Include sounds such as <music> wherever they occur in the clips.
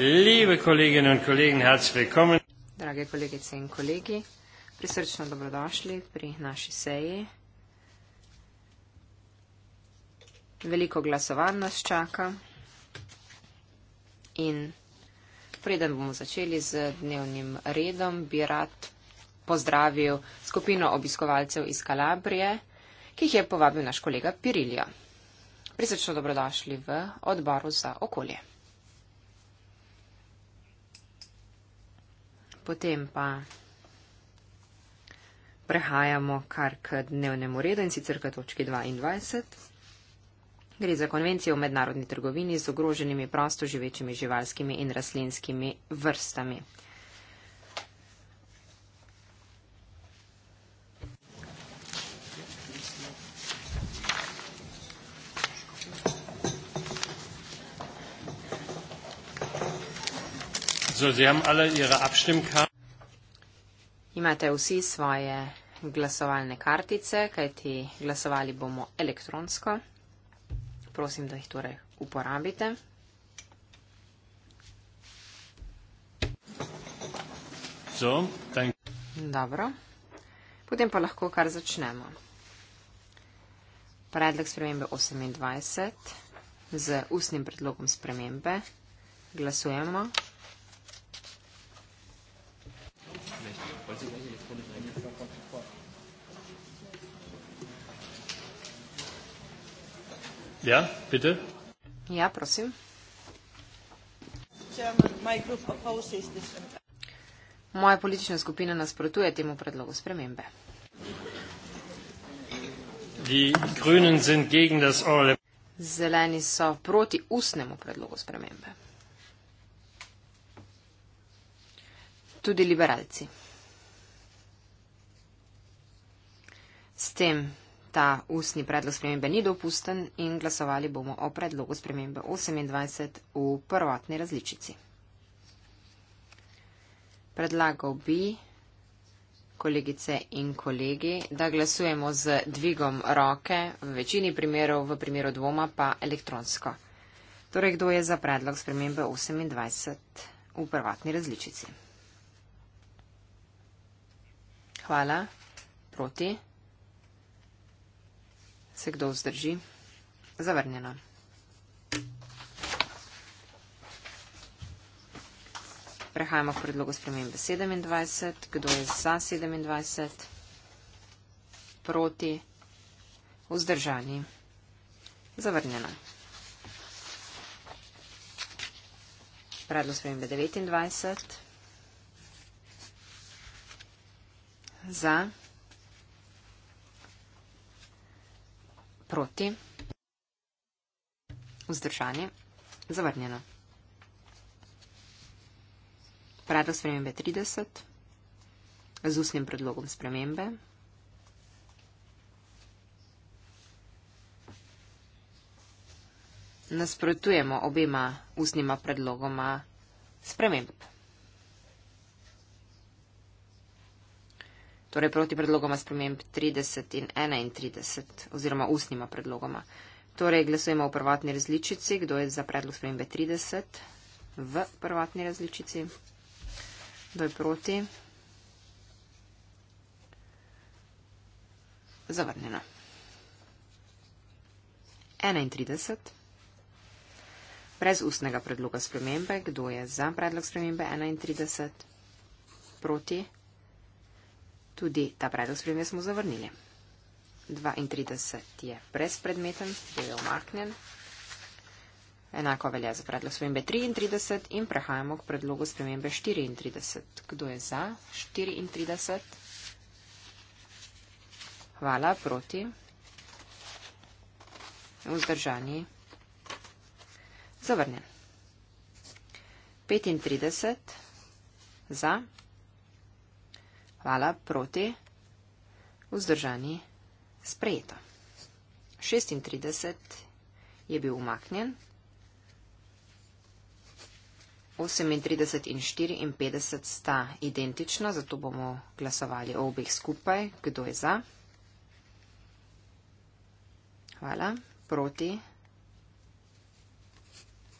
Liebe Kolleginnen und Kollegen, herzlich willkommen. Drage kolegice in kolegi, prisrčno dobrodošli pri naši seji. Veliko glasovanj nas čaka in preden bomo začeli z dnevnim redom, bi rad pozdravil skupino obiskovalcev iz Kalabrije, ki jih je povabil naš kolega Pirilja. Prisrčno dobrodošli v odboru za okolje. Potem pa prehajamo kar k dnevnemu redu in sicer k točki 22. Gre za konvencijo o mednarodni trgovini z ogroženimi prosto živečimi živalskimi in rastlinskimi vrstami. Imate vsi svoje glasovalne kartice, kajti glasovali bomo elektronsko. Prosim, da jih torej uporabite. So, Dobro. Potem pa lahko kar začnemo. Predlog spremembe 28 z ustnim predlogom spremembe. Glasujemo. Ja, bitte. Ja, prosim. Moja politična skupina nasprotuje temu predlogu spremembe. Zeleni so proti ustnemu predlogu spremembe. Tudi liberalci. S tem ta ustni predlog spremembe ni dopusten in glasovali bomo o predlogu spremembe 28 v prvotni različici. Predlagal bi, kolegice in kolegi, da glasujemo z dvigom roke, v večini primerov, v primeru dvoma pa elektronsko. Torej, kdo je za predlog spremembe 28 v prvotni različici? Hvala. Proti. Se kdo vzdrži? Zavrnjeno. Prehajamo k predlogu spremembe 27. Kdo je za 27? Proti? Vzdržani? Zavrnjeno. Predlog spremembe 29. Za proti, vzdržanje, zavrnjeno. Predlog spremembe 30, z ustnim predlogom spremembe. Nasprotujemo obema ustnima predlogoma sprememb. torej proti predlogoma sprememb 30 in 31 oziroma usnima predlogoma. Torej glasujemo v prvotni različici, kdo je za predlog spremembe 30 v prvotni različici, kdo je proti. Zavrnjeno. 31. Brez ustnega predloga spremembe, kdo je za predlog spremembe 31? Proti? Tudi ta predlog spremje smo zavrnili. 32 je brezpredmeten, bil je omaknjen. Enako velja za predlog spremembe 33 in prehajamo k predlogu spremembe 34. Kdo je za 34? Hvala, proti. Vzdržani. Zavrnjen. 35 za, Hvala, proti. Vzdržani. Sprejeto. 36 je bil umaknjen. 38 in 54 sta identična, zato bomo glasovali o obeh skupaj. Kdo je za? Hvala. Proti.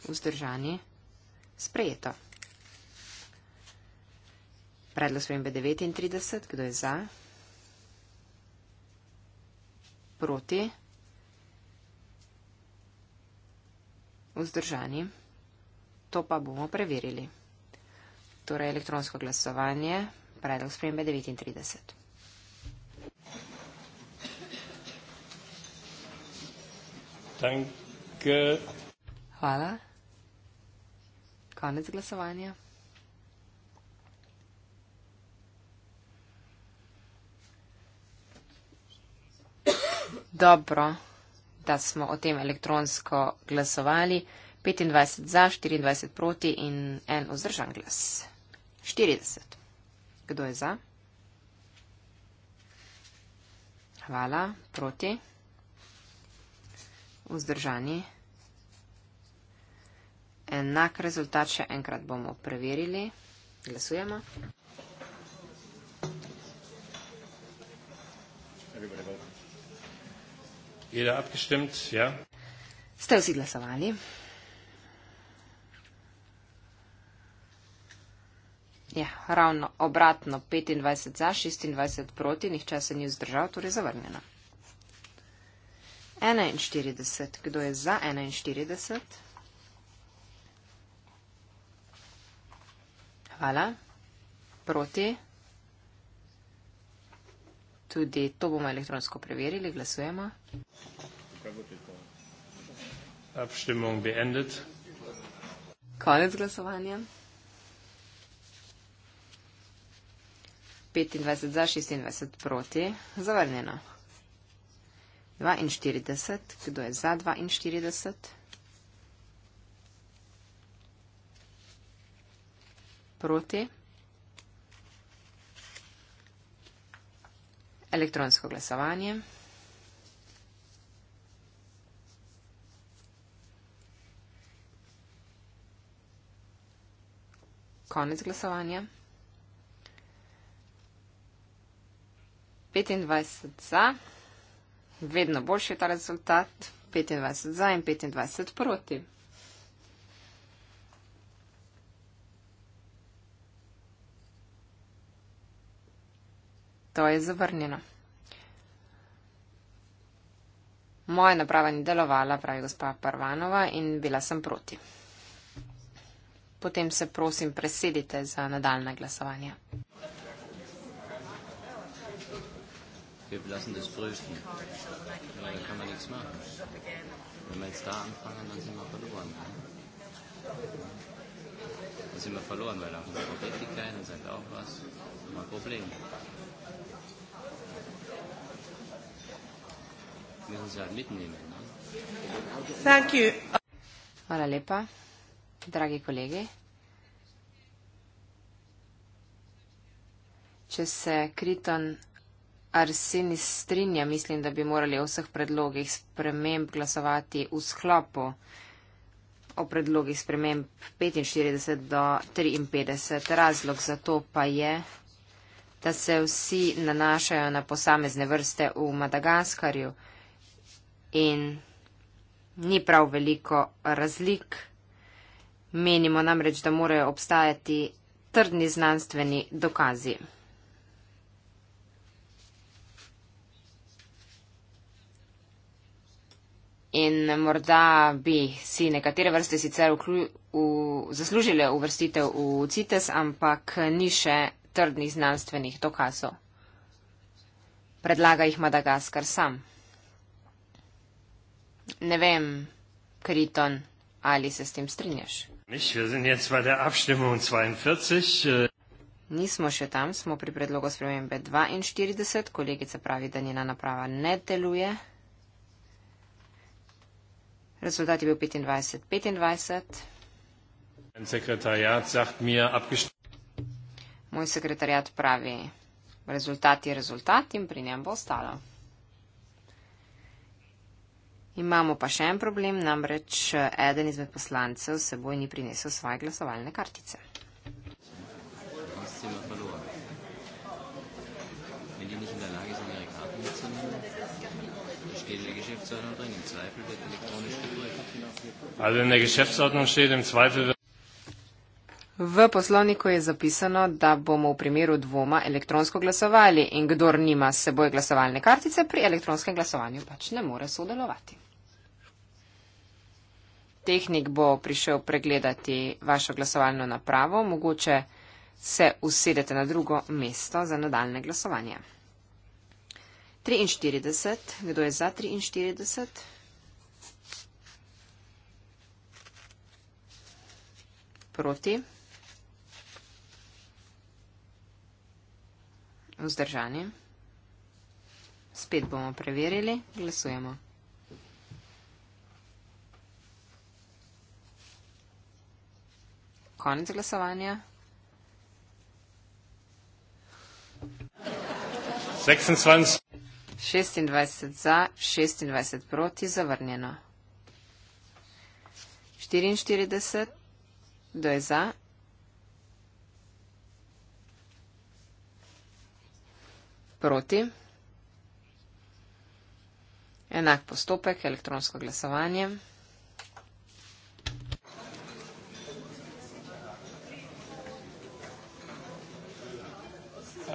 Vzdržani. Sprejeto. Predlog spremembe 39. Kdo je za? Proti? Vzdržani? To pa bomo preverili. Torej elektronsko glasovanje. Predlog spremembe 39. Thank you. Hvala. Konec glasovanja. dobro, da smo o tem elektronsko glasovali. 25 za, 24 proti in en vzdržan glas. 40. Kdo je za? Hvala. Proti. Vzdržani. Enak rezultat še enkrat bomo preverili. Glasujemo. Jeder abgestimmt, ja. Ste vsi glasovali? Ja, ravno obratno, 25 za, 26 proti, nihče se ni vzdržal, torej zavrnjeno. 41, kdo je za 41? Hvala. Proti. Tudi to bomo elektronsko preverili. Glasujemo. Konec glasovanja. 25 za, 26 proti. Zavrnjeno. 42. Kdo je za 42? Proti. elektronsko glasovanje. Konec glasovanja. 25 za, vedno boljši je ta rezultat, 25 za in 25 proti. To je zavrnjeno. Moja naprava ni delovala, pravi gospa Parvanova, in bila sem proti. Potem se prosim presedite za nadaljna glasovanja. Verloren, weil da sind auch Politiker, dann sind auch was, immer Probleme. Ja Hvala lepa, dragi kolegi. Če se Kriton Arsini strinja, mislim, da bi morali o vseh predlogih sprememb glasovati v sklopu o predlogih sprememb 45 do 53. Razlog za to pa je, da se vsi nanašajo na posamezne vrste v Madagaskarju in ni prav veliko razlik. Menimo namreč, da morajo obstajati trdni znanstveni dokazi. In morda bi si nekatere vrste sicer zaslužile uvrstitev v CITES, ampak ni še trdnih znanstvenih dokazov. Predlaga jih Madagaskar sam. Ne vem, Kriton, ali se s tem strinjaš. Äh. Nismo še tam, smo pri predlogu spremembe 42. Kolegica pravi, da njena naprava ne deluje. Rezultat je bil 25-25. Moj sekretarjat pravi, rezultat je rezultat in pri njem bo ostalo. Imamo pa še en problem, namreč eh, eden izmed poslancev seboj ni prinesel svoje glasovalne kartice. V poslovniku je zapisano, da bomo v primeru dvoma elektronsko glasovali in kdor nima seboj glasovalne kartice, pri elektronskem glasovanju pač ne more sodelovati tehnik bo prišel pregledati vašo glasovalno napravo, mogoče se usedete na drugo mesto za nadaljne glasovanje. 43. Kdo je za 43? Proti? Vzdržani? Spet bomo preverili. Glasujemo. konec glasovanja. 26 za, 26 proti, zavrnjeno. 44, kdo je za? 4 proti. Enak postopek, elektronsko glasovanje.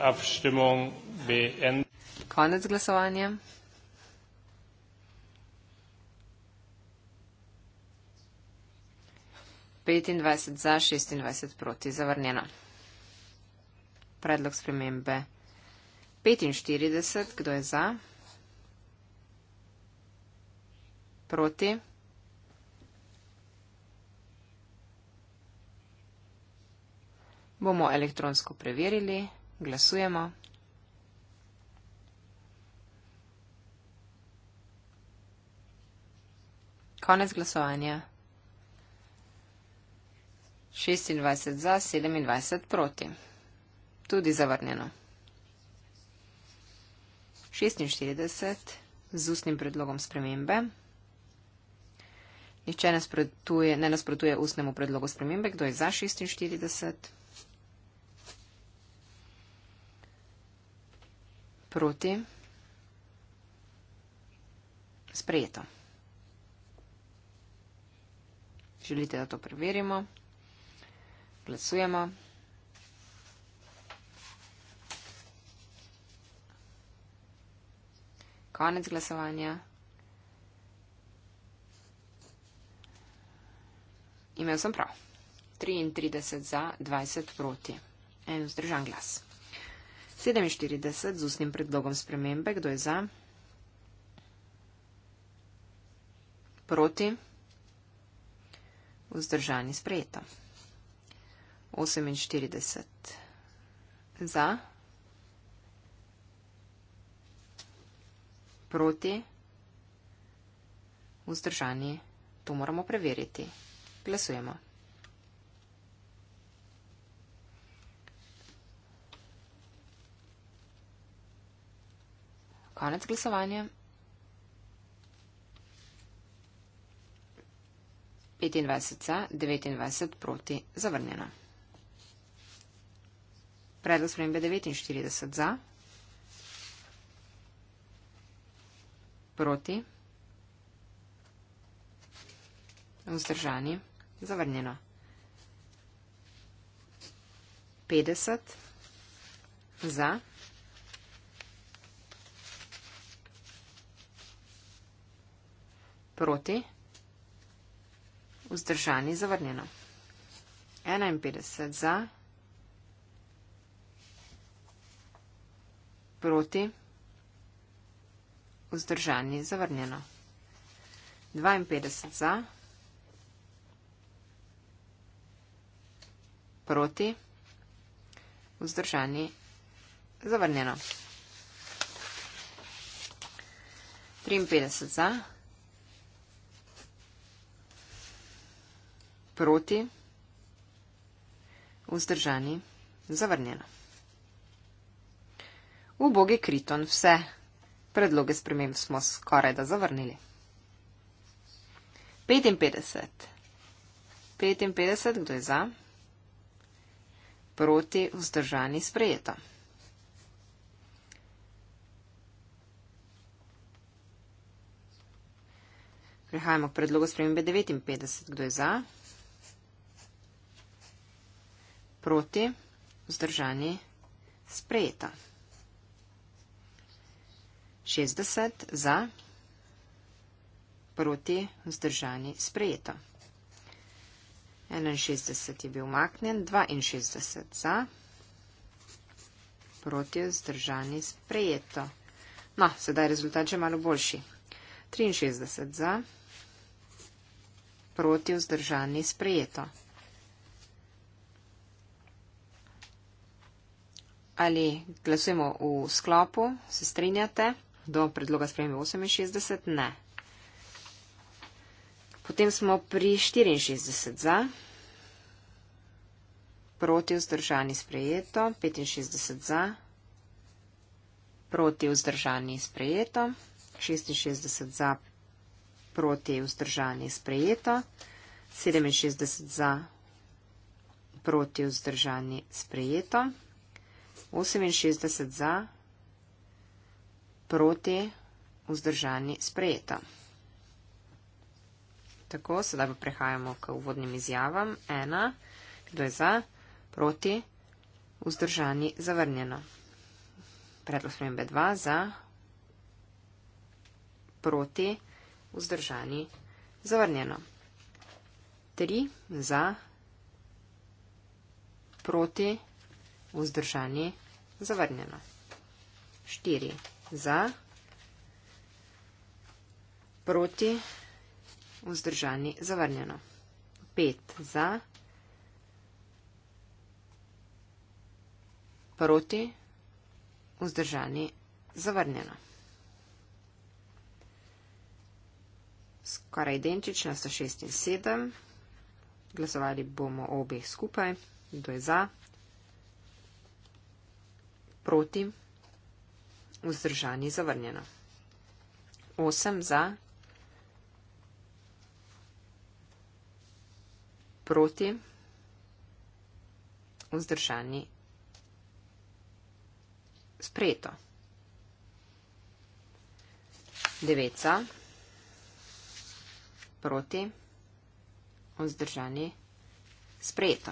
Abstimmung beendet. Konec glasovanja. za, 26 proti zavrnjeno. Predlog spremembe 45, kdo je za? Proti? Bomo elektronsko preverili. Glasujemo. Konec glasovanja. 26 za, 27 proti. Tudi zavrnjeno. 46 z ustnim predlogom spremembe. Nihče ne nasprotuje ustnemu predlogu spremembe. Kdo je za 46? Proti. Sprejeto. Želite, da to preverimo? Glasujemo. Konec glasovanja. Imel sem prav. 33 za, 20 proti. En vzdržan glas. 47 z ustnim predlogom spremembe. Kdo je za? Proti? Vzdržani sprejeto. 48 za? Proti? Vzdržani. To moramo preveriti. Glasujemo. Konec glasovanja. 25 za, 29 proti, zavrnjeno. Predlog spremembe 49 za, proti, vzdržani, zavrnjeno. 50 za, 50 za, proti, vzdržani, zavrnjeno. 51 za, proti, vzdržani, zavrnjeno. 52 za, proti, vzdržani, zavrnjeno. 53 za, proti, vzdržani, zavrnjeno. 53 za, Proti. Vzdržani. Zavrnjeno. Ubogi kriton vse. Predloge sprememb smo skoraj da zavrnili. 55. 55, kdo je za? Proti vzdržani sprejeto. Prehajamo k predlogu spremembe 59, kdo je za? proti, vzdržani, sprejeta. 60 za, proti, vzdržani, sprejeta. 61 je bil maknen, 62 za, proti, vzdržani, sprejeta. No, sedaj rezultat je malo boljši. 63 za, proti, vzdržani, sprejeta. ali glasujemo v sklopu, se strinjate, do predloga spremembe 68, ne. Potem smo pri 64 za, proti vzdržani sprejeto, 65 za, proti vzdržani sprejeto, 66 za, proti vzdržani sprejeto, 67 za, proti vzdržani sprejeto. 68 za, proti, vzdržani, sprejeto. Tako, sedaj pa prehajamo k uvodnim izjavam. Ena, kdo je za, proti, vzdržani, zavrnjeno. Predlog spremembe 2 za, proti, vzdržani, zavrnjeno. 3 za, proti, vzdržani, zavrnjeno. Zavrnjeno. 4 za, proti, vzdržani, zavrnjeno. 5 za, proti, vzdržani, zavrnjeno. Skoraj identična sta 6 in 7. Glasovali bomo obe skupaj. Kdo je za? proti, vzdržani zavrnjeno. 8 za, proti, vzdržani sprejeto. 9 za, proti, vzdržani sprejeto.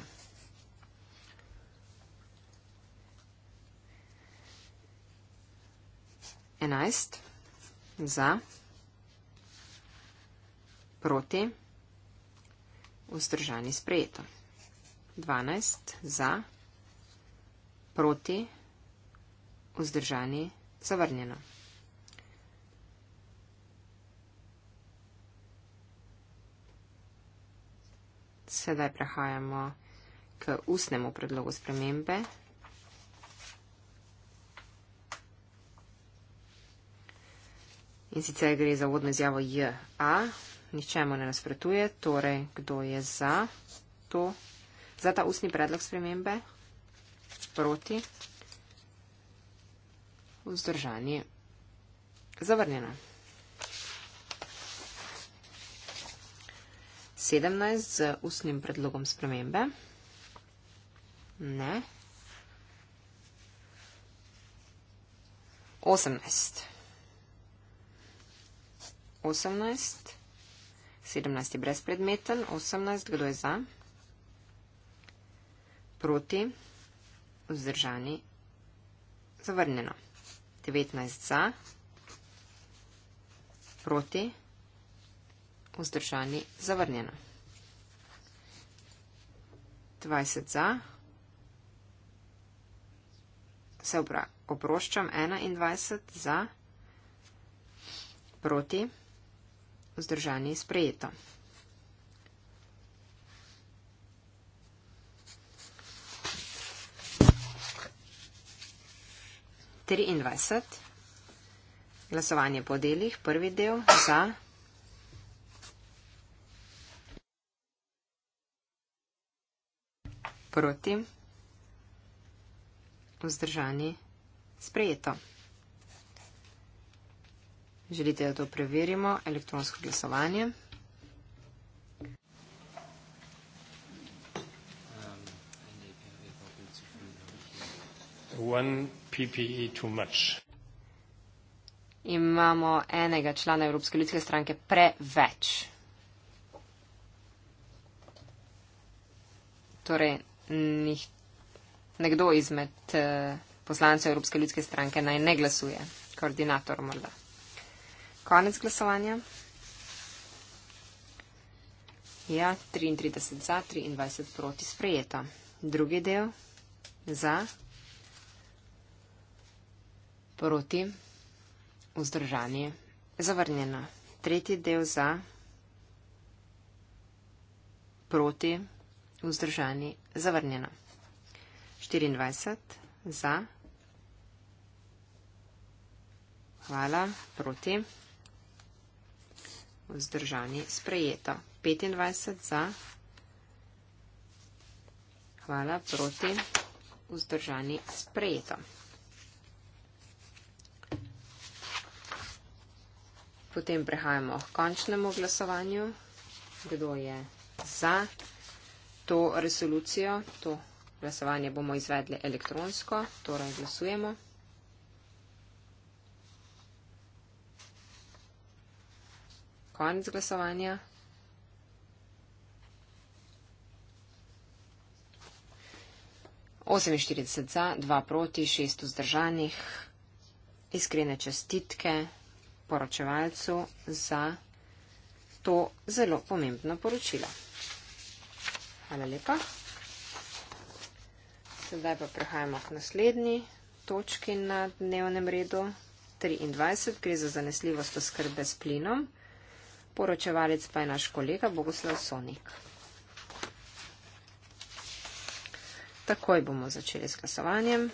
11, za, proti, vzdržani sprejeto. 12, za, proti, vzdržani zavrnjeno. Sedaj prehajamo k ustnemu predlogu spremembe. In sicer gre za vodno izjavo JA, ničemu ne nasprotuje, torej kdo je za to, za ta ustni predlog spremembe, proti, vzdržanje, zavrnjeno. 17 z ustnim predlogom spremembe. Ne. 18. 18. 17 je brezpredmeten. 18. Kdo je za? Proti. Vzdržani. Zavrnjeno. 19 za. Proti. Vzdržani. Zavrnjeno. 20 za. Se oproščam. 21 za. Proti vzdržanje je sprejeto. Triindvajset. Glasovanje po delih. Prvi del za. Proti. Vzdržani. Sprejeto. Želite, da to preverimo? Elektronsko glasovanje. E Imamo enega člana Evropske ljudske stranke preveč. Torej, njih, nekdo izmed eh, poslancev Evropske ljudske stranke naj ne glasuje. Koordinator morda. Konec glasovanja. Ja, 33 za, 23 proti sprejeta. Drugi del za, proti, vzdržanje, zavrnjeno. Tretji del za, proti, vzdržanje, zavrnjeno. 24 za, hvala, proti, vzdržanje vzdržani sprejeto. 25 za. Hvala proti vzdržani sprejeto. Potem prehajamo k končnemu glasovanju. Kdo je za to resolucijo? To glasovanje bomo izvedli elektronsko, torej glasujemo. konec glasovanja. Oseminštirideset za, dva proti, šest vzdržanih. Iskrene čestitke poročevalcu za to zelo pomembno poročilo. Hvala lepa. Sedaj pa prehajamo k naslednji točki na dnevnem redu. 23 gre za zanesljivost oskrbe s plinom. Poročevalec pa je naš kolega Bogoslav Sonik. Takoj bomo začeli s glasovanjem.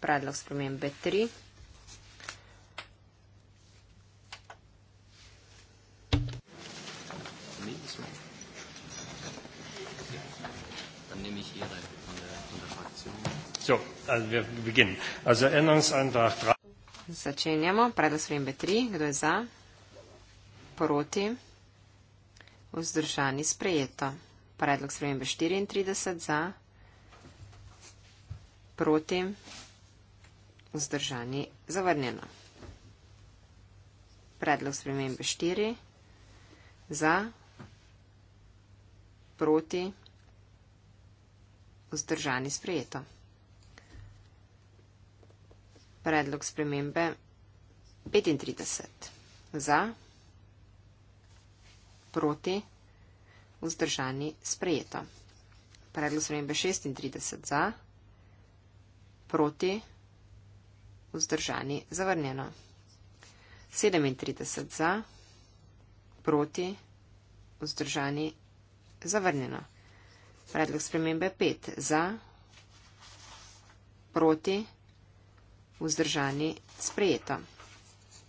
Predlog spremembe 3. Začenjamo. Predlog spremembe 3. Kdo je za? proti, vzdržani sprejeto. Predlog spremembe 34 za, proti, vzdržani zavrnjeno. Predlog spremembe 4 za, proti, vzdržani sprejeto. Predlog spremembe 35 za, proti, vzdržani sprejeto proti, vzdržani, sprejeto. Predlog spremembe 36 za, proti, vzdržani, zavrnjeno. 37 za, proti, vzdržani, zavrnjeno. Predlog spremembe 5 za, proti, vzdržani, sprejeto.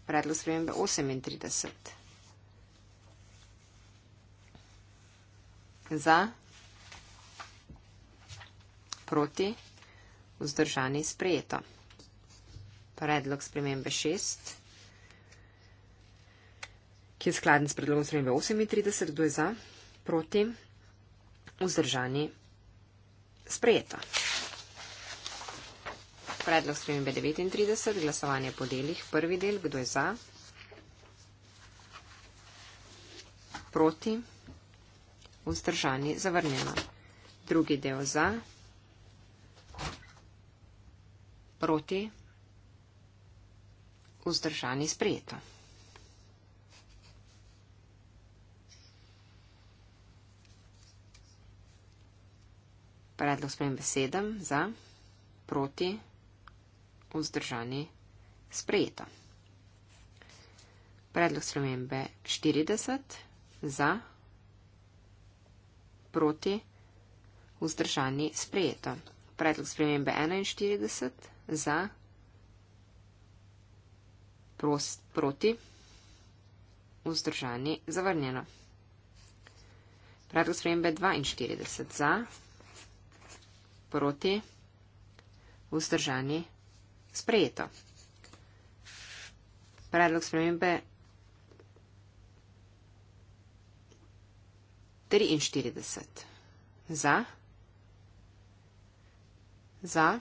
Predlog spremembe 38 za. za, proti, vzdržani, sprejeto. Predlog spremembe 6, ki je skladen s predlogom spremembe 38, kdo je za, proti, vzdržani, sprejeto. Predlog spremembe 39, glasovanje po delih, prvi del, kdo je za, proti, vzdržani, sprejeto vzdržani zavrnjena. Drugi del za, proti, vzdržani sprejeto. Predlog spremembe 7 za, proti, vzdržani sprejeto. Predlog spremembe 40 za, proti, vzdržani sprejeto proti, vzdržani sprejeto. Predlog spremembe 41 za, prost, proti, vzdržani zavrnjeno. Predlog spremembe 42 za, proti, vzdržani sprejeto. Predlog spremembe 43. Za. Za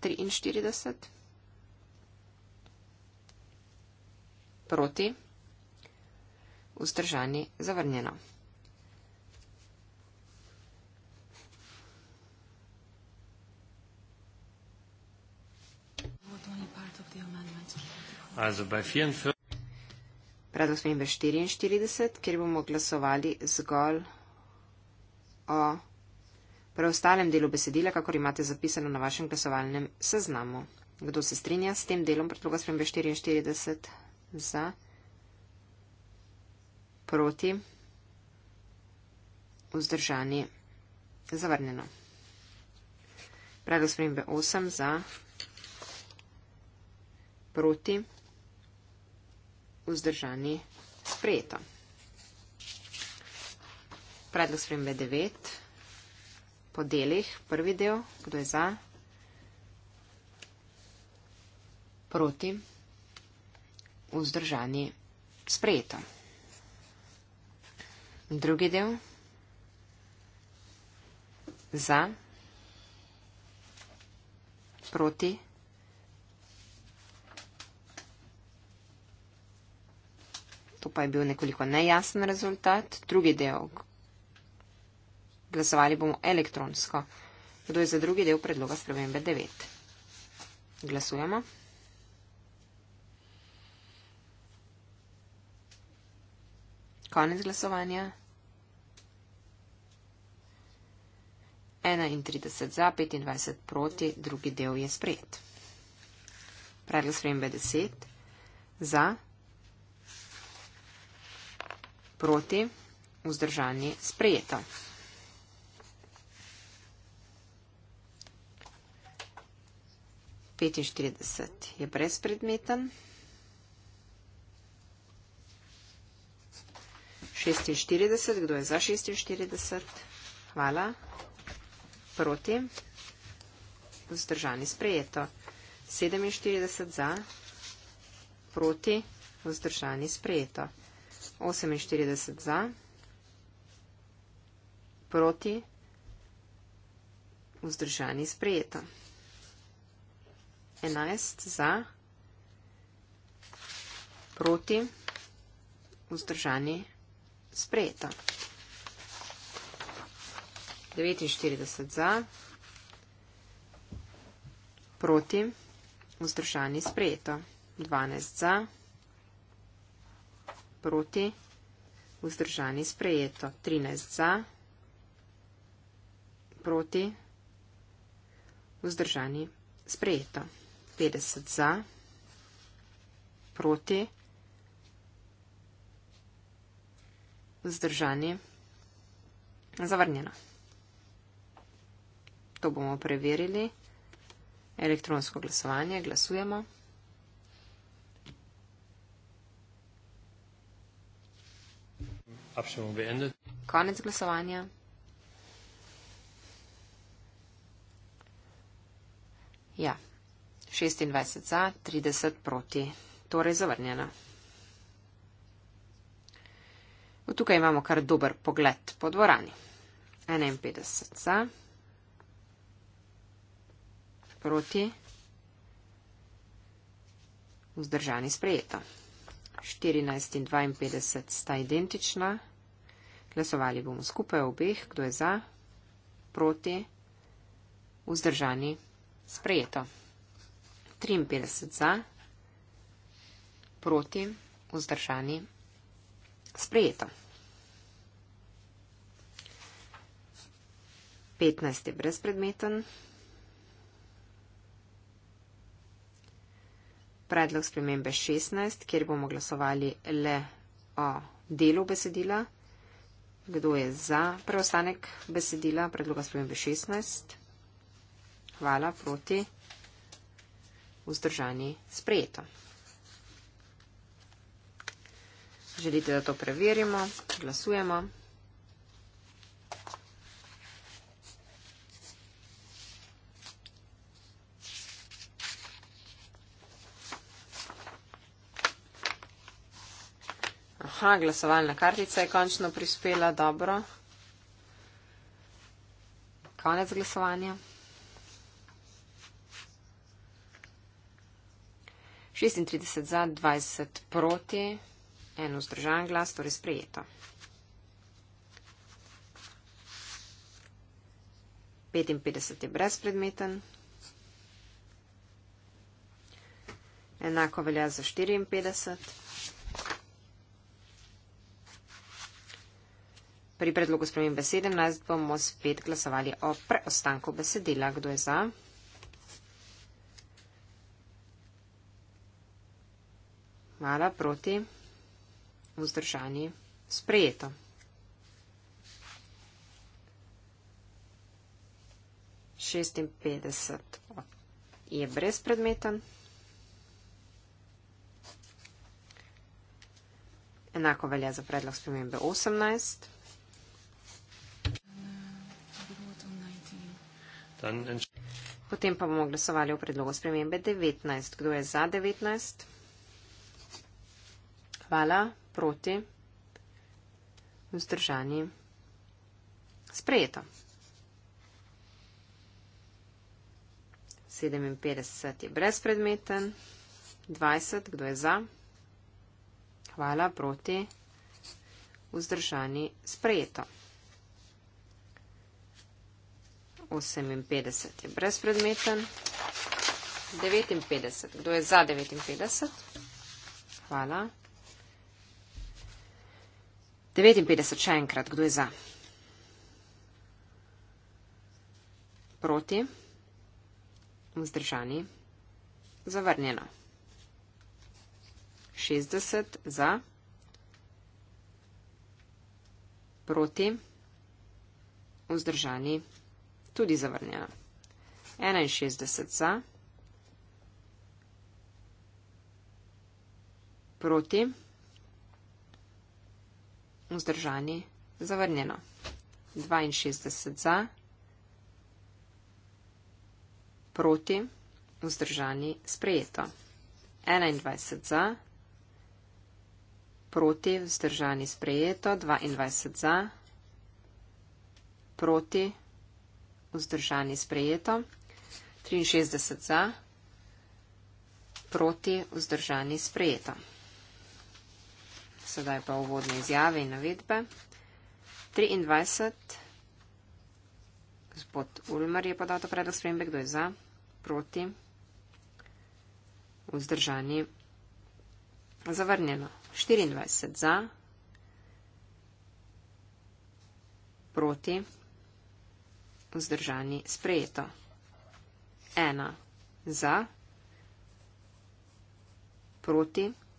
43. Proti. Vzdržani zavrnjeno. Predlog smo imeli 44, kjer bomo glasovali zgolj o preostalem delu besedila, kakor imate zapisano na vašem glasovalnem seznamu. Kdo se strinja s tem delom predloga spremembe 44 za, proti, vzdržani, zavrnjeno. Predlog spremembe 8 za, proti, vzdržani, sprejeto. Predlog spremembe 9. Po delih. Prvi del. Kdo je za? Proti. Vzdržani. Sprejeto. Drugi del. Za. Proti. To pa je bil nekoliko nejasen rezultat. Drugi del, Glasovali bomo elektronsko. Kdo je za drugi del predloga spremembe 9? Glasujemo. Konec glasovanja. 31 za, 25 proti, drugi del je sprejet. Predlog spremembe 10 za, proti, vzdržanje sprejeto. 45 je brezpredmeten, 46, kdo je za 46, hvala, proti, vzdržani sprejeto, 47 za, proti, vzdržani sprejeto, 48 za, proti, vzdržani sprejeto. 11 za, proti, vzdržani, sprejeto. 49 za, proti, vzdržani, sprejeto. 12 za, proti, vzdržani, sprejeto. 13 za, proti, vzdržani, sprejeto. 50 za, proti, vzdržani, zavrnjeno. To bomo preverili. Elektronsko glasovanje, glasujemo. Konec glasovanja. Ja, 26 za, 30 proti, torej zavrnjena. Tukaj imamo kar dober pogled po dvorani. 51 za, proti, vzdržani sprejeto. 14 in 52 sta identična. Glasovali bomo skupaj obeh, kdo je za, proti, vzdržani, sprejeto. 53 za, proti, vzdržani, sprejeto. 15 je brezpredmeten. Predlog spremembe 16, kjer bomo glasovali le o delu besedila. Kdo je za preostanek besedila predloga spremembe 16? Hvala, proti vzdržani sprejeto. Želite, da to preverimo? Glasujemo. Aha, glasovalna kartica je končno prispela. Dobro. Konec glasovanja. 36 za, 20 proti, en vzdržan glas, torej sprejeto. 55 je brezpredmeten. Enako velja za 54. Pri predlogu spremembe 17 bomo spet glasovali o preostanku besedila. Kdo je za? mala proti, vzdržani, sprejeto. Šestinpetdeset je brezpredmeten. Enako velja za predlog spremembe 18. Potem pa bomo glasovali o predlogu spremembe 19. Kdo je za 19? 19. Hvala, proti, vzdržani, sprejeto. 57 je brezpredmeten, 20, kdo je za? Hvala, proti, vzdržani, sprejeto. 58 je brezpredmeten, 59, kdo je za 59? Hvala. 59 še enkrat, kdo je za? Proti? Vzdržani? Zavrnjeno. 60 za? Proti? Vzdržani? Tudi zavrnjeno. 61 za? Proti? vzdržani, zavrnjeno. 62 za, proti, vzdržani, sprejeto. 21 za, proti, vzdržani, sprejeto. 22 za, proti, vzdržani, sprejeto. 63 za, proti, vzdržani, sprejeto sedaj pa uvodne izjave in navedbe. 23. Gospod Ulmer je podal to predlog spremembe, kdo je za, proti, vzdržani, zavrnjeno. 24 za, proti, vzdržani, sprejeto. 1 za, proti, vzdržani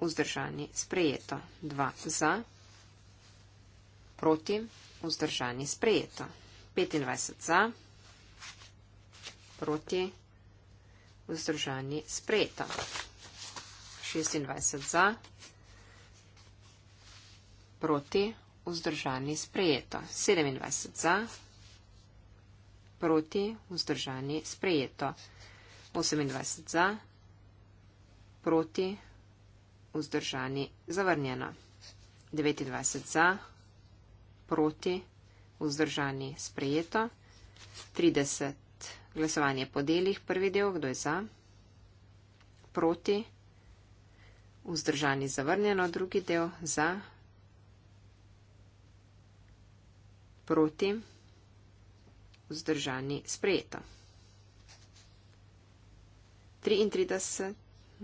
vzdržani sprejeto. 2 za, proti, vzdržani sprejeto. 25 za, proti, vzdržani sprejeto. 26 za, proti, vzdržani sprejeto. 27 za, proti, vzdržani sprejeto. 28 za, proti, vzdržani sprejeto vzdržani, zavrnjeno. 29 za, proti, vzdržani, sprejeto. 30 glasovanje po delih, prvi del, kdo je za, proti, vzdržani, zavrnjeno, drugi del, za, proti, vzdržani, sprejeto. 33.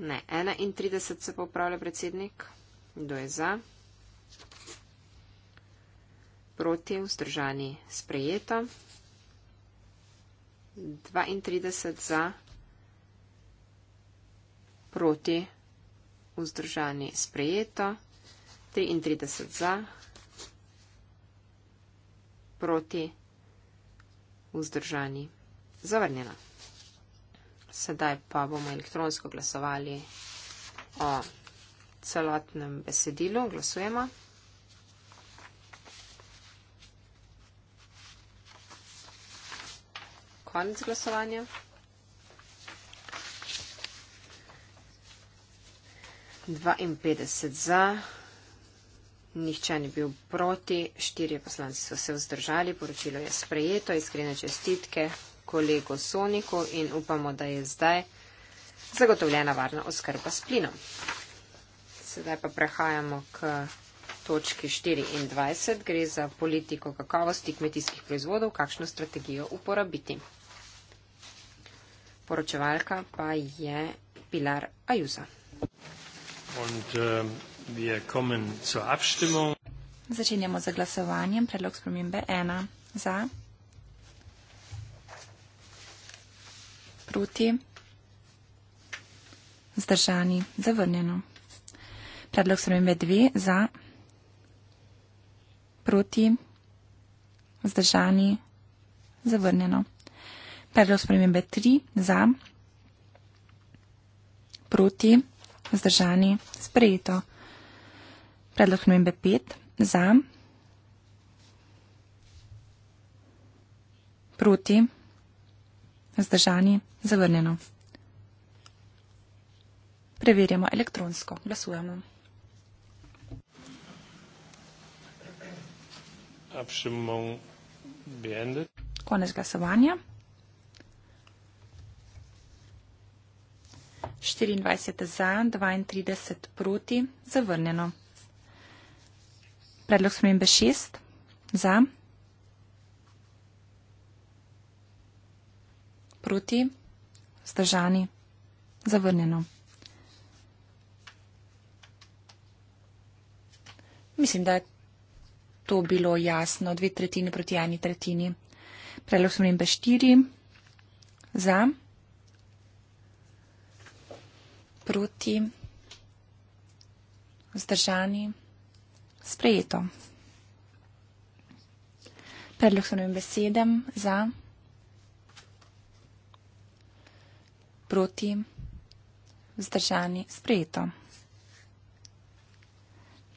Ne, 31 se popravlja predsednik. Kdo je za? Proti, vzdržani, sprejeto. 32 za, proti, vzdržani, sprejeto. 33 za, proti, vzdržani, zavrnjeno. Sedaj pa bomo elektronsko glasovali o celotnem besedilu. Glasujemo. Konec glasovanja. Dvainpetdeset za, nihče ni bil proti, štirje poslanci so se vzdržali, poročilo je sprejeto, iskrene čestitke kolegu Soniku in upamo, da je zdaj zagotovljena varna oskrba s plinom. Sedaj pa prehajamo k točki 24. Gre za politiko kakovosti kmetijskih proizvodov, kakšno strategijo uporabiti. Poročevalka pa je Pilar Ajuza. Und, um, Začenjamo z glasovanjem. Predlog spremembe 1. Za. nasprotje. Zdržani. Zavrnjeno. Predlog spremembe dve za. Proti. Zdržani. Zavrnjeno. Predlog spremembe tri za. Proti. Zdržani. Sprejeto. Predlog spremembe pet za. Proti. Zdržani, zavrnjeno. Preverjamo elektronsko. Glasujemo. Konec glasovanja. 24 za, 32 proti, zavrnjeno. Predlog spremembe 6 za. Proti? Zdržani? Zavrnjeno. Mislim, da je to bilo jasno. Dve tretjini proti eni tretjini. Predlog smo imeli štiri. Za. Proti. Zdržani. Sprejeto. Predlog so nam besedem za. proti, vzdržani, sprejeto.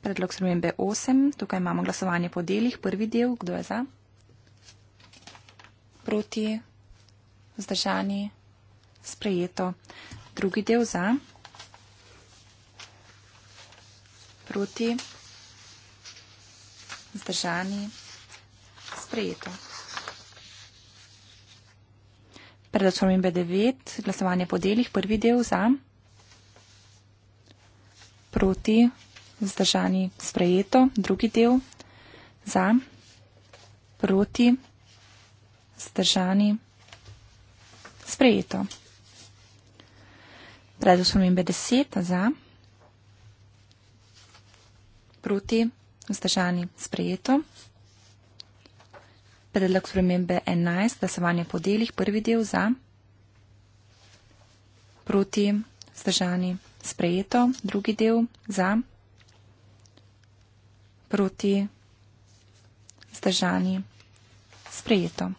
Predlog spremembe 8. Tukaj imamo glasovanje po delih. Prvi del, kdo je za? Proti, vzdržani, sprejeto. Drugi del za. Proti, vzdržani, sprejeto. Pred osvobodbe 9, glasovanje po delih, prvi del za, proti, vzdržani, sprejeto, drugi del za, proti, vzdržani, sprejeto. Pred osvobodbe 10, za, proti, vzdržani, sprejeto predlog spremembe 11, glasovanje po delih, prvi del za, proti, zdržani, sprejeto, drugi del za, proti, zdržani, sprejeto.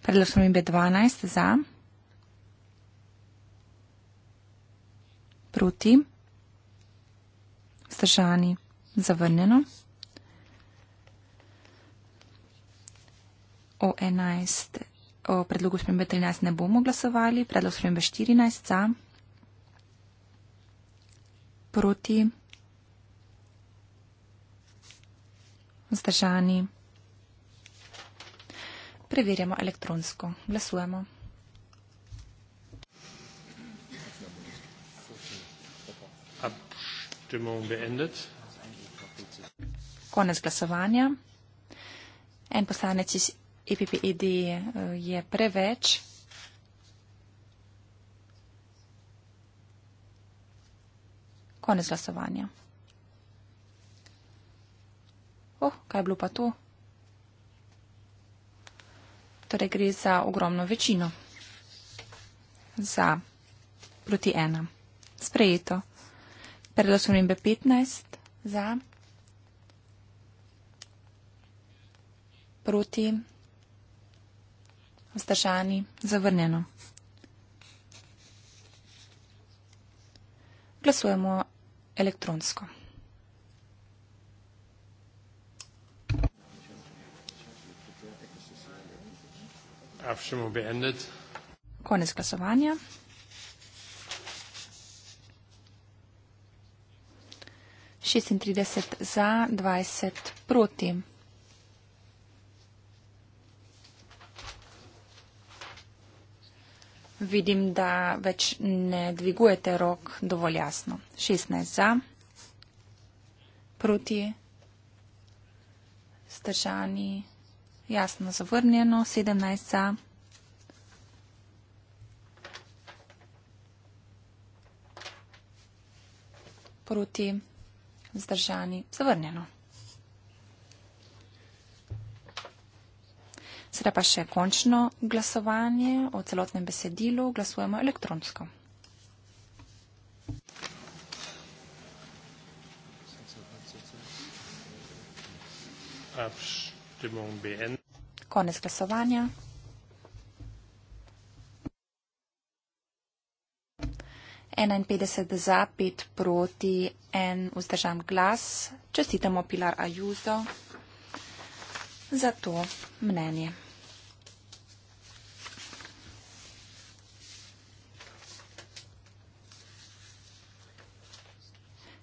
Predlog spremembe 12 za, proti, zdržani, sprejeto zavrnjeno. O, 11, o predlogu spremembe 13 ne bomo glasovali, predlog spremembe 14 za, proti, vzdržani. Preverjamo elektronsko. Glasujemo. Abstimmung beendet. Konec glasovanja. En poslanec iz EPPED eh, je preveč. Konec glasovanja. Oh, kaj je bilo pa to? Torej gre za ogromno večino. Za proti ena. Sprejeto. Predlosom imbe 15 za. proti, vzdržani, zavrnjeno. Glasujemo elektronsko. Konec glasovanja. Šestintrideset za, dvajset proti. Vidim, da več ne dvigujete rok dovolj jasno. 16 za, proti, stržani, jasno zavrnjeno, 17 za. Proti, zdržani, zavrnjeno. Sedaj pa še končno glasovanje o celotnem besedilu. Glasujemo elektronsko. Konec glasovanja. enainpetdeset za, pet proti, en vzdržan glas. Čestitamo Pilar Ajuzo za to mnenje.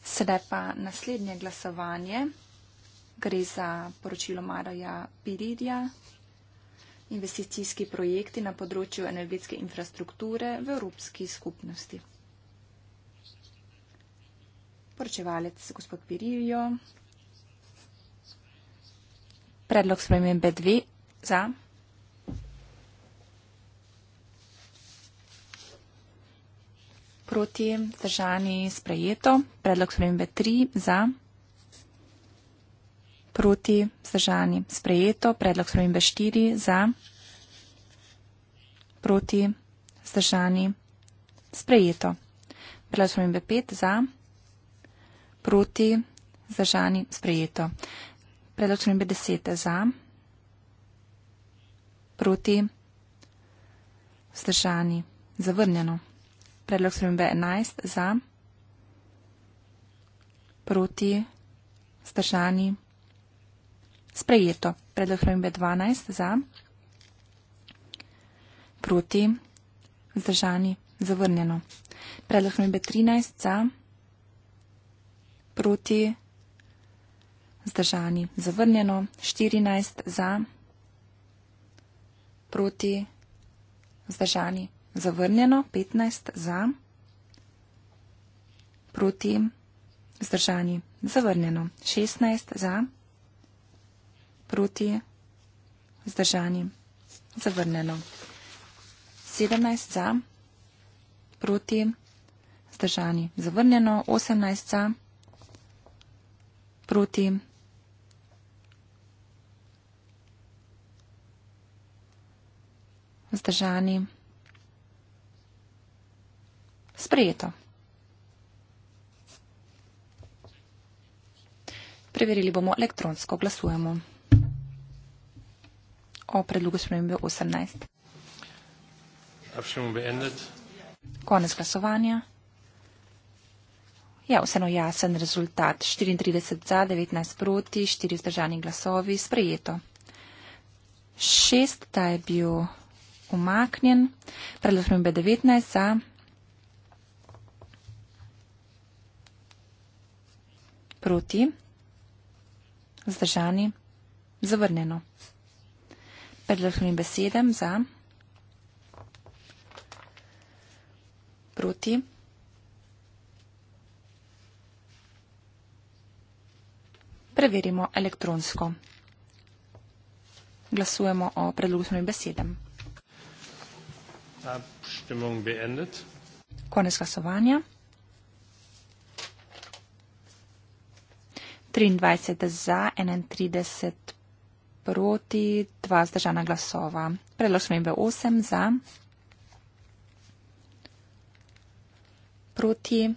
Sedaj pa naslednje glasovanje. Gre za poročilo Maroja Piridja. Investicijski projekti na področju energetske infrastrukture v Evropski skupnosti. Poročevalec gospod Piririjo. Predlog spremembe dve za. Proti držani sprejeto. Predlog spremembe tri za. Proti zdržani sprejeto. Predlog spremembe štiri za. Proti zdržani sprejeto. Predlog spremembe pet za. Proti zdržani sprejeto. Pred očmi besede za, proti, vzdržani, zavrnjeno. Predlog spremembe 11 za, proti, vzdržani, sprejeto. Predlog spremembe 12 za, proti, vzdržani, zavrnjeno. Predlog spremembe 13 za, proti, vzdržani vzdržani, zavrnjeno, 14 za, proti, vzdržani, zavrnjeno, 15 za, proti, vzdržani, zavrnjeno, 16 za, proti, vzdržani, zavrnjeno, 17 za, proti, vzdržani, zavrnjeno, 18 za, proti, zdržani. Sprejeto. Preverili bomo elektronsko, glasujemo o predlogu spremembe 18. Konec glasovanja. Ja, vseeno jasen rezultat. 34 za, 19 proti, 4 vzdržani glasovi, sprejeto. Šest, ta je bil umaknjen. Predlog spremembe 19 za. Proti. Zdržani. Zavrnjeno. Predlog spremembe 7 za. Proti. Preverimo elektronsko. Glasujemo o predlogu spremembe 7. Abstimmung beendet. Konec glasovanja. 23 za, 31 proti, 2 zdržana glasova. Predlog smembe 8 za, proti,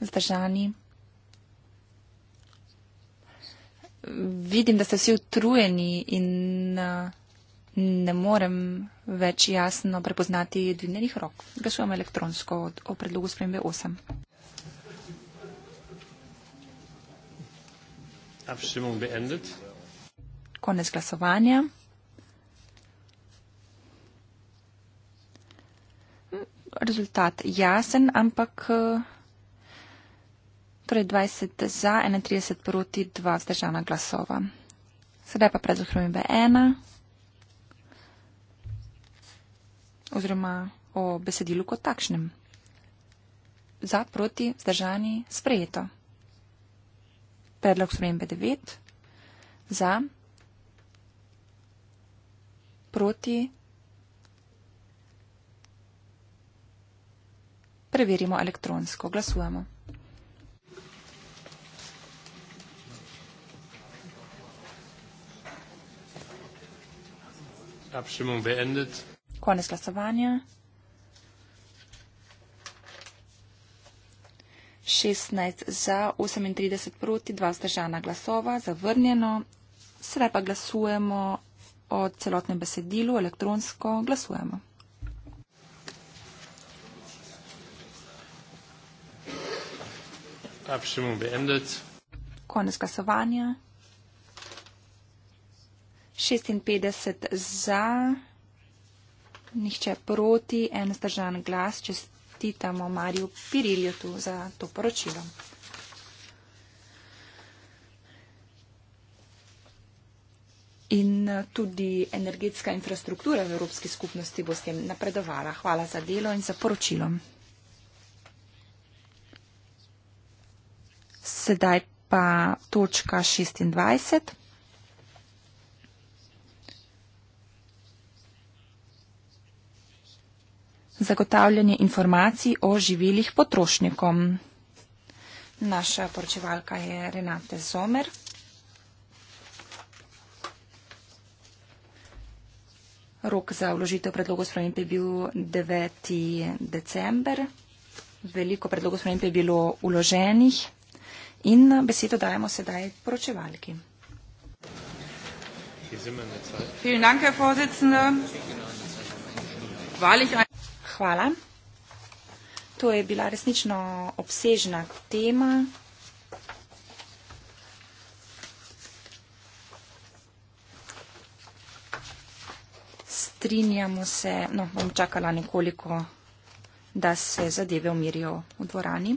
zdržani. Vidim, da ste vsi utrujeni in uh, ne morem več jasno prepoznati dvignjenih rok. Glasujem elektronsko o predlogu spremembe 8. Konec glasovanja. Rezultat jasen, ampak eh, torej 20 za, 31 proti, 2 vzdržana glasova. Sedaj pa predzohrujem B1. oziroma o besedilu kot takšnem. Za, proti, vzdržani, sprejeto. Predlog spremembe 9. Za, proti, preverimo elektronsko, glasujemo. Abstimmung beendet. Konec glasovanja. 16 za, 38 proti, 2 zdržana glasova, zavrnjeno. Sedaj pa glasujemo o celotnem besedilu, elektronsko glasujemo. Abstimmung beendet. Konec glasovanja. 56 za, Nihče proti, en zdržan glas. Čestitamo Mariju Pirilju tu za to poročilo. In eh, tudi energetska infrastruktura v Evropski skupnosti bo s tem napredovala. Hvala za delo in za poročilo. Sedaj pa točka 26. zagotavljanje informacij o živilih potrošnikom. Naša poročevalka je Renate Zomer. Rok za vložitev predlogov sprememb je bil 9. december. Veliko predlogov sprememb je bilo uloženih in besedo dajemo sedaj poročevalki. Vielen Dank, Herr Vorsitzender. Wahrlich ein hvala. To je bila resnično obsežna tema. Strinjamo se, no, bom čakala nekoliko, da se zadeve umirijo v dvorani.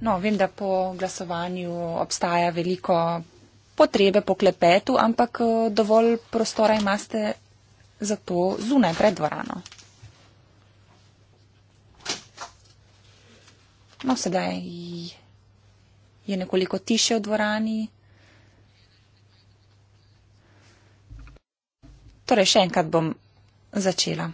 No, vem, da po glasovanju obstaja veliko potrebe po klepetu, ampak eh, dovolj prostora imate za to zunaj pred dvorano. No, sedaj je nekoliko tiše v dvorani. Torej, še enkrat bom začela.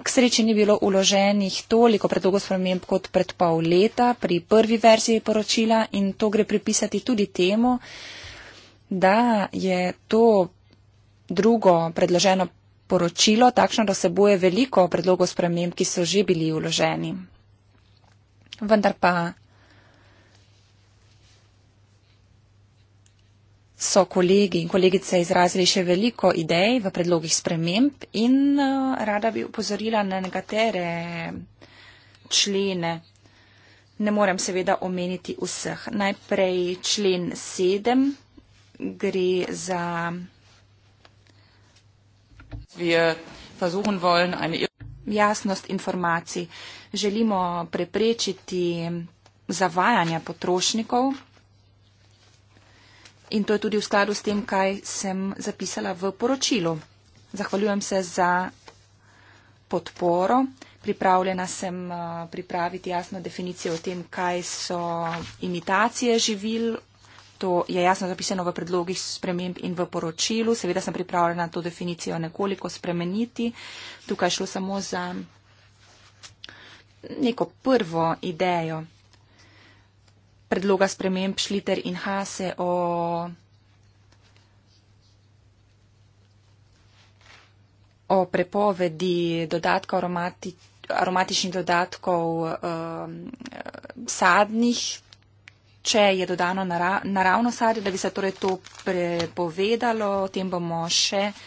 K sreči ni bilo uloženih toliko predlogo sprememb kot pred pol leta pri prvi verziji poročila in to gre pripisati tudi temu, da je to drugo predloženo poročilo takšno, da seboje veliko predlogo sprememb, ki so že bili uloženi. Vendar pa so kolegi in kolegice izrazili še veliko idej v predlogih sprememb in eh, rada bi upozorila na nekatere člene. Ne morem seveda omeniti vseh. Najprej člen 7 gre za. Jasnost informacij. Želimo preprečiti zavajanja potrošnikov in to je tudi v skladu s tem, kaj sem zapisala v poročilu. Zahvaljujem se za podporo. Pripravljena sem uh, pripraviti jasno definicijo o tem, kaj so imitacije živil. To je jasno zapisano v predlogih sprememb in v poročilu. Seveda sem pripravljena to definicijo nekoliko spremeniti. Tukaj šlo samo za neko prvo idejo predloga sprememb Šliter in Hase o o prepovedi dodatkov aromati, aromatičnih dodatkov um, sadnih, če je dodano narav, naravno sadje, da bi se torej to prepovedalo, o tem bomo še uh,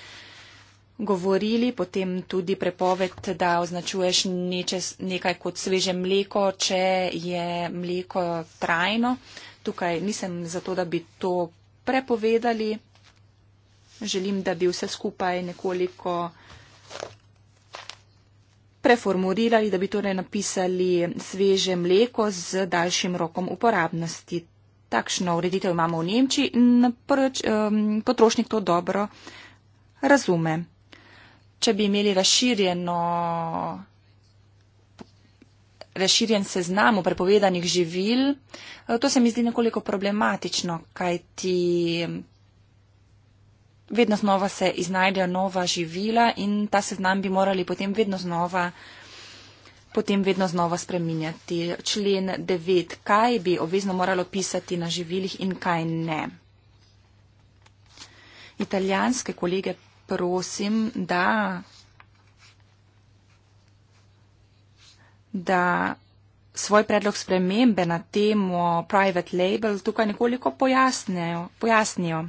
govorili, potem tudi prepoved, da označuješ nečes, nekaj kot sveže mleko, če je mleko trajno. Tukaj nisem zato, da bi to prepovedali. Želim, da bi vse skupaj nekoliko preformulirali, da bi torej napisali sveže mleko z daljšim rokom uporabnosti. Takšno ureditev imamo v Nemčiji in prč, um, ehm, potrošnik to dobro razume če bi imeli razširjeno, razširjen seznam prepovedanih živil, eh, to se mi zdi nekoliko problematično, kajti vedno znova se iznajdejo nova živila in ta seznam bi morali potem vedno znova potem vedno znova spreminjati. Člen 9. Kaj bi obvezno moralo pisati na živilih in kaj ne? Italijanske kolege prosim, da, da svoj predlog spremembe na temo private label tukaj nekoliko pojasnijo. pojasnijo.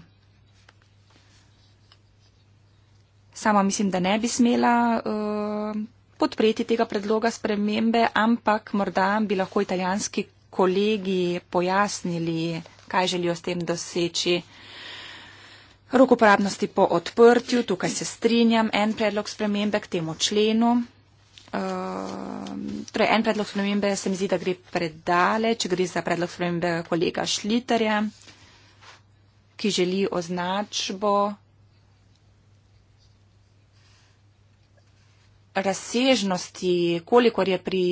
Sama mislim, da ne bi smela uh, podpreti tega predloga spremembe, ampak morda bi lahko italijanski kolegi pojasnili, kaj želijo s tem doseči. Rok uporabnosti po odprtju, tukaj se strinjam, en predlog spremembe k temu členu. Uh, torej, en predlog spremembe se mi zdi, da gre predale, če gre za predlog spremembe kolega Šliterja, ki želi označbo razsežnosti, kolikor je pri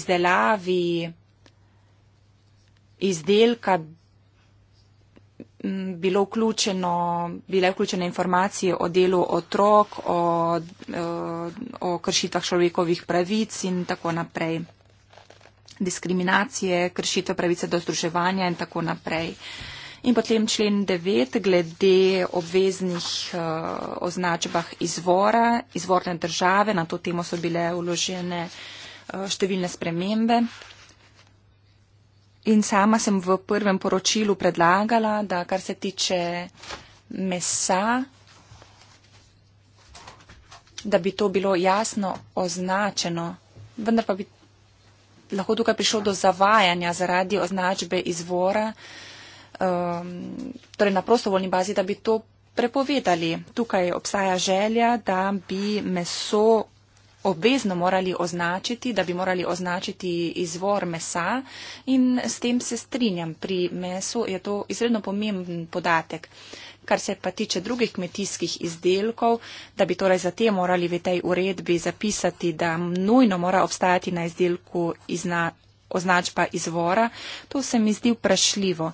izdelavi izdelka bilo vključeno, bile vključene informacije o delu otrok, o, e, o kršitvah človekovih pravic in tako naprej. Diskriminacije, kršitve pravice do združevanja in tako naprej. In potem člen 9 glede obveznih e, označbah izvora, izvorne države, na to temo so bile uložene e, številne spremembe. In sama sem v prvem poročilu predlagala, da kar se tiče mesa, da bi to bilo jasno označeno, vendar pa bi lahko tukaj prišlo do zavajanja zaradi označbe izvora, um, torej na prostovoljni bazi, da bi to prepovedali. Tukaj obstaja želja, da bi meso obvezno morali označiti, da bi morali označiti izvor mesa in s tem se strinjam. Pri mesu je to izredno pomemben podatek. Kar se pa tiče drugih kmetijskih izdelkov, da bi torej za te morali v tej uredbi zapisati, da nujno mora obstajati na izdelku izna, označba izvora, to se mi zdi vprašljivo.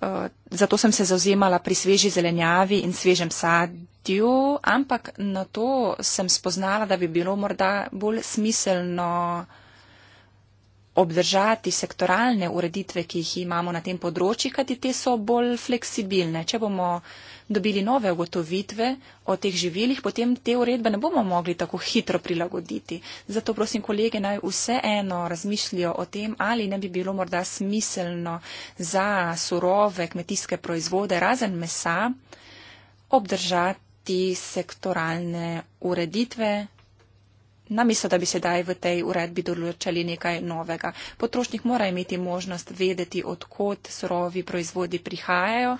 Eh, zato sem se zauzemala pri sveži zelenjavi in svežem sadju, ampak na to sem spoznala, da bi bilo morda bolj smiselno obdržati sektoralne ureditve, ki jih imamo na tem področju, kajti te so bolj fleksibilne. Če bomo uh, dobili nove ugotovitve o teh živilih, potem te uredbe ne bomo mogli tako hitro prilagoditi. Zato prosim kolege naj vseeno razmišljajo o tem, ali ne bi bilo morda smiselno za surove kmetijske proizvode, razen mesa, obdržati sektoralne ureditve. Namesto, da bi sedaj v tej uredbi določali nekaj novega. Potrošnik mora imeti možnost vedeti, odkot surovi proizvodi prihajajo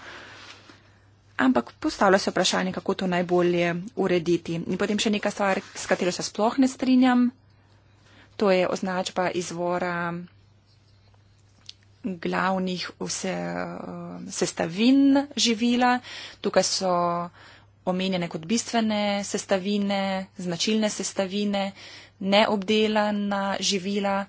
ampak postavlja se vprašanje, kako to najbolje urediti. In potem še neka stvar, s katero se sploh ne strinjam, to je označba izvora glavnih vse eh, sestavin živila. Tukaj so omenjene kot bistvene sestavine, značilne sestavine, neobdelana živila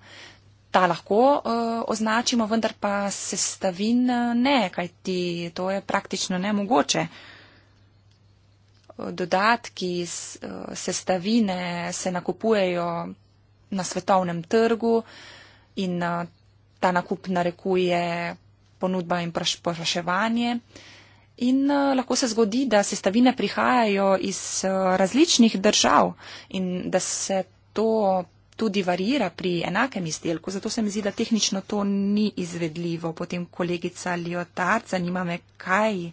ta lahko uh, označimo, vendar pa sestavin eh, ne, kajti to je praktično nemogoče. Dodatki iz uh, eh, sestavine se nakupujejo na svetovnem trgu in uh, ta nakup narekuje ponudba in povpraševanje. In uh, lahko se zgodi, da sestavine prihajajo iz uh, različnih držav in da se to tudi varira pri enakem izdelku, zato se mi zdi, da tehnično to ni izvedljivo. Potem kolegica Liotard, zanima me, kaj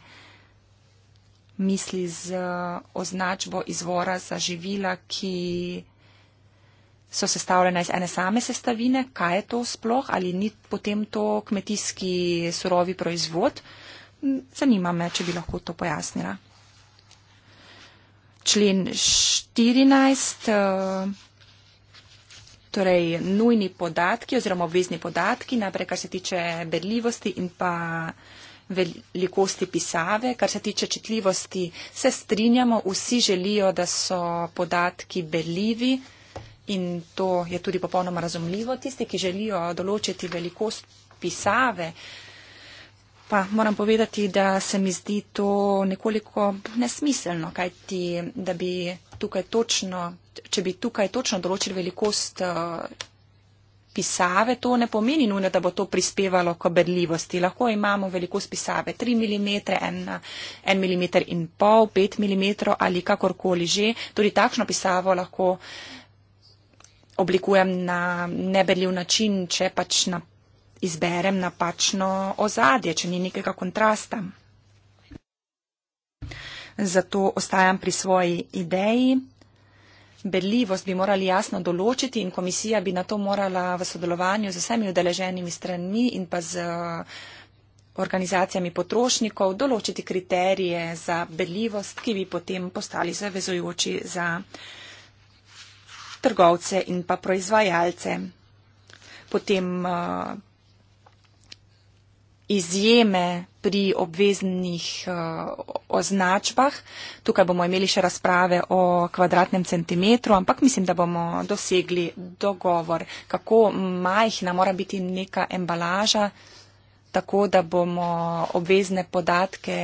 misli z eh, označbo izvora za živila, ki so sestavljena iz ene same sestavine, kaj je to sploh, ali ni potem to kmetijski surovi proizvod. Zanima me, če bi lahko to pojasnila. Člen 14 torej nujni podatki oziroma obvezni podatki, naprej kar se tiče berljivosti in pa velikosti pisave. Kar se tiče čitljivosti, se strinjamo, vsi želijo, da so podatki berljivi in to je tudi popolnoma razumljivo. Tisti, ki želijo določiti velikost pisave, pa moram povedati, da se mi zdi to nekoliko nesmiselno, kajti da bi tukaj točno če bi tukaj točno določili velikost eh, pisave, to ne pomeni nujno, da bo to prispevalo k berljivosti. Lahko imamo velikost pisave 3 mm, 1 mm in pol, 5 mm ali kakorkoli že. Tudi takšno pisavo lahko oblikujem na neberljiv način, če pač na, izberem napačno ozadje, če ni nekega kontrasta. Zato ostajam pri svoji ideji berljivost bi morali jasno določiti in komisija bi na to morala v sodelovanju z vsemi udeleženimi stranmi in pa z eh, organizacijami potrošnikov določiti kriterije za berljivost, ki bi potem postali zavezujoči za trgovce in pa proizvajalce. Potem uh, izjeme pri obveznih eh, označbah. Tukaj bomo imeli še razprave o kvadratnem centimetru, ampak mislim, da bomo dosegli dogovor, kako majhna mora biti neka embalaža, tako da bomo obvezne podatke,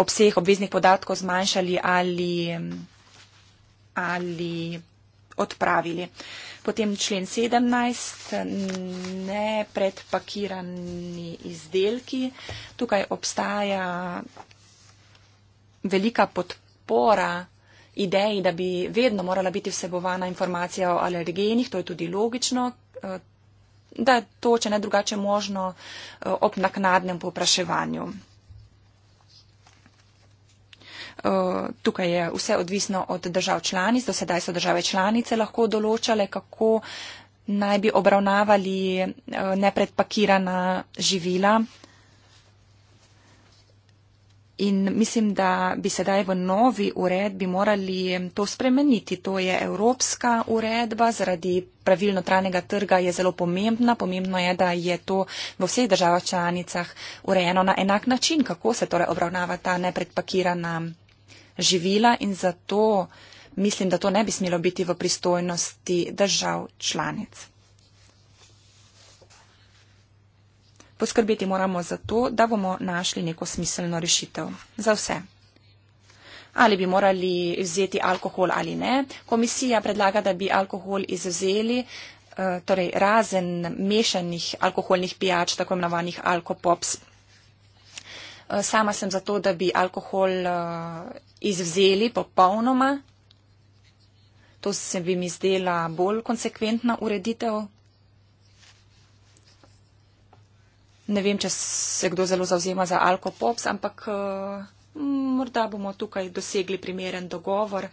obseh obveznih podatkov zmanjšali ali, ali odpravili. Potem člen 17, nepredpakirani izdelki. Tukaj obstaja velika podpora ideji, da bi vedno morala biti vsebovana informacija o alergenih. To je tudi logično, eh, da je to, če ne drugače, možno eh, ob naknadnem popraševanju. Eh, tukaj je vse odvisno od držav članic. Do sedaj so države članice lahko določale, kako naj bi obravnavali eh, nepredpakirana živila. In mislim, da bi sedaj v novi uredbi morali to spremeniti. To je evropska uredba, zaradi pravil notranjega trga je zelo pomembna. Pomembno je, da je to v vseh državah članicah urejeno na enak način, kako se torej obravnava ta nepredpakirana živila in zato mislim, da to ne bi smelo biti v pristojnosti držav članic. Poskrbeti moramo za to, da bomo našli neko smiselno rešitev za vse. Ali bi morali vzeti alkohol ali ne. Komisija predlaga, da bi alkohol izvzeli, eh, torej razen mešanih alkoholnih pijač, tako imenovanih alkopops. Eh, sama sem zato, da bi alkohol eh, izvzeli popolnoma. To se bi mi zdela bolj konsekventna ureditev. Ne vem, če se kdo zelo zauzema za alkopops, ampak eh, morda bomo tukaj dosegli primeren dogovor.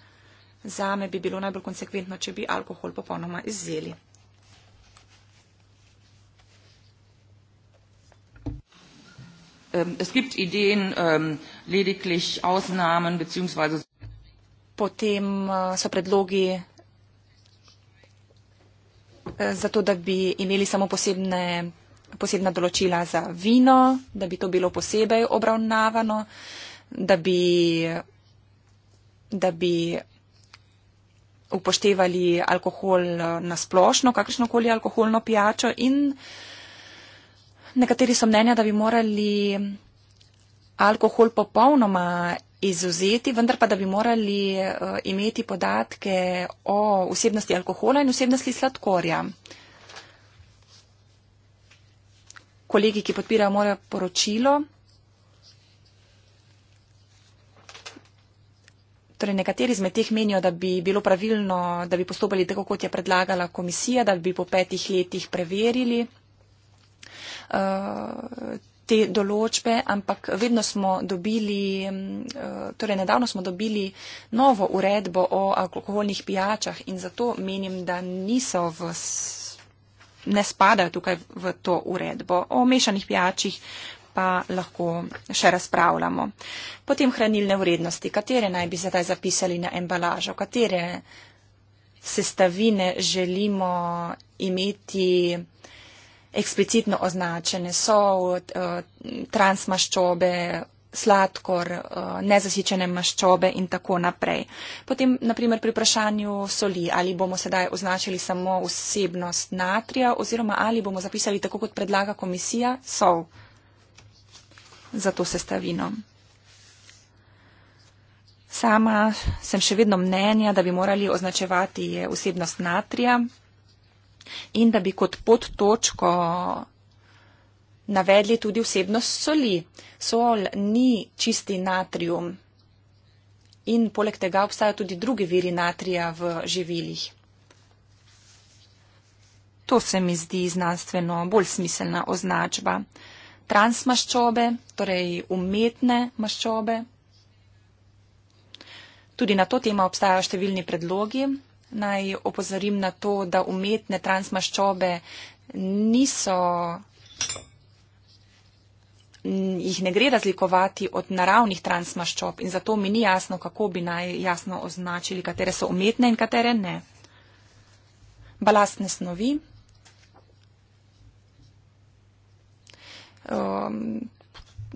Zame bi bilo najbolj konsekventno, če bi alkohol popolnoma izzeli. Ähm, es gibt Ideen, ähm, lediglich Ausnahmen bzw. Potem äh, so predlogi äh, za to, da bi imeli samo posebne, posebna določila za vino, da bi to bilo posebej obravnavano, da bi, da bi upoštevali alkohol äh, na splošno, kakršnokoli alkoholno pijačo in Nekateri so mnenja, da bi morali alkohol popolnoma izuzeti, vendar pa, da bi morali uh, imeti podatke o vsebnosti alkohola in vsebnosti sladkorja. Kolegi, ki podpirajo moje poročilo, torej nekateri izmed teh menijo, da bi bilo pravilno, da bi postopali tako, kot je predlagala komisija, da bi po petih letih preverili. Eh, te določbe, ampak vedno smo dobili, mm, eh, torej nedavno smo dobili novo uredbo o alkoholnih pijačah in zato menim, da niso v, ne spadajo tukaj v to uredbo. O mešanih pijačih pa lahko še razpravljamo. Potem hranilne vrednosti, katere naj bi zdaj zapisali na embalažo, katere sestavine želimo imeti uh, eksplicitno označene so eh, transmaščobe, sladkor, eh, nezasičene maščobe in tako naprej. Potem, naprimer, pri vprašanju soli, ali bomo sedaj označili samo vsebnost natrija oziroma ali bomo zapisali tako, kot predlaga komisija, sol za to sestavino. Sama sem še vedno mnenja, da bi morali označevati vsebnost natrija in da bi kot podtočko navedli tudi vsebnost soli. Sol ni čisti natrium in poleg tega obstajajo tudi drugi viri natrija v živilih. To se mi zdi znanstveno bolj smiselna označba. Transmaščobe, torej umetne maščobe. Tudi na to tema obstajajo številni predlogi naj opozorim na to, da umetne transmaščobe niso, jih ne gre razlikovati od naravnih transmaščob in zato mi ni jasno, kako bi naj jasno označili, katere so umetne in katere ne. Balastne snovi. Um,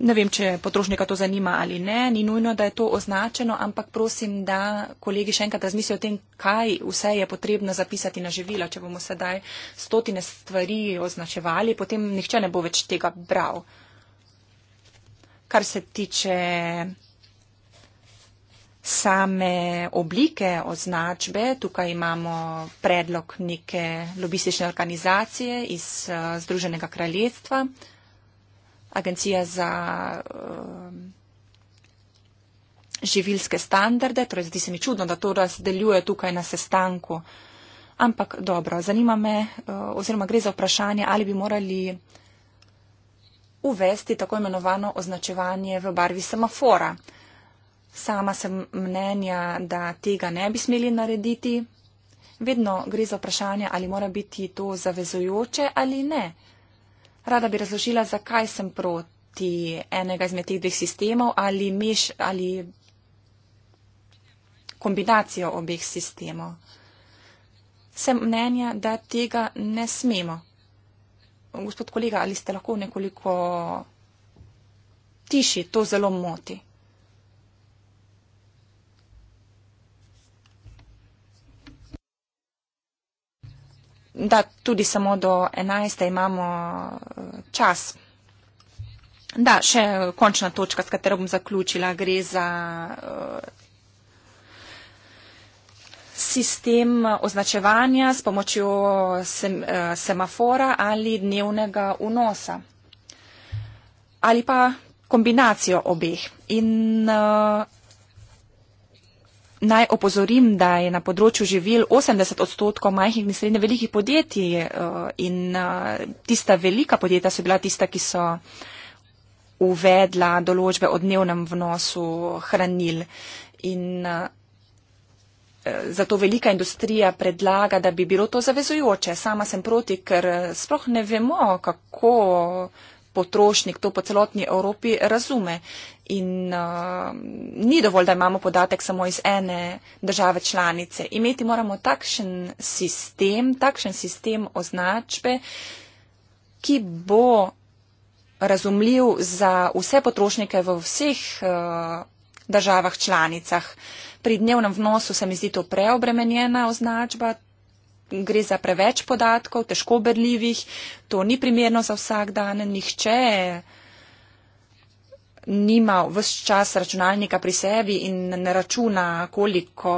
Ne vem, če potrošnika to zanima ali ne, ni nujno, da je to označeno, ampak prosim, da kolegi še enkrat razmislijo o tem, kaj vse je potrebno zapisati na živila. Če bomo sedaj stotine stvari označevali, potem nihče ne bo več tega bral. Kar se tiče same oblike označbe, tukaj imamo predlog neke lobistične organizacije iz eh, Združenega kraljestva agencija za um, živilske standarde, torej zdi se mi čudno, da to razdeljuje tukaj na sestanku. Ampak dobro, zanima me, uh, oziroma gre za vprašanje, ali bi morali uvesti tako imenovano označevanje v barvi semafora. Sama sem mnenja, da tega ne bi smeli narediti. Vedno gre za vprašanje, ali mora biti to zavezujoče ali ne rada bi razložila, zakaj sem proti enega izmed teh dveh sistemov ali, meš, ali kombinacijo obeh sistemov. Sem mnenja, da tega ne smemo. Gospod kolega, ali ste lahko nekoliko tiši, to zelo moti. da tudi samo do 11. imamo eh, čas. Da, še končna točka, s katero bom zaključila, gre za eh, sistem označevanja s pomočjo sem, eh, semafora ali dnevnega unosa ali pa kombinacijo obeh. In, Naj opozorim, da je na področju živil 80 odstotkov majhnih in srednje velikih podjetij eh, in eh, tista velika podjetja so bila tista, ki so uvedla določbe o dnevnem vnosu hranil. In eh, zato velika industrija predlaga, da bi bilo to zavezujoče. Sama sem proti, ker sploh ne vemo, kako potrošnik to po celotni Evropi razume. In uh, ni dovolj, da imamo podatek samo iz ene države članice. Imeti moramo takšen sistem, takšen sistem označbe, ki bo razumljiv za vse potrošnike v vseh uh, državah članicah. Pri dnevnem vnosu se mi zdi to preobremenjena označba, gre za preveč podatkov, težko berljivih, to ni primerno za vsak dan, nihče nima vse čas računalnika pri sebi in ne računa, koliko,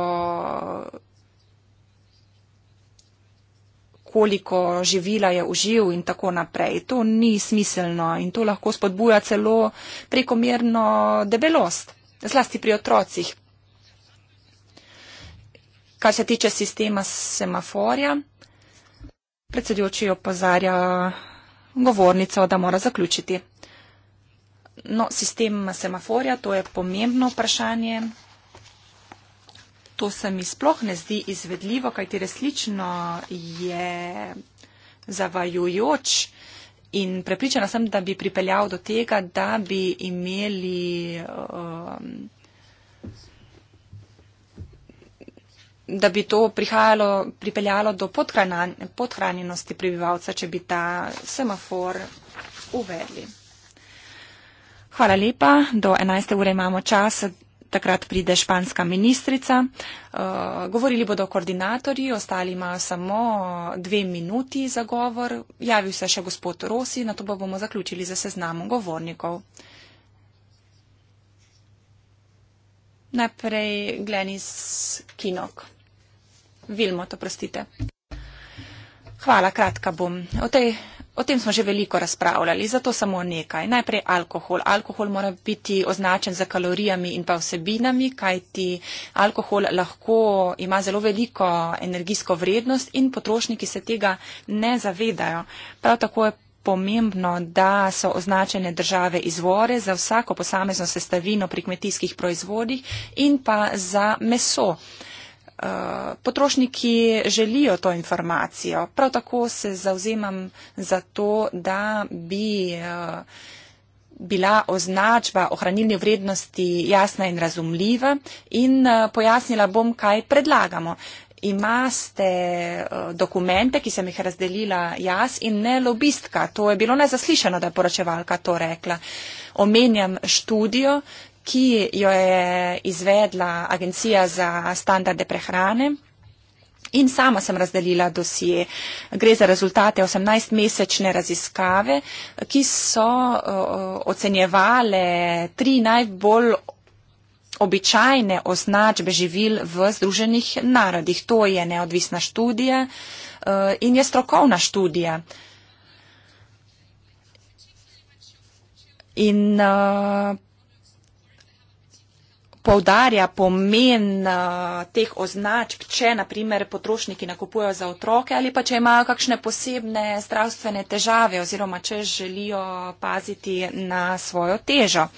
koliko živila je užil in tako naprej. To ni smiselno in to lahko spodbuja celo prekomerno debelost, zlasti pri otrocih. Kar se tiče sistema semaforja, predsedujoči opozarja govornico, da mora zaključiti. No, sistem semaforja, to je pomembno vprašanje. To se mi sploh ne zdi izvedljivo, kajti resnično je zavajujoč in prepričana sem, da bi pripeljal do tega, da bi imeli. Um, da bi to pripeljalo do podhranjenosti prebivalca, če bi ta semafor uvedli. Hvala lepa. Do 11. ure imamo čas, takrat pride španska ministrica. Uh, govorili bodo koordinatorji, ostali imajo samo dve minuti za govor. Javil se še gospod Rosi, na to pa bomo zaključili za seznamom govornikov. Najprej Glenis Kinok. Vilmot, oprostite. Hvala, kratka bom. O, tej, o tem smo že veliko razpravljali, zato samo nekaj. Najprej alkohol. Alkohol mora biti označen za kalorijami in pa vsebinami, kajti alkohol lahko ima zelo veliko energijsko vrednost in potrošniki se tega ne zavedajo. Prav tako je pomembno, da so označene države izvore za vsako posamezno sestavino pri kmetijskih proizvodih in pa za meso potrošniki želijo to informacijo. Prav tako se zauzemam za to, da bi eh, bila označba ohranilne vrednosti jasna in razumljiva in eh, pojasnila bom, kaj predlagamo. Imate eh, dokumente, ki sem jih razdelila jaz in ne lobistka. To je bilo nezaslišano, da je poročevalka to rekla. Omenjam študijo, ki jo je izvedla Agencija za standarde prehrane. In sama sem razdelila dosije. Gre za rezultate 18-mesečne raziskave, ki so ocenjevale tri najbolj običajne označbe živil v Združenih narodih. To je neodvisna študija e, in je strokovna študija. In e, poudarja pomen eh, teh označk, če naprimer potrošniki nakupujejo za otroke ali pa če imajo kakšne posebne zdravstvene težave oziroma če želijo paziti na svojo težo.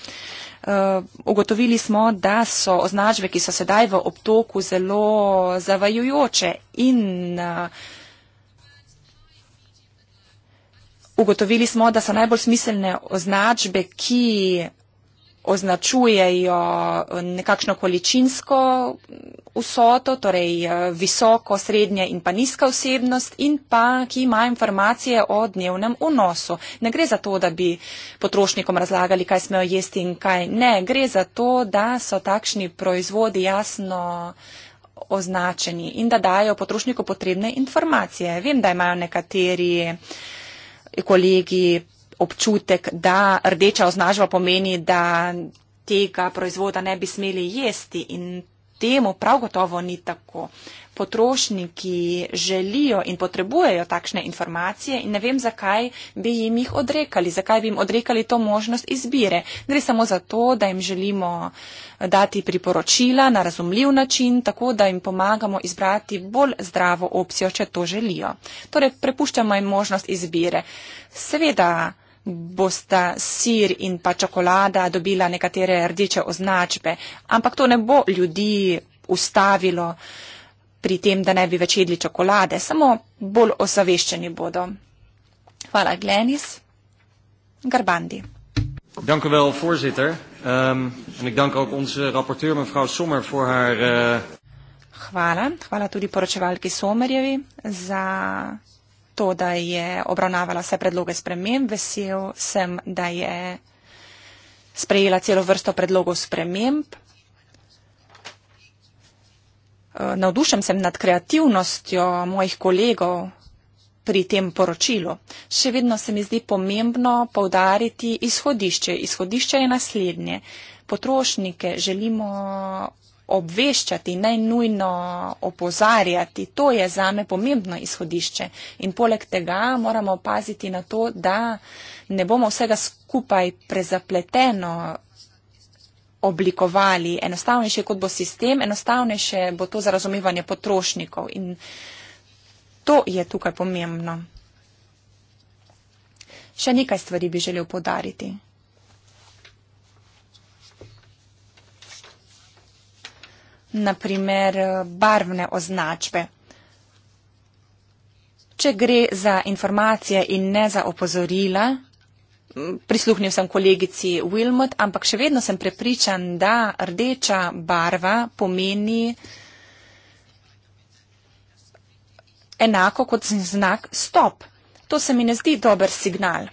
Eh, ugotovili smo, da so označbe, ki so sedaj v obtoku, zelo zavajujoče in eh, ugotovili smo, da so najbolj smiselne označbe, ki označujejo eh, nekakšno količinsko vsoto, torej eh, visoko, srednje in pa nizka vsebnost in pa ki ima informacije o dnevnem vnosu. Ne gre za to, da bi potrošnikom razlagali, kaj smejo jesti in kaj ne. Gre za to, da so takšni proizvodi jasno označeni in da dajo potrošniku potrebne informacije. Vem, da imajo nekateri kolegi občutek, da rdeča označba pomeni, da tega proizvoda ne bi smeli jesti in temu prav gotovo ni tako. Potrošniki želijo in potrebujejo takšne informacije in ne vem, zakaj bi jim jih odrekali, zakaj bi jim odrekali to možnost izbire. Gre samo za to, da jim želimo dati priporočila na razumljiv način, tako da jim pomagamo izbrati bolj zdravo opcijo, če to želijo. Torej, prepuščamo jim možnost izbire. Seveda, bosta sir in pa čokolada dobila nekatere rdeče označbe, ampak to ne bo ljudi ustavilo pri tem, da ne bi več jedli čokolade, samo bolj osaveščeni bodo. Hvala, Glenis. Garbandi. Dank u wel, voorzitter. Um, en ik dank ook onze rapporteur, mevrouw Sommer, voor haar. Uh... Hvala. Hvala tudi poročevalki Somerjevi za to, da je obravnavala vse predloge sprememb, vesel sem, da je sprejela celo vrsto predlogov sprememb. Eh, navdušen sem nad kreativnostjo mojih kolegov pri tem poročilu. Še vedno se mi zdi pomembno poudariti izhodišče. Izhodišče je naslednje. Potrošnike želimo obveščati, ne nujno opozarjati. To je zame pomembno izhodišče. In poleg tega moramo paziti na to, da ne bomo vsega skupaj prezapleteno oblikovali. Enostavnejše kot bo sistem, enostavnejše bo to za razumevanje potrošnikov. In to je tukaj pomembno. Še nekaj stvari bi želel podariti. na primer eh, barvne označbe. Če gre za informacije in ne za opozorila, prisluhnil sem kolegici Wilmot, ampak še vedno sem prepričan, da rdeča barva pomeni enako kot znak stop. To se mi ne zdi dober signal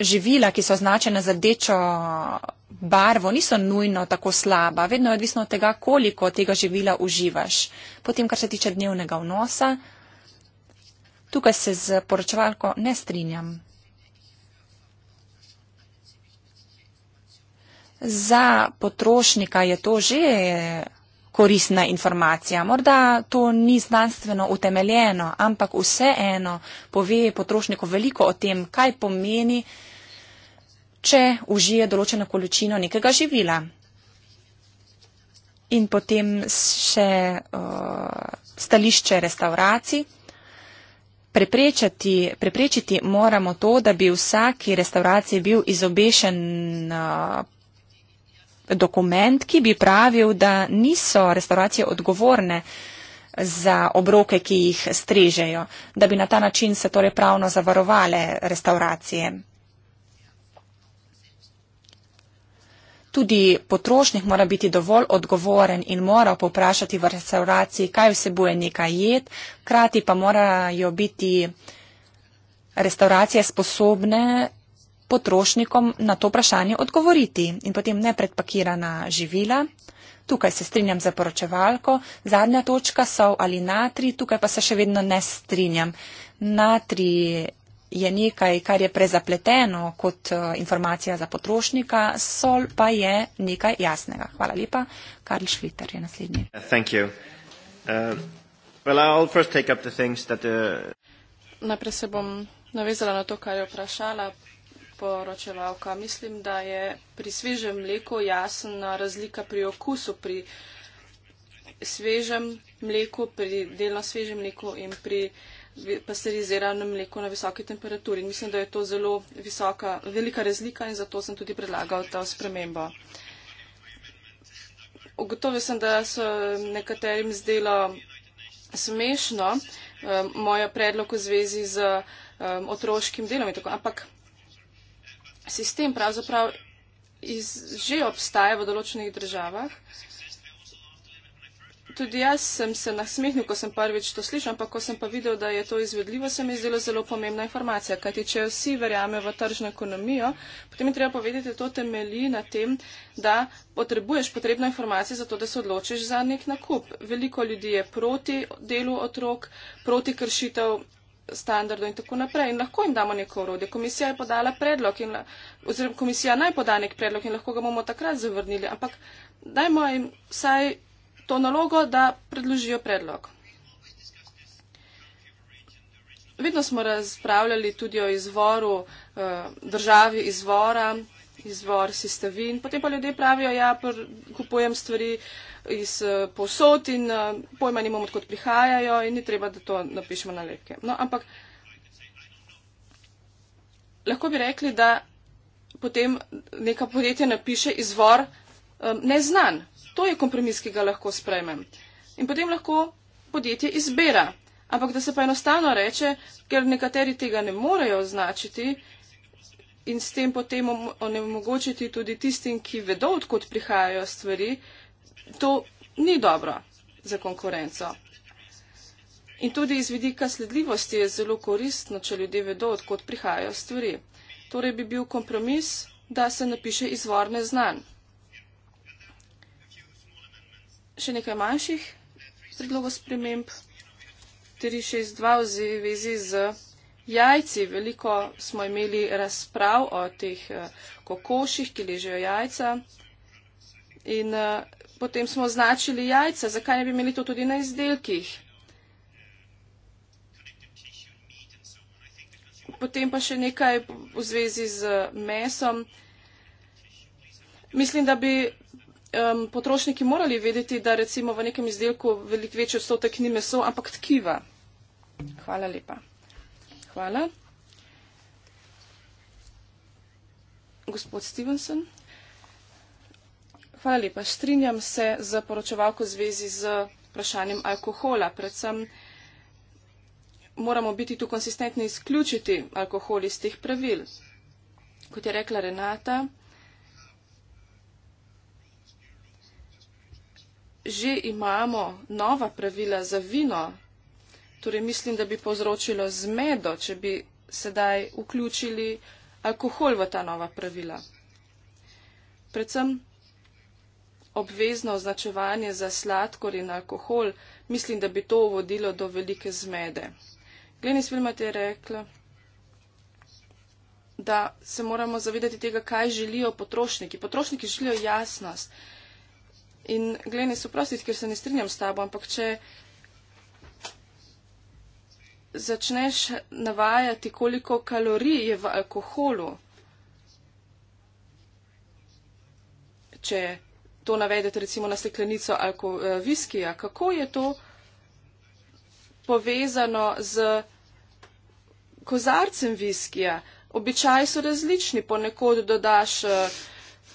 živila, ki so označena za rdečo barvo, niso nujno tako slaba. Vedno je odvisno od tega, koliko tega živila uživaš. Potem, kar se tiče dnevnega vnosa, tukaj se z poročevalko ne strinjam. Za potrošnika je to že koristna informacija. Morda to ni znanstveno utemeljeno, ampak vseeno pove potrošniku veliko o tem, kaj pomeni, če užije določeno količino nekega živila. In potem še uh, stališče restauracij. Preprečiti moramo to, da bi vsaki restauraciji bil izobešen uh, dokument, ki bi pravil, da niso restauracije odgovorne za obroke, ki jih strežejo, da bi na ta način se torej pravno zavarovale restauracije. Tudi potrošnik mora biti dovolj odgovoren in mora povprašati v restauraciji, kaj vsebuje neka jed, krati pa morajo biti restauracije sposobne potrošnikom na to vprašanje odgovoriti in potem nepredpakirana živila. Tukaj se strinjam za poročevalko. Zadnja točka so ali natri, tukaj pa se še vedno ne strinjam. Natri je nekaj, kar je prezapleteno kot eh, informacija za potrošnika, sol pa je nekaj jasnega. Hvala lepa. Karl Šviter je naslednji. Uh, well, that, uh... Najprej se bom navezala na to, kar je vprašala poročevalka. Mislim, da je pri svežem mleku jasna razlika pri okusu, pri svežem mleku, pri delno svežem mleku in pri pasteriziranem mleku na visoki temperaturi. In mislim, da je to zelo visoka, velika razlika in zato sem tudi predlagal ta spremembo. Ugotovil sem, da so nekaterim zdelo smešno eh, moj predlog v zvezi z eh, otroškim delom, ampak sistem pravzaprav iz, že obstaja v določenih državah. Tudi jaz sem se nasmehnil, ko sem prvič to slišal, ampak ko sem pa videl, da je to izvedljivo, se mi je zdelo zelo pomembna informacija. Kajti, če vsi verjamejo v tržno ekonomijo, potem je treba povedati, da to temelji na tem, da potrebuješ potrebno informacijo za to, da se odločiš za nek nakup. Veliko ljudi je proti delu otrok, proti kršitev standardov in tako naprej. In lahko jim damo neko orodje. Komisija je podala predlog in, oziroma komisija naj poda nek predlog in lahko ga bomo takrat zavrnili, ampak dajmo jim vsaj to nalogo, da predložijo predlog. Vedno smo razpravljali tudi o izvoru, eh, državi izvora izvor sestavin. Potem pa ljudje pravijo, ja, kupujem stvari iz eh, posod in eh, pojma nimamo, odkot prihajajo in ni treba, da to napišemo na lepke. No, ampak lahko bi rekli, da potem neka podjetja napiše izvor um, neznan. To je kompromis, ki ga lahko sprejmem. In potem lahko podjetje izbira. Ampak da se pa enostavno reče, ker nekateri tega ne morejo označiti in s tem potem onemogočiti tudi tistim, ki vedo, odkot prihajajo stvari, to ni dobro za konkurenco. In tudi iz vidika sledljivosti je zelo koristno, če ljudje vedo, odkot prihajajo stvari. Torej bi bil kompromis, da se napiše izvor neznan. Še nekaj manjših predlogov sprememb. 362 v zvezi z jajci. Veliko smo imeli razprav o teh eh, kokoših, ki ležejo jajca. In eh, potem smo označili jajca, zakaj ne bi imeli to tudi na izdelkih. Potem pa še nekaj v zvezi z mesom. Mislim, da bi um, potrošniki morali vedeti, da recimo v nekem izdelku velik večji odstotek ni meso, ampak tkiva. Hvala lepa. Hvala. Gospod Stevenson. Hvala lepa. Strinjam se z poročevalko zvezi z vprašanjem alkohola. Predvsem moramo biti tu konsistentni izključiti alkohol iz teh pravil. Kot je rekla Renata, že imamo nova pravila za vino Torej, mislim, da bi povzročilo zmedo, če bi sedaj vključili alkohol v ta nova pravila. Predvsem obvezno označevanje za sladkor in alkohol, mislim, da bi to vodilo do velike zmede. Glenis Vilmat je rekla, da se moramo zavedati tega, kaj želijo potrošniki. Potrošniki želijo jasnost. In glede, ne soprostiti, ker se ne strinjam s tabo, ampak če začneš navajati, koliko kalorij je v alkoholu, če to navedete recimo na steklenico alko eh, viskija, kako je to povezano z kozarcem viskija. Običaji so različni, ponekod dodaš eh,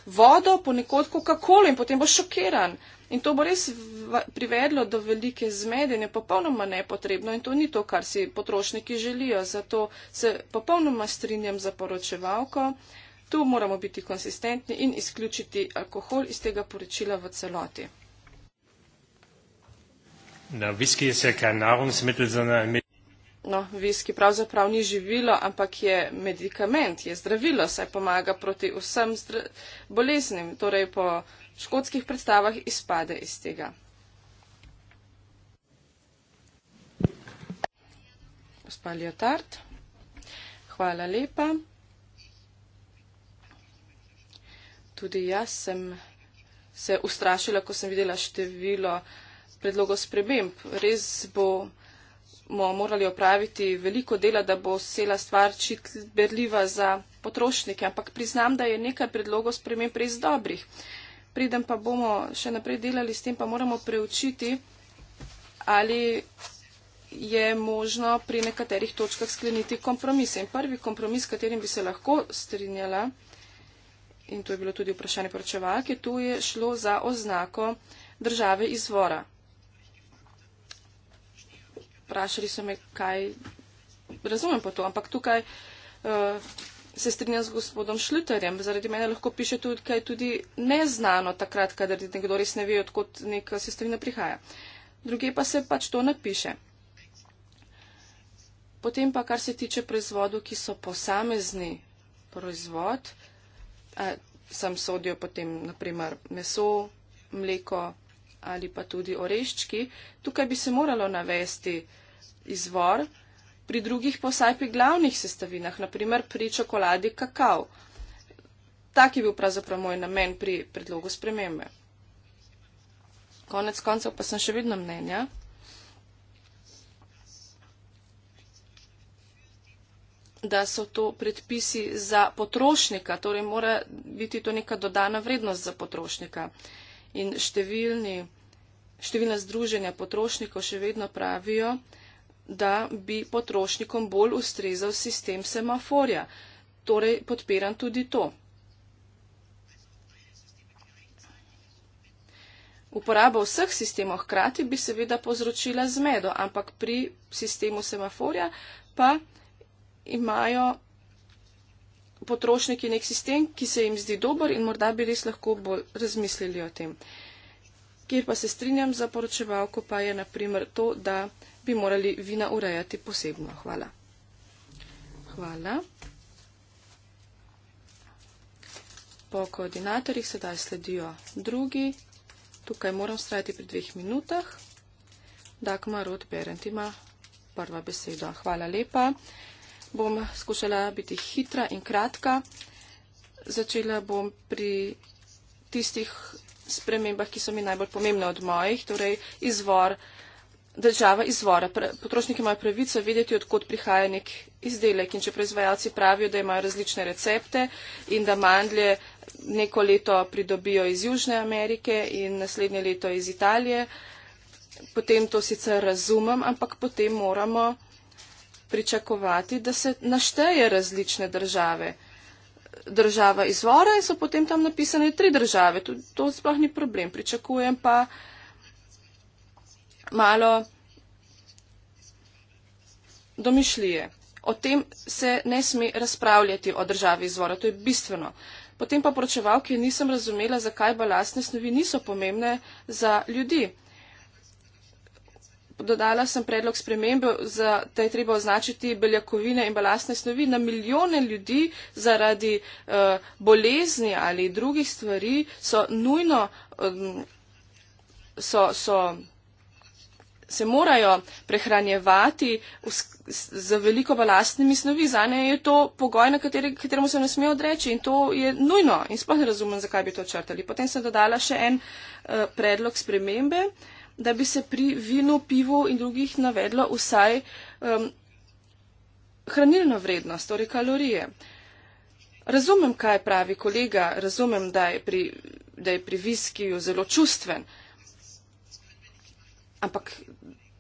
vodo, ponekod Coca-Cola in potem boš šokiran. In to bo res privedlo do velike zmedenje, popolnoma nepotrebno in to ni to, kar si potrošniki želijo. Zato se popolnoma strinjam za poročevalko. Tu moramo biti konsistentni in izključiti alkohol iz tega poročila v celoti. No, viski pravzaprav ni živilo, ampak je medikament, je zdravilo, saj pomaga proti vsem boleznim. Torej po škotskih predstavah izpade iz tega. Spalijo tart. Hvala lepa. Tudi jaz sem se ustrašila, ko sem videla število predlogov sprememb. Res bomo morali opraviti veliko dela, da bo cela stvar čitljiva za potrošnike, ampak priznam, da je nekaj predlogov sprememb res dobrih. Uh, Pridem pa bomo še naprej delali s tem, pa moramo preučiti, ali je možno pri nekaterih točkah skleniti kompromise. In prvi kompromis, s katerim bi se lahko strinjala, in to je bilo tudi vprašanje pročevalke, tu je šlo za oznako države izvora. Vprašali so me, kaj razumem po to, ampak tukaj. Uh, se strinjam z gospodom Šluterjem, zaradi mene lahko piše tudi kaj tudi neznano takrat, kadar nekdo res ne ve, odkot neka sestrina prihaja. Druge pa se pač to napiše. Potem pa, kar se tiče proizvodov, ki so posamezni proizvod, sem sodijo potem naprimer meso, mleko ali pa tudi oreščki, tukaj bi se moralo navesti izvor, pri drugih pa vsaj pri glavnih sestavinah, naprimer pri čokoladi kakao. Tak je bil pravzaprav moj namen pri predlogu spremembe. Konec koncev pa sem še vedno mnenja, da so to predpisi za potrošnika, torej mora biti to neka dodana vrednost za potrošnika. In številni, številna združenja potrošnikov še vedno pravijo, da da bi potrošnikom bolj ustrezal sistem semaforja. Torej podpiram tudi to. Uporaba vseh sistemov hkrati bi seveda povzročila zmedo, ampak pri sistemu semaforja pa imajo potrošniki nek sistem, ki se jim zdi dober in morda bi res lahko bolj razmislili o tem. Kjer pa se strinjam za poročevalko, pa je naprimer to, da bi morali vina urejati posebno. Hvala. Hvala. Po koordinatorjih sedaj sledijo drugi. Tukaj moram strajati pri dveh minutah. Dagmar Rod Berend ima prva beseda. Hvala lepa. Bom skušala biti hitra in kratka. Začela bom pri tistih spremembah, ki so mi najbolj pomembne od mojih, torej izvor država izvora. Potrošniki imajo pravico vedeti, odkot prihaja nek izdelek. In če proizvajalci pravijo, da imajo različne recepte in da mandlje neko leto pridobijo iz Južne Amerike in naslednje leto iz Italije, potem to sicer razumem, ampak potem moramo pričakovati, da se našteje različne države. Država izvora in so potem tam napisane tri države. To, to sploh ni problem. Pričakujem pa malo domišljije. O tem se ne sme razpravljati o državi izvora, to je bistveno. Potem pa poročevalke nisem razumela, zakaj balastne snovi niso pomembne za ljudi. Dodala sem predlog spremembe, da je treba označiti beljakovine in balastne snovi na milijone ljudi zaradi uh, bolezni ali drugih stvari so nujno. Um, so, so, se morajo prehranjevati z veliko balastnimi snovi. Za ne je to pogoj, na kateri, kateremu se ne smejo odreči in to je nujno in sploh ne razumem, zakaj bi to črtali. Potem sem dodala še en uh, predlog spremembe, da bi se pri vinu, pivu in drugih navedlo vsaj um, hranilno vrednost, torej kalorije. Razumem, kaj pravi kolega, razumem, da je pri, pri viskiju zelo čustven. Uh, Ampak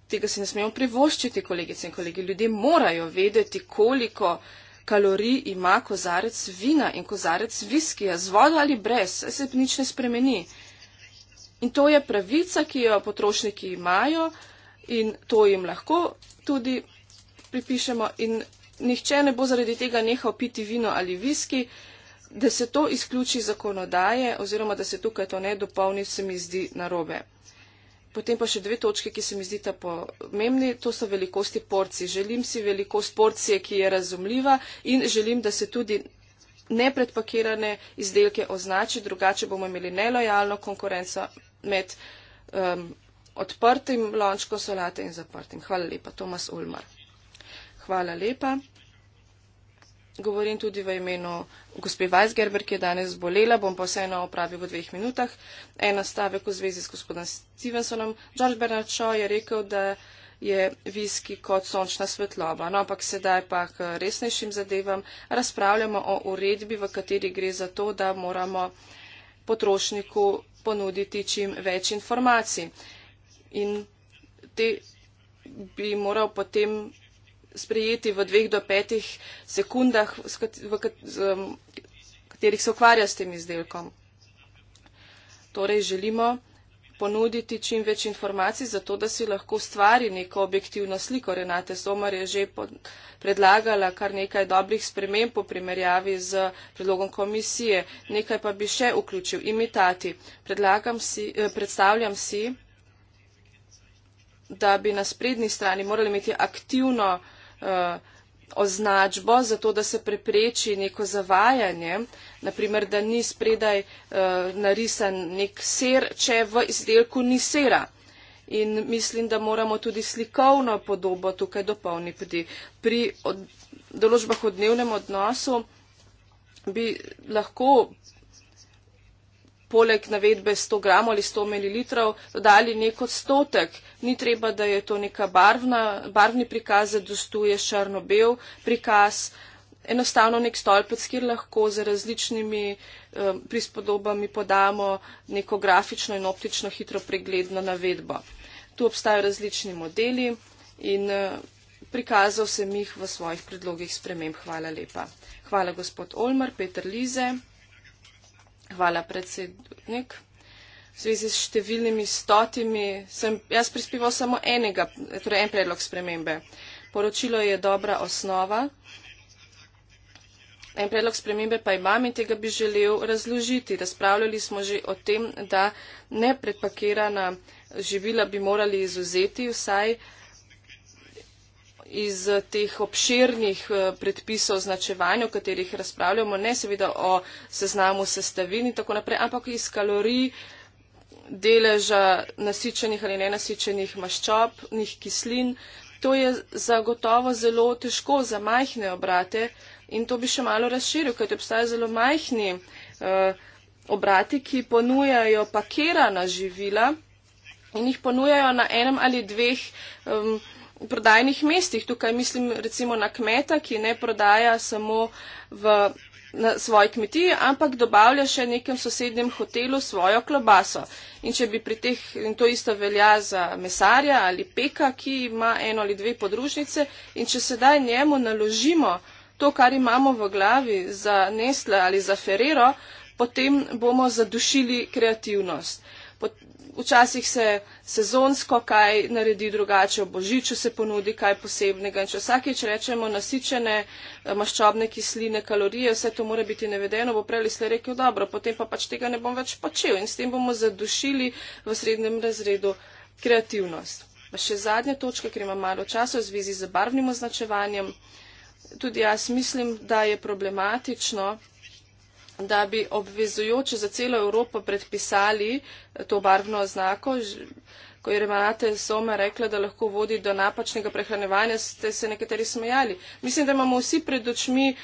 tega se ne smemo privoščiti, kolegice in kolegi. Ljudje morajo vedeti, koliko kalorij ima kozarec vina in kozarec viskija, z vodo ali brez, se nič ne spremeni. In to je pravica, ki jo potrošniki imajo in to jim lahko tudi pripišemo. In nihče ne bo zaradi tega nehal piti vino ali viski, da se to izključi zakonodaje oziroma da se tukaj to ne dopolni, se mi zdi narobe. Potem pa še dve točke, ki se mi zdita pomembni, to so velikosti porcij. Želim si velikost porcije, ki je razumljiva in želim, da se tudi nepredpakirane izdelke označi, drugače bomo imeli nelojalno konkurenco med um, odprtim lončkom solate in zaprtim. Hvala lepa, Tomas Ulmar. Hvala lepa govorim tudi v imenu gospe Weisgerber, ki je danes zbolela, bom pa vseeno opravil v dveh minutah. Ena stavek v zvezi s gospodom Stevensonom. George Bernard Shaw je rekel, da je viski kot sončna svetloba. No, ampak sedaj pa k resnejšim zadevam razpravljamo o uredbi, v kateri gre za to, da moramo potrošniku ponuditi čim več informacij. In te bi moral potem sprejeti v dveh do petih sekundah, v um, katerih se ukvarja s tem izdelkom. Torej želimo ponuditi čim več informacij, zato da si lahko stvari neko objektivno sliko. Renate Somar je že predlagala kar nekaj dobrih sprememb po primerjavi z predlogom komisije. Nekaj pa bi še vključil. Imitati. Predlagam si, eh, predstavljam si, da bi na sprednji strani morali imeti aktivno Eh, označbo, zato da se prepreči neko zavajanje, naprimer, da ni spredaj eh, narisan nek ser, če v izdelku ni sera. In mislim, da moramo tudi slikovno podobo tukaj dopolniti. Pri določbah o dnevnem odnosu bi lahko poleg navedbe 100 gramov ali 100 mililitrov dodali nek odstotek. Ni treba, da je to neka barvna, barvni prikaz, zadostuje šarno-bel prikaz, enostavno nek stolpec, kjer lahko z različnimi um, prispodobami podamo neko grafično in optično hitro pregledno navedbo. Tu obstajajo različni modeli in uh, prikazal sem jih v svojih predlogih sprememb. Hvala lepa. Hvala gospod Olmar, Peter Lize. Hvala, predsednik. V zvezi s številnimi stotimi sem jaz prispeval samo enega, torej en predlog spremembe. Poročilo je dobra osnova. En predlog spremembe pa imam in tega bi želel razložiti. Razpravljali smo že o tem, da nepredpakirana živila bi morali izuzeti vsaj uh, iz eh, teh obširnih eh, predpisov značevanja, o katerih razpravljamo, ne seveda o seznamu sestavin in tako naprej, ampak iz kalorij, deleža nasičenih ali nenasičenih maščobnih kislin. To je zagotovo zelo težko za majhne obrate in to bi še malo razširil, kajti obstajajo zelo majhni uh, obrati, ki ponujajo pakirana živila in jih ponujajo na enem ali dveh um, prodajnih mestih. Tukaj mislim recimo na kmeta, ki ne prodaja samo v na svoji kmetiji, ampak dobavlja še nekem sosednjem hotelu svojo klobaso. In če bi pri teh, in to isto velja za mesarja ali peka, ki ima eno ali dve podružnice, in če sedaj njemu naložimo to, kar imamo v glavi za nestle ali za ferero, potem bomo zadušili kreativnost včasih se sezonsko kaj naredi drugače, ob božiču se ponudi kaj posebnega. In če vsakeč rečemo nasičene eh, maščobne kisline, kalorije, vse to mora biti navedeno, bo prej slej rekel dobro, potem pa pač tega ne bom več počel in s tem bomo zadušili v srednjem razredu kreativnost. Pa še zadnja točka, ker imam malo časa v zvezi z barvnim označevanjem. Tudi jaz mislim, da je problematično da bi obvezujoče za celo Evropo predpisali eh, to barvno oznako. Ko je Remanate Soma rekla, da lahko vodi do napačnega prehranevanja, ste se nekateri smejali. Mislim, da imamo vsi pred očmi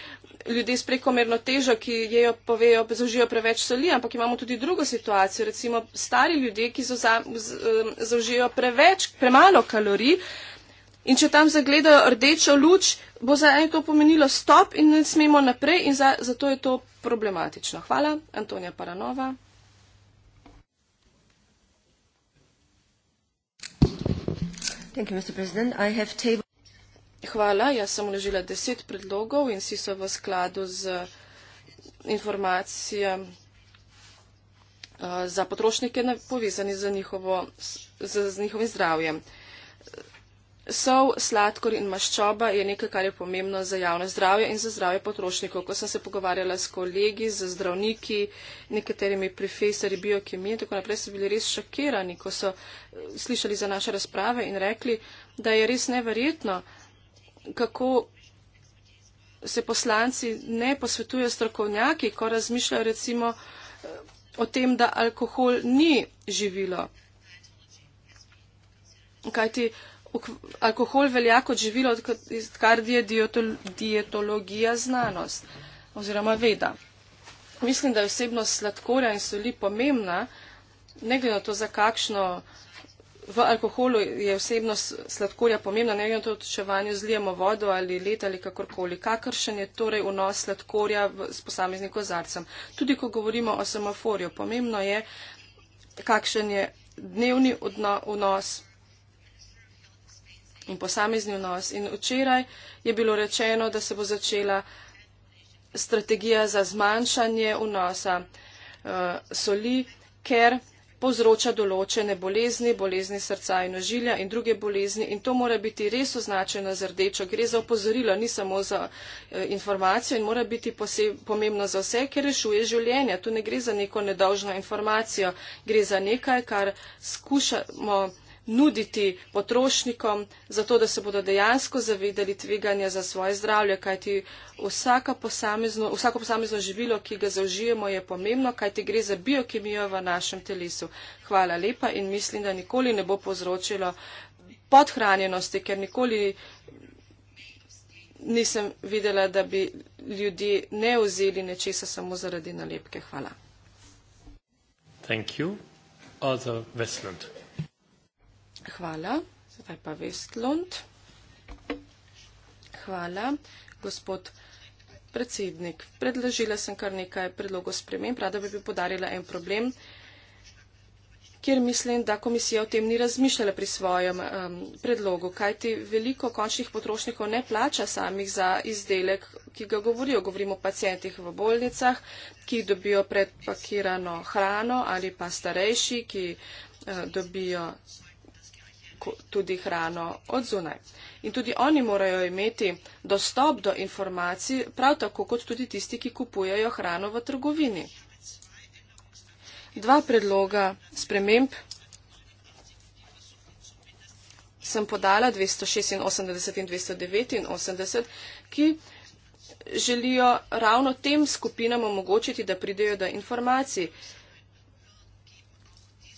ljudi s prekomerno težo, ki jejo, povejo, zaužijo preveč soli, ampak imamo tudi drugo situacijo, recimo stari ljudje, ki eh, zaužijo preveč, premalo kalorij. In če tam zagledajo rdečo luč, bo za eno to pomenilo stop in ne smemo naprej in za, zato je to problematično. Hvala, Antonija Paranova. You, Hvala, jaz sem uležila deset predlogov in vsi so v skladu z informacijami eh, za potrošnike povezani z, njihovo, z, z njihovim zdravjem. Sov, sladkor in maščoba je nekaj, kar je pomembno za javno zdravje in za zdravje potrošnikov. Ko sem se pogovarjala s kolegi, z zdravniki, nekaterimi profesori biokemije in tako naprej, so bili res šokirani, ko so eh, slišali za naše razprave in rekli, da je res neverjetno, kako se poslanci ne posvetujejo strokovnjaki, ko razmišljajo recimo eh, o tem, da alkohol ni živilo. Kajti, alkohol velja kot živilo, odkar je dietologija znanost oziroma veda. Mislim, da je vsebnost sladkorja in soli pomembna, ne glede na to, za kakšno v alkoholu je vsebnost sladkorja pomembna, ne glede na to, če vanjo zlijemo vodo ali let ali kakorkoli. Kakršen je torej vnos sladkorja v, s posameznim kozarcem? Tudi, ko govorimo o semaforju, pomembno je, kakšen je dnevni vnos. Odno, in posamezni vnos. In včeraj je bilo rečeno, da se bo začela strategija za zmanjšanje vnosa uh, soli, ker povzroča določene bolezni, bolezni srca in ožilja in druge bolezni. In to mora biti res označeno z rdečo. Gre za opozorilo, ni samo za e, informacijo in mora biti poseb, pomembno za vse, ker rešuje življenja. Tu ne gre za neko nedolžno informacijo. Gre za nekaj, kar skušamo nuditi potrošnikom, zato da se bodo dejansko zavedali tveganja za svoje zdravje, kajti posamezno, vsako posamezno živilo, ki ga zaužijemo, je pomembno, kajti gre za biokemijo v našem telesu. Hvala lepa in mislim, da nikoli ne bo povzročilo podhranjenosti, ker nikoli nisem videla, da bi ljudje ne vzeli nečesa samo zaradi nalepke. Hvala. Thank you. Other Westland. Hvala. Zdaj pa Vestlund. Hvala, gospod predsednik. Predložila sem kar nekaj predlogov sprememb, rada bi podarila en problem, kjer mislim, da komisija o tem ni razmišljala pri svojem um, predlogu, kajti veliko končnih potrošnikov ne plača samih za izdelek, ki ga govorijo. Govorimo o pacijentih v bolnicah, ki dobijo predpakirano hrano ali pa starejši, ki uh, dobijo tudi hrano od zunaj. In tudi oni morajo imeti dostop do informacij, prav tako kot tudi tisti, ki kupujejo hrano v trgovini. Dva predloga sprememb sem podala, 286 in 289, ki želijo ravno tem skupinam omogočiti, da pridejo do informacij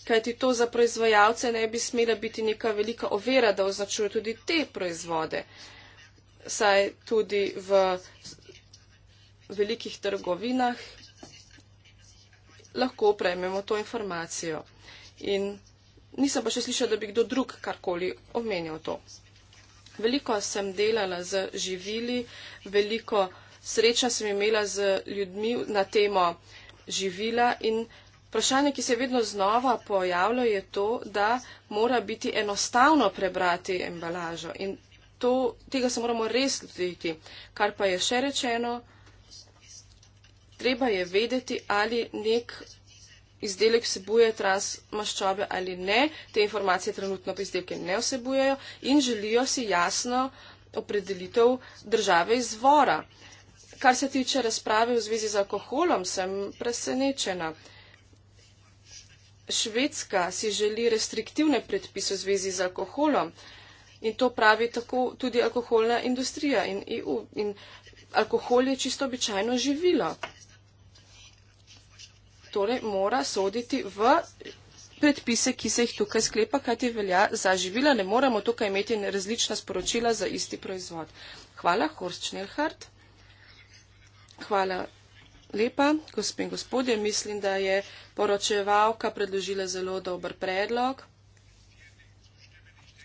kajti to za proizvajalce ne bi smela biti neka velika ovira, da označuje tudi te proizvode, saj tudi v velikih trgovinah lahko prejmemo to informacijo. In nisem pa še slišala, da bi kdo drug karkoli omenil to. Veliko sem delala z živili, veliko sreča sem imela z ljudmi na temo živila in vprašanje, ki se vedno znova pojavlja, je to, da mora biti enostavno prebrati embalažo in to, tega se moramo res ljuditi. Kar pa je še rečeno, treba je vedeti, ali nek izdelek vsebuje transmaščobe ali ne. Te informacije trenutno pa izdelke ne vsebujejo in želijo si jasno opredelitev države izvora. Kar se tiče razprave v zvezi z alkoholom, sem presenečena. Švedska si želi restriktivne predpise v zvezi z alkoholom in to pravi tako tudi alkoholna industrija in EU. In alkohol je čisto običajno živilo. Torej mora soditi v predpise, ki se jih tukaj sklepa, kajti velja za živila. Ne moremo tukaj imeti različna sporočila za isti proizvod. Hvala, Horst Schnellhardt. Hvala lepa, gospe in gospodje. Mislim, da je poročevalka predložila zelo dober predlog.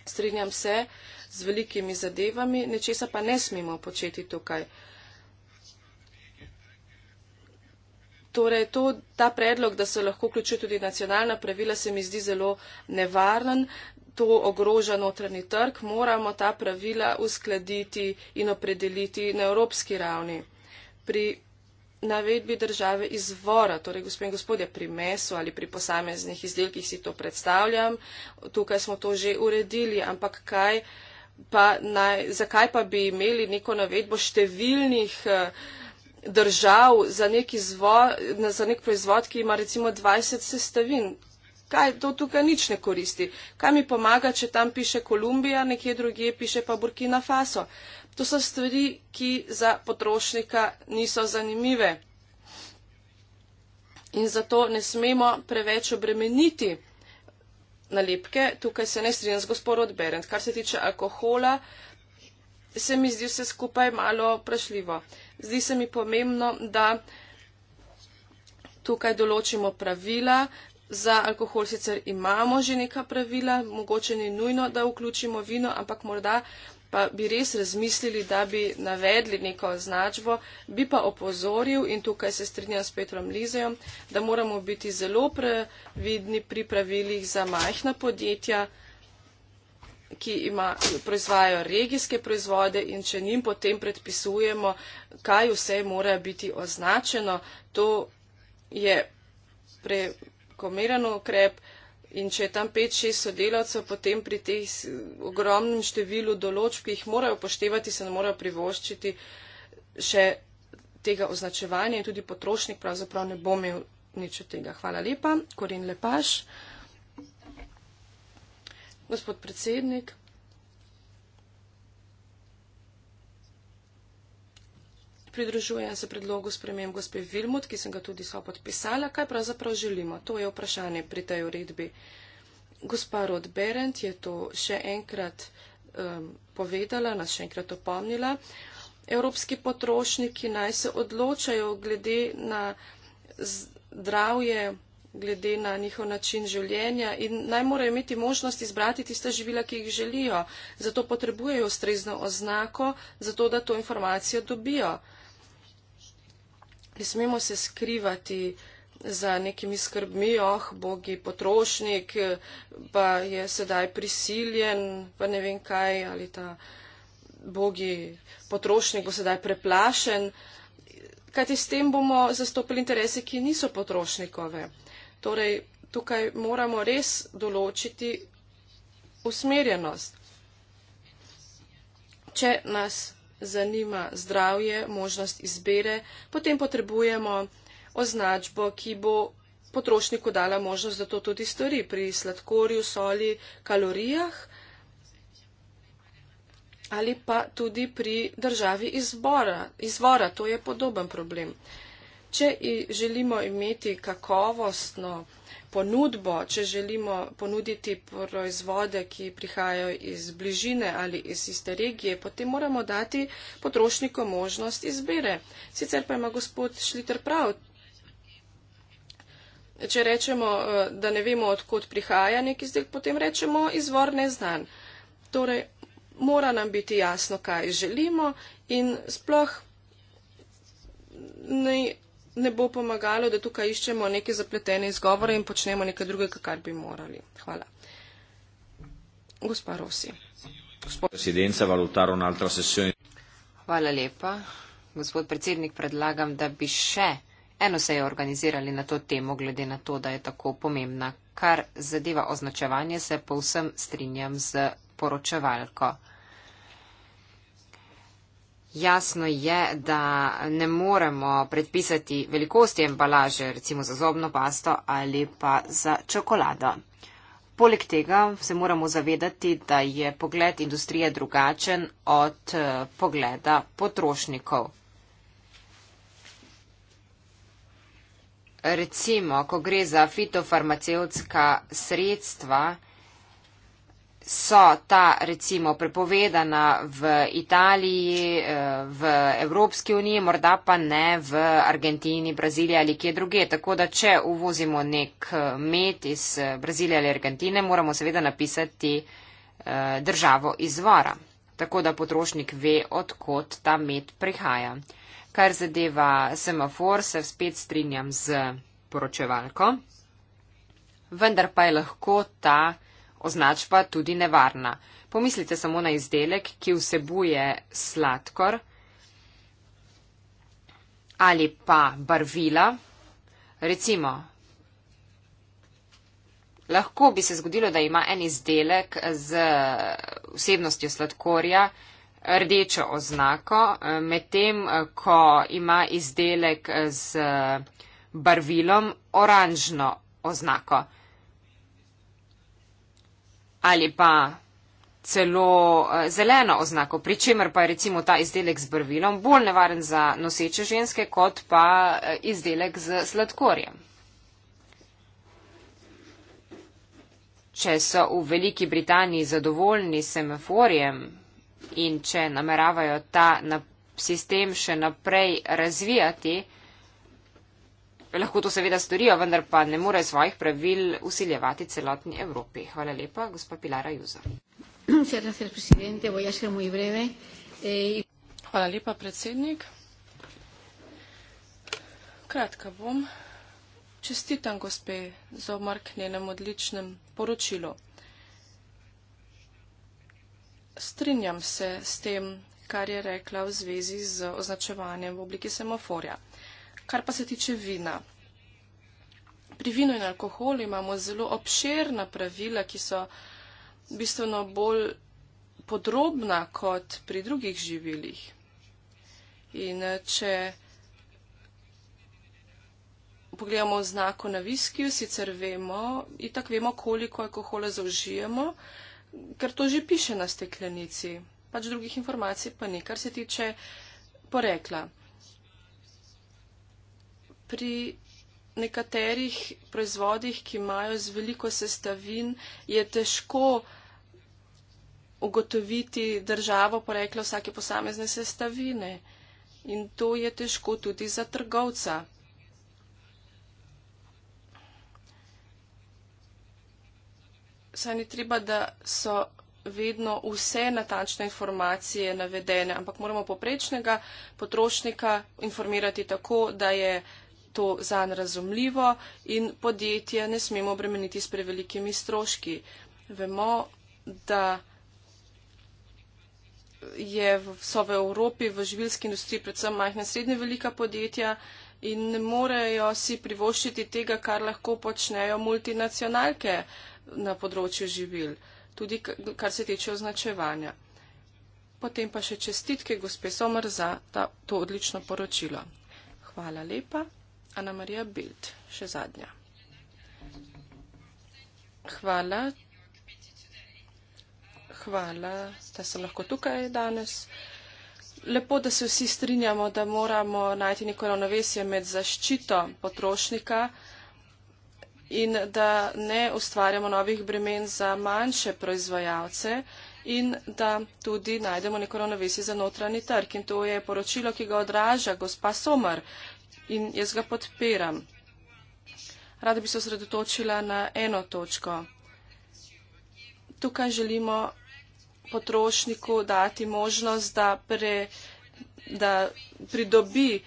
Strinjam se z velikimi zadevami, nečesa pa ne smemo početi tukaj. Torej, to, ta predlog, da se lahko vključuje tudi nacionalna pravila, se mi zdi zelo nevaren. To ogroža notranji trg. Moramo ta pravila uskladiti in opredeliti na evropski ravni. Pri navedbi države izvora, torej gospod in gospodje, pri mesu ali pri posameznih izdelkih si to predstavljam, tukaj smo to že uredili, ampak kaj pa naj, zakaj pa bi imeli neko navedbo številnih eh, držav za nek, izvor, za nek proizvod, ki ima recimo 20 sestavin. Kaj to tukaj nič ne koristi? Kaj mi pomaga, če tam piše Kolumbija, nekje drugje piše pa Burkina Faso? Uh, To so stvari, ki za potrošnika niso zanimive. In zato ne smemo preveč obremeniti nalepke. Tukaj se ne strinjam z gospodom Berend. Kar se tiče alkohola, se mi zdi vse skupaj malo vprašljivo. Zdi se mi pomembno, da tukaj določimo pravila. Za alkohol sicer imamo že neka pravila, mogoče ni nujno, da vključimo vino, ampak morda pa bi res razmislili, da bi navedli neko označbo, bi pa opozoril in tukaj se strinjam s Petrom Lizejem, da moramo biti zelo previdni pri pravilih za majhna podjetja, ki ima, proizvajajo regijske proizvode in če njim potem predpisujemo, kaj vse mora biti označeno, to je prekomerano ukrep. In če je tam 5-6 sodelavcev, potem pri teh ogromnem številu določb, ki jih morajo upoštevati, se ne morajo privoščiti še tega označevanja in tudi potrošnik pravzaprav ne bo imel nič od tega. Hvala lepa. Korin Lepaš. Gospod predsednik, Pridružujem se predlogu spremem gospe Vilmut, ki sem ga tudi so podpisala. Kaj pravzaprav želimo? To je vprašanje pri tej uredbi. Gospa Rod Berend je to še enkrat um, povedala, nas še enkrat opomnila. Evropski potrošniki naj se odločajo glede na zdravje, glede na njihov način življenja in naj morajo imeti možnost izbrati tiste živila, ki jih želijo. Zato potrebujejo ustrezno oznako, zato da to informacijo dobijo ne smemo se skrivati za nekimi skrbmi, oh, bogi potrošnik, pa je sedaj prisiljen, pa ne vem kaj, ali ta bogi potrošnik bo sedaj preplašen, kajti s tem bomo zastopili interese, ki niso potrošnikove. Torej, tukaj moramo res določiti usmerjenost. Če nas zanima zdravje, možnost izbere, potem potrebujemo označbo, ki bo potrošniku dala možnost, da to tudi stori pri sladkorju, soli, kalorijah ali pa tudi pri državi izbora. izvora. To je podoben problem. Če želimo imeti kakovostno ponudbo, če želimo ponuditi proizvode, ki prihajajo iz bližine ali iz iste regije, potem moramo dati potrošnikom možnost izbire. Sicer pa ima gospod Šliter prav. Če rečemo, eh, da ne vemo, odkot prihaja nek izdelek, potem rečemo izvor neznan. Torej, mora nam biti jasno, kaj želimo in sploh ne ne bo pomagalo, da tukaj iščemo neke zapletene izgovore in počnemo nekaj drugega, kar bi morali. Hvala. Gospa Rosi. Hvala lepa. Gospod predsednik, predlagam, da bi še eno sejo organizirali na to temo, glede na to, da je tako pomembna. Kar zadeva označevanje, se povsem strinjam z poročevalko. Jasno je, da ne moremo predpisati velikosti embalaže, recimo za zobno pasto ali pa za čokolado. Poleg tega se moramo zavedati, da je pogled industrije drugačen od eh, pogleda potrošnikov. Recimo, ko gre za fitofarmacevtska sredstva, so ta recimo prepovedana v Italiji, eh, v Evropski uniji, morda pa ne v Argentini, Braziliji ali kje druge. Tako da, če uvozimo nek eh, met iz eh, Brazilije ali Argentine, moramo seveda napisati državo izvora, tako da potrošnik ve, odkot ta met prihaja. Kar zadeva semafor, se spet strinjam z poročevalko, vendar pa je lahko ta označba tudi nevarna. Pomislite samo na izdelek, ki vsebuje sladkor ali pa barvila. Recimo, lahko bi se zgodilo, da ima en izdelek z vsebnostjo sladkorja rdečo oznako, medtem ko ima izdelek z barvilom oranžno oznako ali pa celo eh, zeleno oznako, pri čemer pa je recimo ta izdelek z brvilom bolj nevaren za noseče ženske kot pa eh, izdelek z sladkorjem. Če so v Veliki Britaniji zadovoljni semeforjem in če nameravajo ta sistem še naprej razvijati, lahko to seveda storijo, vendar pa ne morejo svojih pravil usiljevati celotni Evropi. Hvala lepa, gospod Pilara Juza. Eh, Hvala lepa, predsednik. Kratka bom. Čestitam gospe Zomar k njenem odličnem poročilu. Strinjam se s tem, kar je rekla v zvezi z označevanjem v obliki semaforja. Kar pa se tiče vina. Pri vinu in alkoholu imamo zelo obširna pravila, ki so bistveno bolj podrobna kot pri drugih živilih. In če pogledamo znako na viskiju, sicer vemo, itak vemo, koliko alkohola zaužijemo, ker to že piše na steklenici, pač drugih informacij pa ni, kar se tiče porekla pri nekaterih proizvodih, ki imajo z veliko sestavin, je težko ugotoviti državo poreklo vsake posamezne sestavine. In to je težko tudi za trgovca. Saj ni treba, da so vedno vse natančne informacije navedene, ampak moramo poprečnega potrošnika informirati tako, da je uh, to zanj razumljivo in podjetje ne smemo obremeniti s prevelikimi stroški. Vemo, da je v, so v Evropi v živilski industriji predvsem majhna srednja velika podjetja in ne morejo si privoščiti tega, kar lahko počnejo multinacionalke na področju živil, tudi kar se tiče označevanja. Potem pa še čestitke gospe Somr za ta, to odlično poročilo. Hvala lepa. Ana Marija Bild, še zadnja. Hvala. Hvala, da sem lahko tukaj danes. Lepo, da se vsi strinjamo, da moramo najti neko ravnovesje med zaščito potrošnika in da ne ustvarjamo novih bremen za manjše proizvajalce in da tudi najdemo neko ravnovesje za notranji trg. In to je poročilo, ki ga odraža gospa Somar. Uh, in jaz ga podpiram. Rada bi se osredotočila na eno točko. Tukaj želimo potrošniku dati možnost, da, pre, da pridobi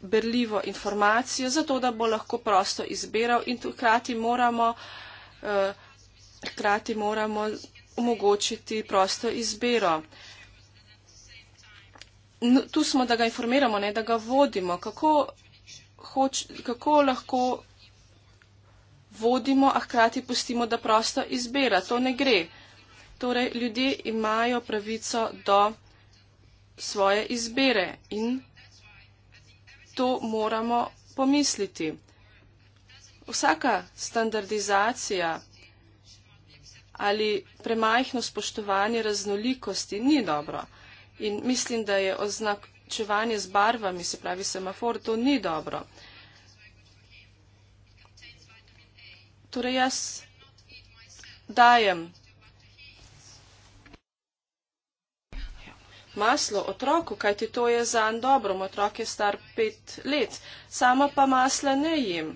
berljivo informacijo, zato da bo lahko prosto izbiral in hkrati moramo, eh, moramo omogočiti prosto izbiro. No, tu smo, da ga informiramo, ne da ga vodimo. Kako hoč, kako lahko vodimo, a hkrati pustimo, da prosto izbira. To ne gre. Torej, ljudje imajo pravico do svoje izbire in to moramo pomisliti. Vsaka standardizacija ali premajhno spoštovanje raznolikosti ni dobro. In mislim, da je oznak, ločevanje z barvami, se pravi semafor, to ni dobro. Torej jaz dajem maslo otroku, kajti to je zan dobro, moj otrok je star pet let, sama pa masla ne jim.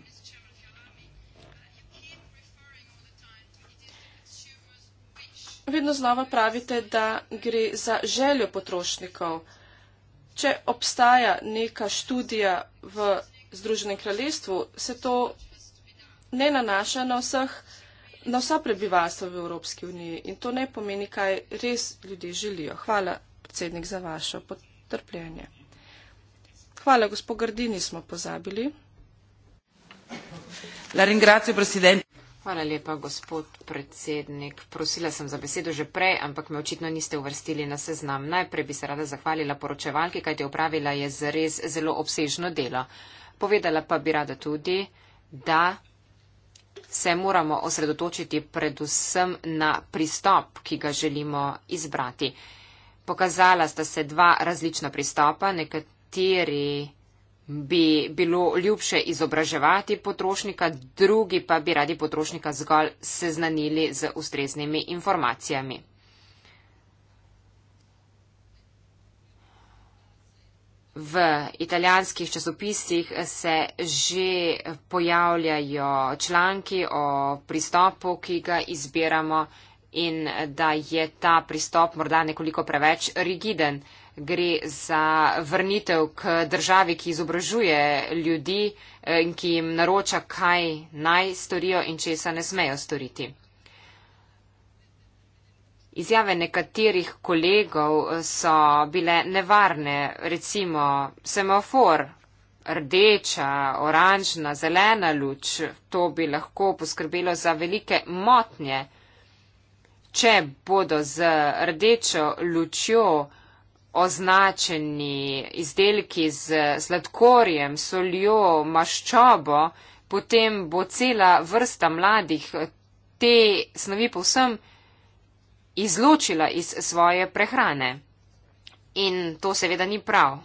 Vedno znova pravite, da gre za željo potrošnikov če obstaja neka študija v Združenem kraljestvu, se to ne nanaša na, vseh, na vsa prebivalstva v Evropski uniji in to ne pomeni, kaj res ljudje želijo. Hvala, predsednik, za vašo potrpljenje. Hvala, gospod Gardini, smo pozabili. La ringrazio, presidente. Hvala lepa, gospod predsednik. Prosila sem za besedo že prej, ampak me očitno niste uvrstili na seznam. Najprej bi se rada zahvalila poročevalki, kajti upravila je zares zelo obsežno delo. Povedala pa bi rada tudi, da se moramo osredotočiti predvsem na pristop, ki ga želimo izbrati. Pokazala sta se dva različna pristopa, nekateri bi bilo ljubše izobraževati potrošnika, drugi pa bi radi potrošnika zgolj seznanili z ustreznimi informacijami. V italijanskih časopisih se že pojavljajo članki o pristopu, ki ga izbiramo in da je ta pristop morda nekoliko preveč rigiden gre za vrnitev k državi, ki izobražuje ljudi eh, in ki jim naroča, kaj naj storijo in česa ne smejo storiti. Izjave nekaterih kolegov eh, so bile nevarne, recimo semafor, rdeča, oranžna, zelena luč, to bi lahko poskrbelo za velike motnje. Če bodo z rdečo lučjo označeni izdelki z sladkorjem, soljo, maščobo, potem bo cela vrsta mladih te snovi povsem izločila iz svoje prehrane. In to seveda ni prav.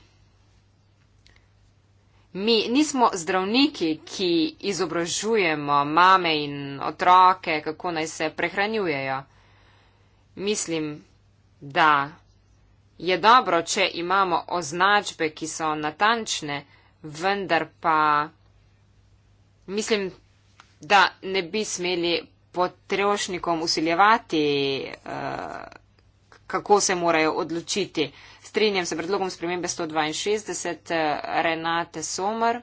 Mi nismo zdravniki, ki izobražujemo mame in otroke, kako naj se prehranjujejo. Mislim, da je dobro, če imamo označbe, ki so natančne, vendar pa mislim, da ne bi smeli potrošnikom usiljevati, eh, kako se morajo odločiti. Strinjam se predlogom spremembe 162 eh, Renate Somer.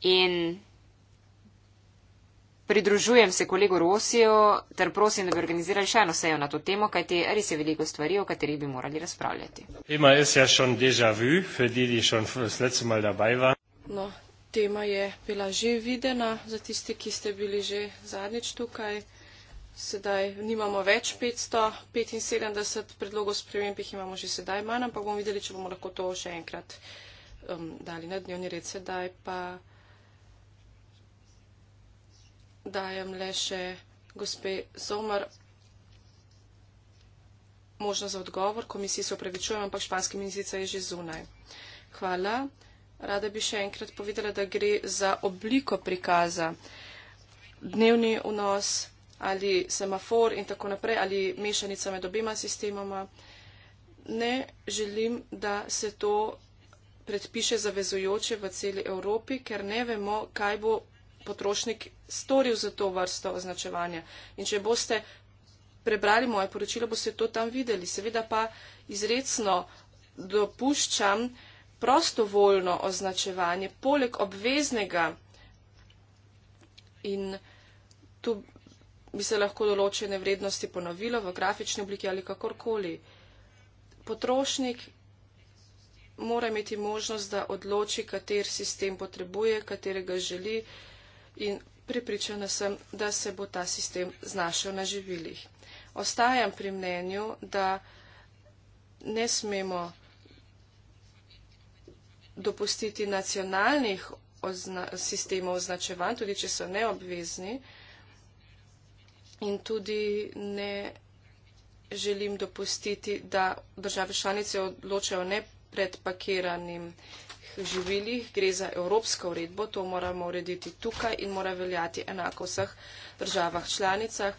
In Pridružujem se kolegu Rosijo ter prosim, da bi organizirali še eno sejo na to temo, kajti res je veliko stvari, o katerih bi morali razpravljati. Tema je ja že deja vu, fedili še sledce mal dabajva. No, tema je bila že videna za tisti, ki ste bili že zadnjič tukaj. Sedaj nimamo več 575 predlogov sprememb, jih imamo že sedaj manj, ampak bomo videli, če bomo lahko to še enkrat um, dali na dnevni red sedaj. Pa dajem le še gospe Zomar možnost za odgovor. Komisiji se upravičujem, ampak španski ministrica je že zunaj. Hvala. Rada bi še enkrat povedala, da gre za obliko prikaza. Dnevni vnos ali semafor in tako naprej ali mešanica med obima sistemoma. Ne želim, da se to predpiše zavezujoče v celi Evropi, ker ne vemo, kaj bo potrošnik storil za to vrsto označevanja. In če boste prebrali moje poročilo, boste to tam videli. Seveda pa izredno dopuščam prostovoljno označevanje poleg obveznega in tu bi se lahko določene vrednosti ponovilo v grafični obliki ali kakorkoli. Potrošnik mora imeti možnost, da odloči, kater sistem potrebuje, katerega želi in pripričana sem, da se bo ta sistem znašel na živilih. Ostajam pri mnenju, da ne smemo dopustiti nacionalnih ozna sistemov označevanj, tudi če so neobvezni in tudi ne želim dopustiti, da države članice odločajo ne predpakiranim uh, živilih, gre za evropsko uredbo, to moramo urediti tukaj in mora veljati enako v vseh državah članicah.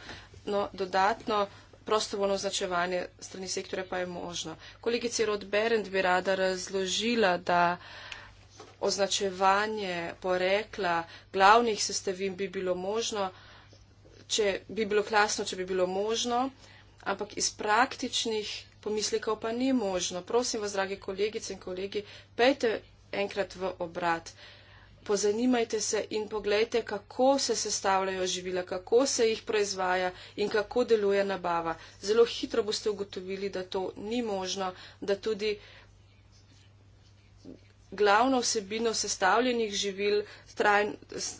No, dodatno prostovoljno označevanje strani sektorja pa je možno. Kolegici Rodberend bi rada razložila, da označevanje porekla glavnih sestavin bi bilo možno, če bi bilo klasno, če bi bilo možno, ampak iz praktičnih pomislekov pa ni možno. Prosim vas, drage kolegice in kolegi, pejte enkrat v obrat. Pozanimajte se in poglejte, kako se sestavljajo živila, kako se jih proizvaja in kako deluje nabava. Zelo hitro boste ugotovili, da to ni možno, da tudi glavno vsebino sestavljenih živil traj,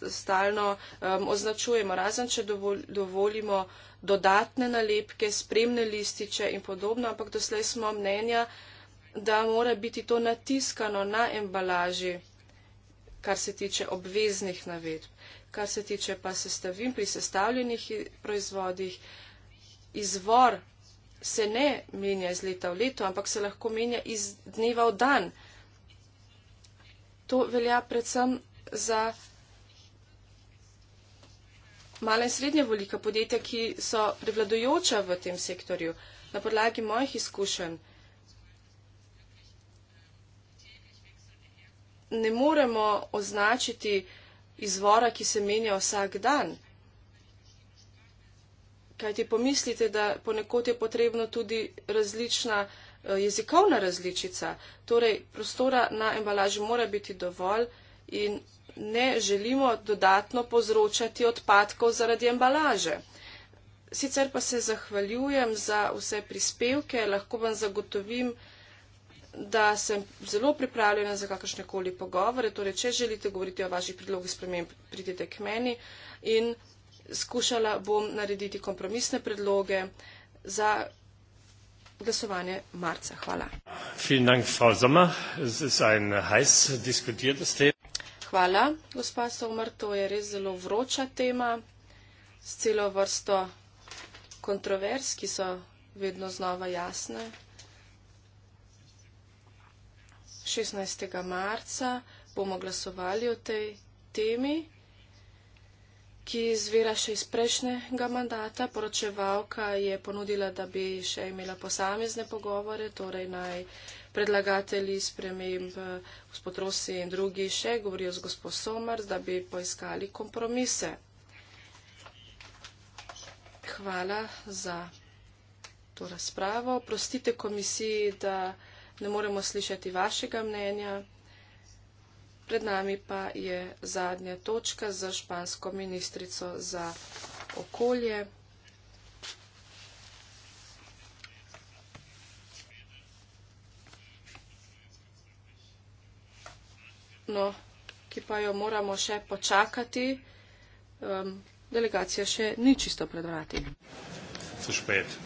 stalno um, označujemo, razen če dovol, dovolimo dodatne nalepke, spremne lističe in podobno, ampak doslej smo mnenja, da mora biti to natiskano na embalaži, kar se tiče obveznih navedb. Kar se tiče pa sestavin pri sestavljenih proizvodih, izvor se ne menja iz leta v leto, ampak se lahko menja iz dneva v dan. To velja predvsem za male in srednje velika podjetja, ki so prevladojoča v tem sektorju. Na podlagi mojih izkušenj ne moremo označiti izvora, ki se menja vsak dan. Kaj ti pomislite, da ponekod je potrebno tudi različna eh, jezikovna različica? Torej, prostora na embalaži mora biti dovolj in ne želimo dodatno povzročati odpadkov zaradi embalaže. Sicer pa se zahvaljujem za vse prispevke, lahko vam zagotovim, da da sem zelo pripravljena za kakršne koli pogovore. Torej, če želite govoriti o vaših predlogih sprememb, pridite k meni in skušala bom narediti kompromisne predloge za glasovanje marca. Hvala. Hvala, gospa Somr, to je res zelo vroča tema s celo vrsto kontrovers, ki so vedno znova jasne. 16. marca bomo glasovali o tej temi, ki izvira še iz prejšnjega mandata. Poročevalka je ponudila, da bi še imela posamezne pogovore, torej naj predlagatelji sprememb, gospod Rosi in drugi še govorijo z gospod Somar, da bi poiskali kompromise. Hvala za to razpravo. Prostite komisiji, da ne moremo slišati vašega mnenja. Pred nami pa je zadnja točka za špansko ministrico za okolje. No, ki pa jo moramo še počakati. Um, delegacija še ni čisto pred vrati. Suspet.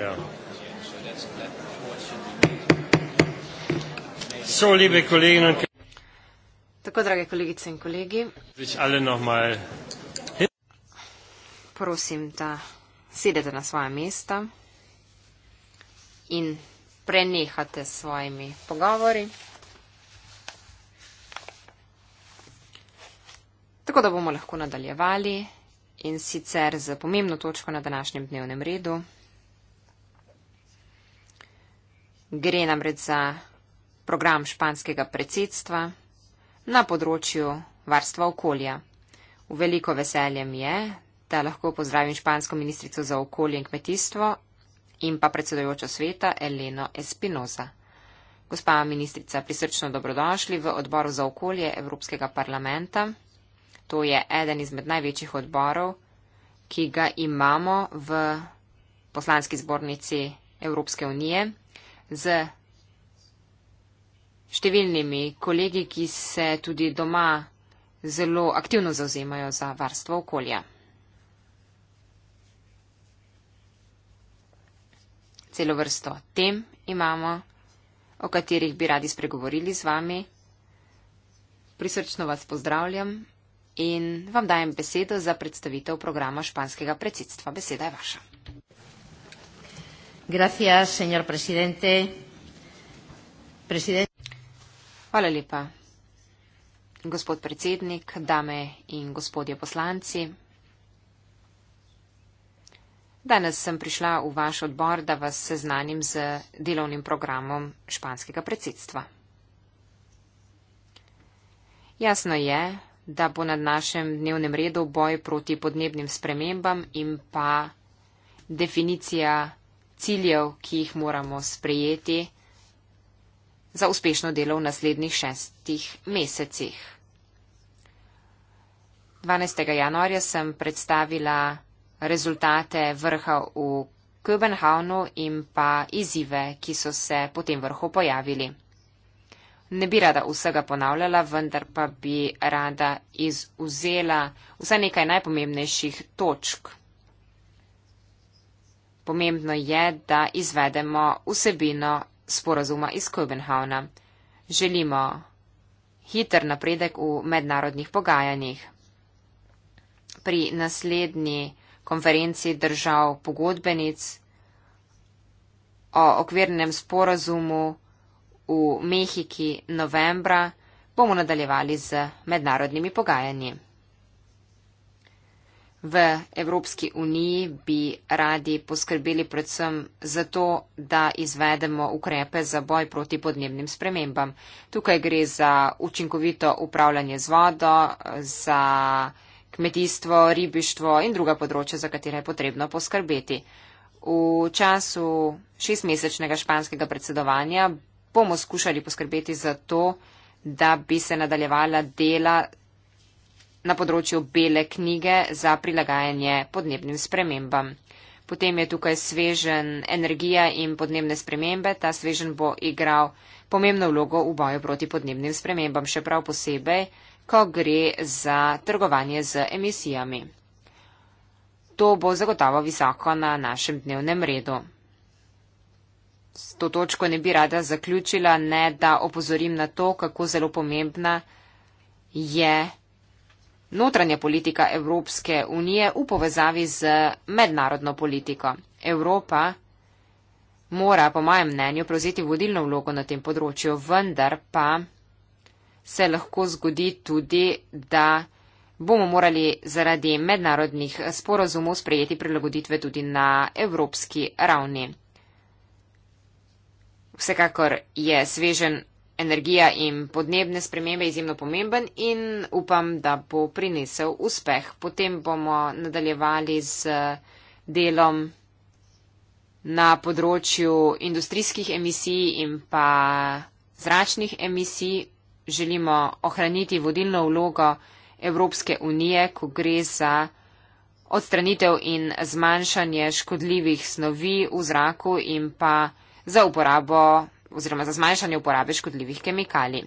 Ja. So, liebe Kolleginnen und Kollegen. Tako, drage kolegice in kolegi. Prosim, da sedete na svoje mesta in prenehate s svojimi pogovori. Tako da bomo lahko nadaljevali in sicer z pomembno točko na današnjem dnevnem redu. Gre namreč za program španskega predsedstva na področju varstva okolja. V veliko veselje mi je, da lahko pozdravim špansko ministrico za okolje in kmetijstvo in pa predsedojočo sveta Eleno Espinoza. Gospa ministrica, prisrčno dobrodošli v odboru za okolje Evropskega parlamenta. To je eden izmed največjih odborov, ki ga imamo v poslanski zbornici Evropske unije z številnimi kolegi, ki se tudi doma zelo aktivno zauzemajo za varstvo okolja. Celo vrsto tem imamo, o katerih bi radi spregovorili z vami. Prisrčno vas pozdravljam in vam dajem besedo za predstavitev programa španskega predsedstva. Beseda je vaša. Gracias, señor presidente. Presidente. Hvala lepa. Gospod predsednik, dame in gospodje poslanci. Danes sem prišla v vaš odbor, da vas seznanim z delovnim programom španskega predsedstva. Jasno je, da bo nad našem dnevnem redu boj proti podnebnim spremembam in pa definicija ciljev, ki jih moramo sprejeti za uspešno delo v naslednjih šestih mesecih. 12. januarja sem predstavila rezultate vrha v Köbenhavnu in pa izzive, ki so se po tem vrhu pojavili. Ne bi rada vsega ponavljala, vendar pa bi rada izuzela vsaj nekaj najpomembnejših točk pomembno je, da izvedemo vsebino sporazuma iz Kopenhavna. Želimo hiter napredek v mednarodnih pogajanjih. Pri naslednji konferenci držav pogodbenic o okvirnem sporazumu v Mehiki novembra bomo nadaljevali z mednarodnimi pogajanji v Evropski uniji bi radi poskrbeli predvsem za to, da izvedemo ukrepe za boj proti podnebnim spremembam. Tukaj gre za učinkovito upravljanje z vodo, za kmetijstvo, ribištvo in druga področja, za katera je potrebno poskrbeti. V času šestmesečnega španskega predsedovanja bomo skušali poskrbeti za to, da bi se nadaljevala dela na področju bele knjige za prilagajanje podnebnim spremembam. Potem je tukaj svežen energija in podnebne spremembe. Ta svežen bo igral pomembno vlogo v boju proti podnebnim spremembam, še prav posebej, ko gre za trgovanje z emisijami. To bo zagotovo visoko na našem dnevnem redu. S to točko ne bi rada zaključila, ne da opozorim na to, kako zelo pomembna je notranja politika Evropske unije v povezavi z mednarodno politiko. Evropa mora, po mojem mnenju, prevzeti vodilno vlogo na tem področju, vendar pa se lahko zgodi tudi, da bomo morali zaradi mednarodnih sporozumov sprejeti prilagoditve tudi na evropski ravni. Vsekakor je svežen energija in podnebne spremembe izjemno pomemben in upam, da bo prinesel uspeh. Potem bomo nadaljevali z eh, delom na področju industrijskih emisij in pa zračnih emisij. Želimo ohraniti vodilno vlogo Evropske unije, ko gre za odstranitev in zmanjšanje škodljivih snovi v zraku in pa za uporabo oziroma za zmanjšanje uporabe škodljivih kemikalij.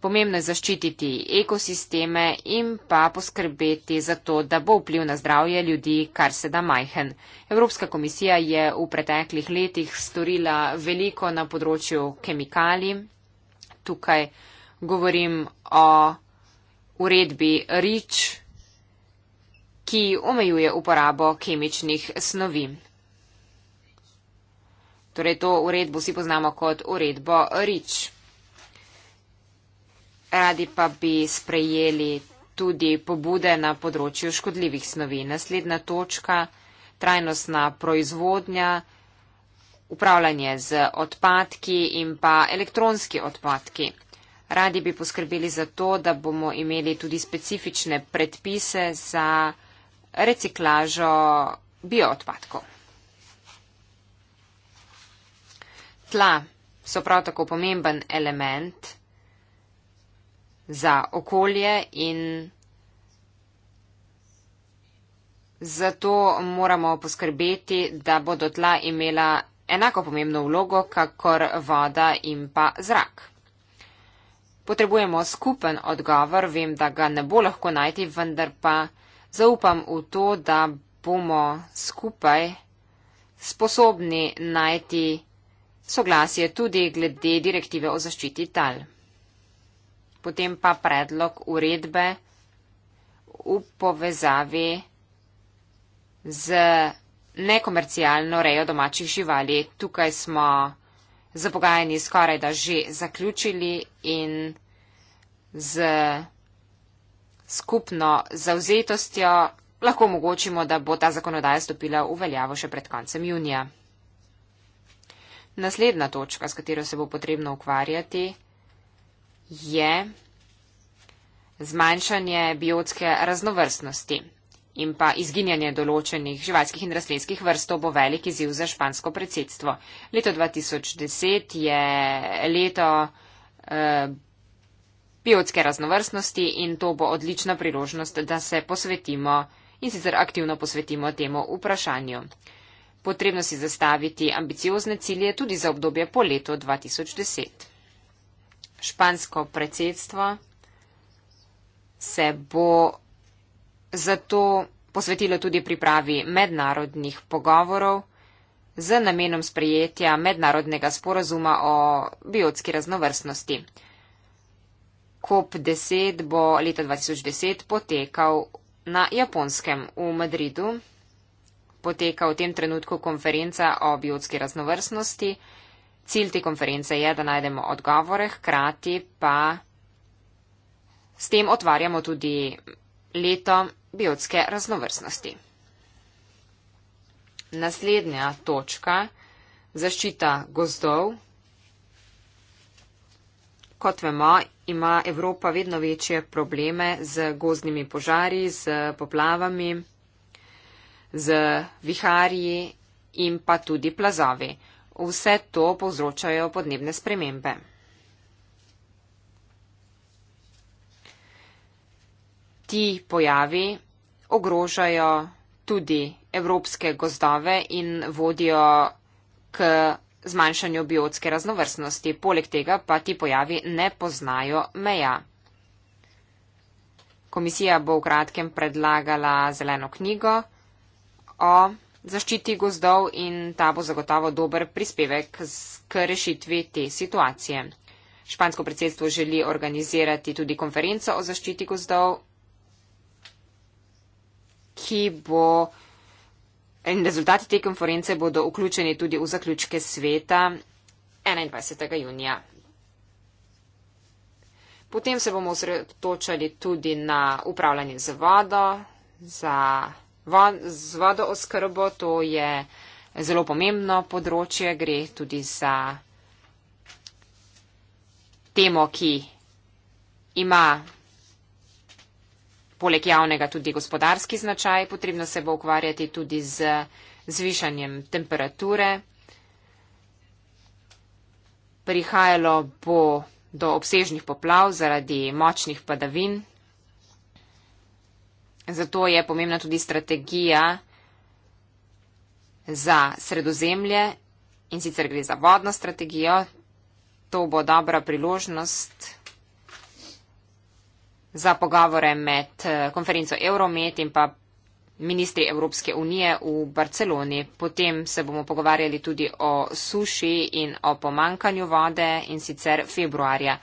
Pomembno je zaščititi ekosisteme in pa poskrbeti za to, da bo vpliv na zdravje ljudi kar se da majhen. Evropska komisija je v preteklih letih storila veliko na področju kemikalij. Tukaj govorim o uredbi REACH, ki omejuje uporabo kemičnih snovi. Torej, to uredbo vsi poznamo kot uredbo RIČ. Radi pa bi sprejeli tudi pobude na področju škodljivih snovi. Naslednja točka, trajnostna proizvodnja, upravljanje z odpadki in pa elektronski odpadki. Radi bi poskrbeli za to, da bomo imeli tudi specifične predpise za reciklažo bioodpadkov. tla so prav tako pomemben element za okolje in zato moramo poskrbeti, da bodo tla imela enako pomembno vlogo, kakor voda in pa zrak. Potrebujemo skupen odgovor, vem, da ga ne bo lahko najti, vendar pa zaupam v to, da bomo skupaj sposobni najti odgovor soglasje tudi glede direktive o zaščiti tal. Potem pa predlog uredbe v povezavi z nekomercialno rejo domačih živali. Tukaj smo za pogajanje skoraj da že zaključili in z skupno zauzetostjo lahko omogočimo, da bo ta zakonodaja stopila v veljavo še pred koncem junija. Naslednja točka, s katero se bo potrebno ukvarjati, je zmanjšanje biotske raznovrstnosti in pa izginjanje določenih živalskih in rastlinskih vrstov bo velik izziv za špansko predsedstvo. Leto 2010 je leto eh, biotske raznovrstnosti in to bo odlična priložnost, da se posvetimo in sicer aktivno posvetimo temu vprašanju. Potrebno si zastaviti ambiciozne cilje tudi za obdobje po letu 2010. Špansko predsedstvo se bo zato posvetilo tudi pripravi mednarodnih pogovorov z namenom sprejetja mednarodnega sporazuma o biotski raznovrstnosti. COP10 bo leta 2010 potekal na Japonskem v Madridu poteka v tem trenutku konferenca o biotski raznovrstnosti. Cilj te konference je, da najdemo odgovore, hkrati pa s tem otvarjamo tudi leto biotske raznovrstnosti. Naslednja točka - zaščita gozdov. Kot vemo, ima Evropa vedno večje probleme z gozdnimi požari, z poplavami z viharji in pa tudi plazovi. Vse to povzročajo podnebne spremembe. Ti pojavi ogrožajo tudi evropske gozdove in vodijo k zmanjšanju biotske raznovrstnosti. Poleg tega pa ti pojavi ne poznajo meja. Komisija bo v kratkem predlagala zeleno knjigo o zaščiti gozdov in ta bo zagotovo dober prispevek k rešitvi te situacije. Špansko predsedstvo želi organizirati tudi konferenco o zaščiti gozdov, ki bo. In rezultati te konference bodo vključeni tudi v zaključke sveta 21. junija. Potem se bomo osredotočali tudi na upravljanje z vodo, za vodo z vodo oskrbo, to je zelo pomembno področje, gre tudi za temo, ki ima poleg javnega tudi gospodarski značaj, potrebno se bo ukvarjati tudi z zvišanjem temperature. Prihajalo bo do obsežnih poplav zaradi močnih padavin. Zato je pomembna tudi strategija za sredozemlje in sicer gre za vodno strategijo. To bo dobra priložnost za pogovore med eh, konferenco Euromed in pa ministri Evropske unije v Barceloni. Potem se bomo pogovarjali tudi o suši in o pomankanju vode in sicer februarja.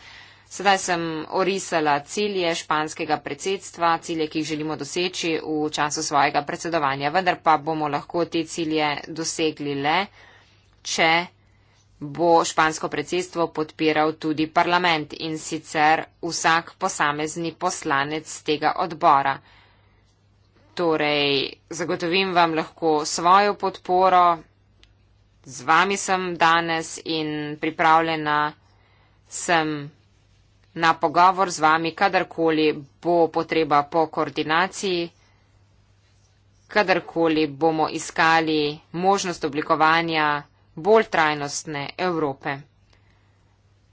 Sedaj sem orisala cilje španskega predsedstva, cilje, ki jih želimo doseči v času svojega predsedovanja. Vendar pa bomo lahko te cilje dosegli le, če bo špansko predsedstvo podpiral tudi parlament in sicer vsak posamezni poslanec tega odbora. Torej, zagotovim vam lahko svojo podporo, z vami sem danes in pripravljena sem na pogovor z vami, kadarkoli bo potreba po koordinaciji, kadarkoli bomo iskali možnost oblikovanja bolj trajnostne Evrope.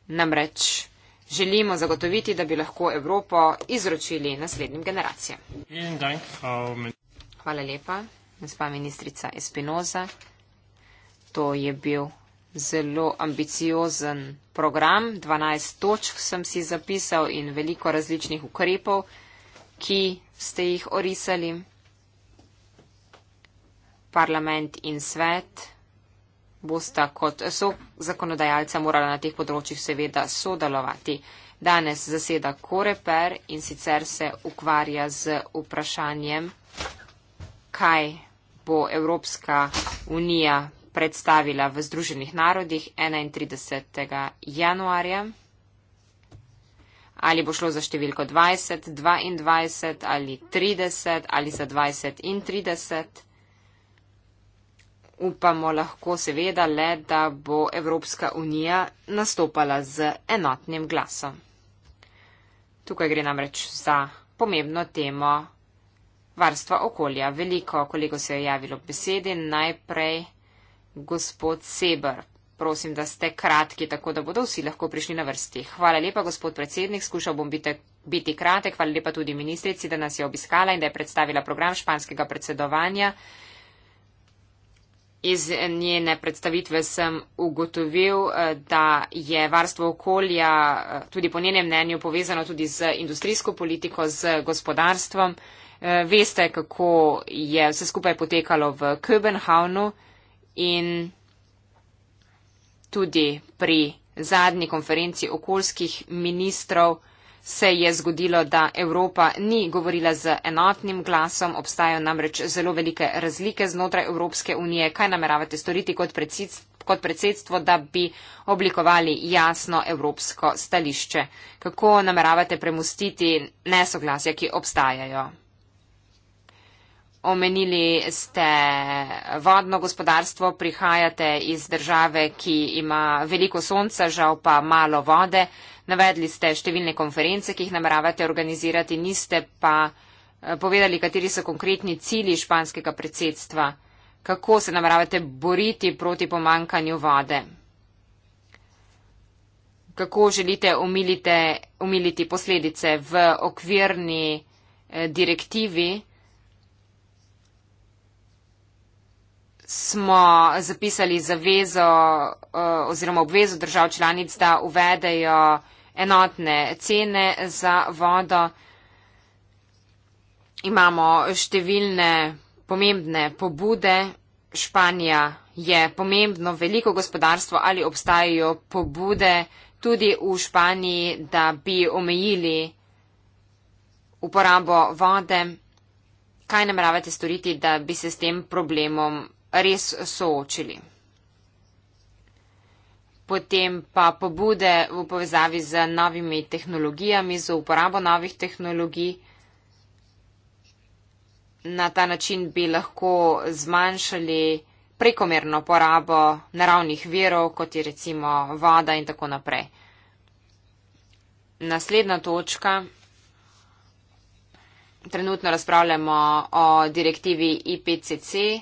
Namreč želimo zagotoviti, da bi lahko Evropo izročili naslednjim generacijam. Hvala lepa, gospa ministrica Espinoza. To je bil zelo ambiciozen program. 12 točk sem si zapisal in veliko različnih ukrepov, ki ste jih orisali. Parlament in svet bosta kot so zakonodajalca morala na teh področjih seveda sodelovati. Danes zaseda Koreper in sicer se ukvarja z vprašanjem, kaj bo Evropska unija predstavila v Združenih narodih 31. januarja. Ali bo šlo za številko 20, 22 ali 30 ali za 20 in 30. Upamo lahko seveda le, da bo Evropska unija nastopala z enotnim glasom. Tukaj gre namreč za pomembno temo varstva okolja. Veliko, koliko se je javilo besedi, najprej gospod Sebr. Prosim, da ste kratki, tako da bodo vsi lahko prišli na vrsti. Hvala lepa, gospod predsednik. Skušal bom biti, biti kratek. Hvala lepa tudi ministrici, da nas je obiskala in da je predstavila program španskega predsedovanja. Iz njene predstavitve sem ugotovil, eh, da je varstvo okolja eh, tudi po njenem mnenju povezano tudi z industrijsko politiko, z gospodarstvom. Eh, veste, kako je vse skupaj potekalo v Kopenhavnu in tudi pri zadnji konferenci okoljskih ministrov se je zgodilo, da Evropa ni govorila z enotnim glasom, obstajajo namreč zelo velike razlike znotraj Evropske unije. Kaj nameravate storiti kot predsednik? kot predsedstvo, da bi oblikovali jasno evropsko stališče. Kako nameravate premustiti nesoglasja, ki obstajajo? Omenili ste vodno gospodarstvo, prihajate iz države, ki ima veliko sonca, žal pa malo vode. Navedli ste številne konference, ki jih nameravate organizirati, niste pa eh, povedali, kateri so konkretni cilji španskega predsedstva. Kako se nameravate boriti proti pomankanju vode? Kako želite umilite, umiliti posledice v okvirni eh, direktivi? smo zapisali zavezo eh, oziroma obvezo držav članic, da uvedejo enotne cene za vodo. Imamo številne pomembne pobude. Španija je pomembno veliko gospodarstvo ali obstajajo pobude tudi v Španiji, da bi omejili uporabo vode. Kaj namravate storiti, da bi se s tem problemom res soočili. Potem pa pobude v povezavi z novimi tehnologijami, z uporabo novih tehnologij. Na ta način bi lahko zmanjšali prekomerno porabo naravnih verov, kot je recimo voda in tako naprej. Naslednja točka. Trenutno razpravljamo o direktivi IPCC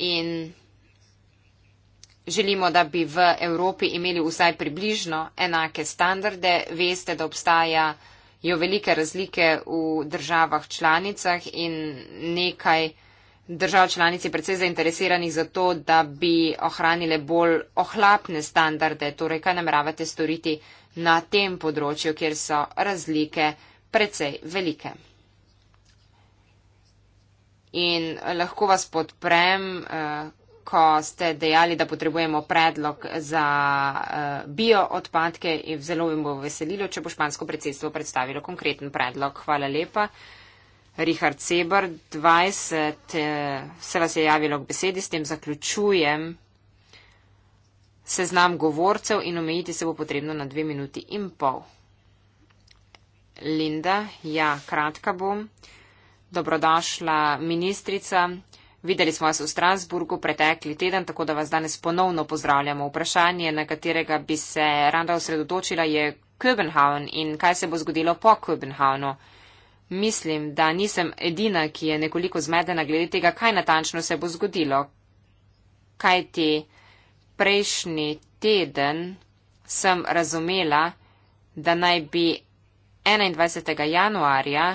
in želimo, da bi v Evropi imeli vsaj približno enake standarde. Veste, da obstajajo velike razlike v državah članicah in nekaj držav članic je predvsej zainteresiranih za to, da bi ohranile bolj ohlapne standarde. Torej, kaj nameravate storiti na tem področju, kjer so razlike predvsej velike? in eh, lahko vas podprem, eh, ko ste dejali, da potrebujemo predlog za eh, bio odpadke in zelo bi me veselilo, če bo špansko predsedstvo predstavilo konkreten predlog. Hvala lepa. Richard Seber, 20, se vas je javilo k besedi, s tem zaključujem seznam govorcev in omejiti se bo potrebno na dve minuti in pol. Linda, ja, kratka bom dobrodošla ministrica. Videli smo vas v Strasburgu pretekli teden, tako da vas danes ponovno pozdravljamo. Vprašanje, na katerega bi se rada osredotočila, je Kopenhagen in kaj se bo zgodilo po Kopenhagenu. Mislim, da nisem edina, ki je nekoliko zmedena glede tega, kaj natančno se bo zgodilo. Kaj ti prejšnji teden sem razumela, da naj bi 21. januarja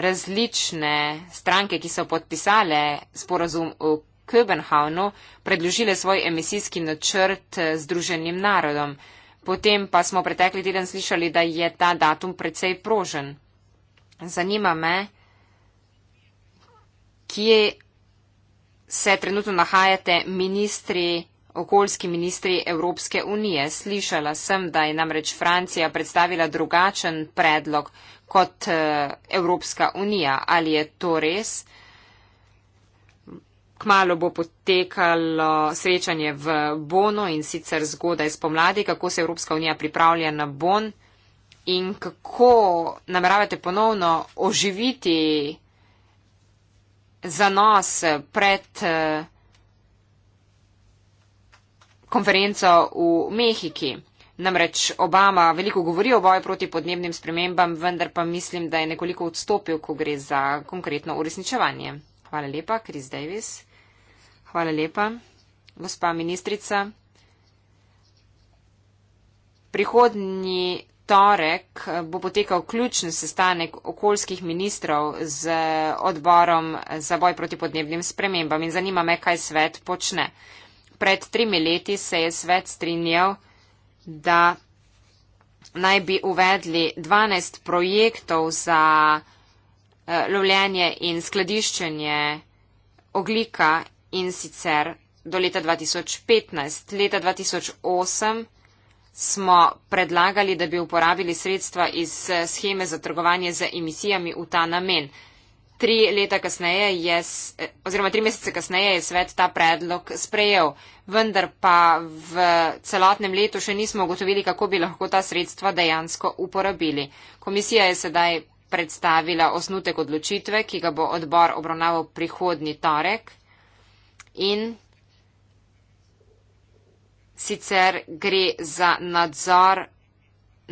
različne stranke, ki so podpisale sporazum v Köbenhavnu, predložile svoj emisijski načrt eh, Združenim narodom. Potem pa smo pretekli teden slišali, da je ta datum precej prožen. Zanima me, kje se trenutno nahajate ministri, okoljski ministri Evropske unije. Slišala sem, da je namreč Francija predstavila drugačen predlog kot eh, Evropska unija. Ali je to res? Kmalo bo potekalo srečanje v Bono in sicer zgodaj spomladi, kako se Evropska unija pripravlja na Bon in kako nameravate ponovno oživiti zanos pred. Uh, konferenco v Mehiki. Namreč Obama veliko govori o boju proti podnebnim spremembam, vendar pa mislim, da je nekoliko odstopil, ko gre za konkretno uresničevanje. Hvala lepa, Chris Davis. Hvala lepa, gospa ministrica. Prihodnji torek bo potekal ključen sestanek okoljskih ministrov z odborom za boj proti podnebnim spremembam in zanima me, kaj svet počne. Pred tremi leti se je svet strinjal, da naj bi uvedli 12 projektov za eh, lovljenje in skladiščenje oglika in sicer do leta 2015. Leta 2008 smo predlagali, da bi uporabili sredstva iz eh, scheme za trgovanje z emisijami v ta namen tri leta kasneje je, eh, oziroma tri mesece kasneje je svet ta predlog sprejel. Vendar pa v celotnem letu še nismo ugotovili, kako bi lahko ta sredstva dejansko uporabili. Komisija je sedaj predstavila osnutek odločitve, ki ga bo odbor obravnaval prihodni torek. In sicer gre za nadzor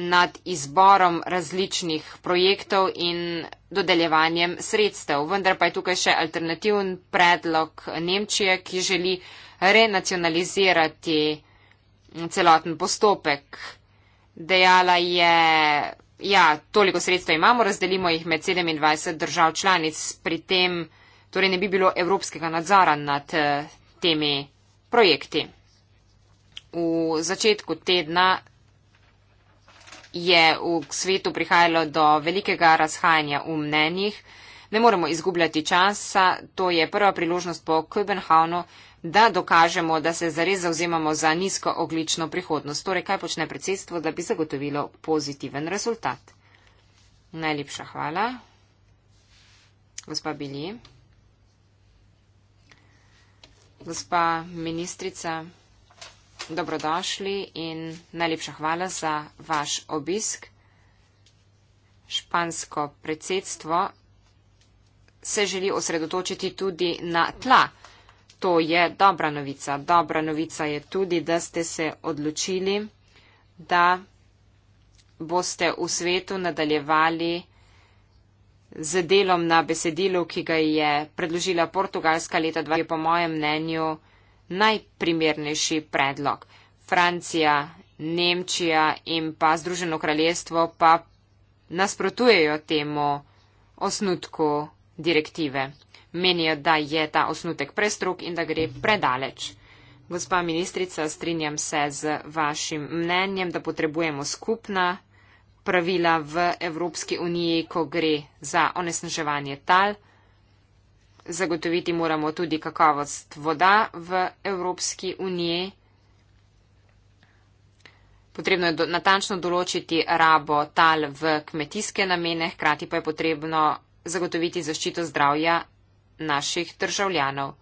nad izborom različnih projektov in dodeljevanjem sredstev. Vendar pa je tukaj še alternativen predlog Nemčije, ki želi renacionalizirati celoten postopek. Dejala je, ja, toliko sredstev imamo, razdelimo jih med 27 držav članic, pri tem torej ne bi bilo evropskega nadzora nad temi projekti. V začetku tedna je v svetu prihajalo do velikega razhajanja v mnenjih. Ne moremo izgubljati časa, to je prva priložnost po Kopenhavnu, da dokažemo, da se zares zauzemamo za nizko oglično prihodnost. Torej, kaj počne predsedstvo, da bi zagotovilo pozitiven rezultat? Najlepša hvala. Gospa Bili. Gospa ministrica dobrodošli in najlepša hvala za vaš obisk. Špansko predsedstvo se želi osredotočiti tudi na tla. To je dobra novica. Dobra novica je tudi, da ste se odločili, da boste v svetu nadaljevali z delom na besedilu, ki ga je predložila portugalska leta 2, ki je po mojem mnenju najprimernejši predlog. Francija, Nemčija in pa Združeno kraljestvo pa nasprotujejo temu osnutku direktive. Menijo, da je ta osnutek prestrok in da gre predaleč. Gospa ministrica, strinjam se z vašim mnenjem, da potrebujemo skupna pravila v Evropski uniji, ko gre za onesnaževanje tal zagotoviti moramo tudi kakovost voda v Evropski uniji. Potrebno je do, natančno določiti rabo tal v kmetijske namene, hkrati pa je potrebno zagotoviti zaščito zdravja naših državljanov.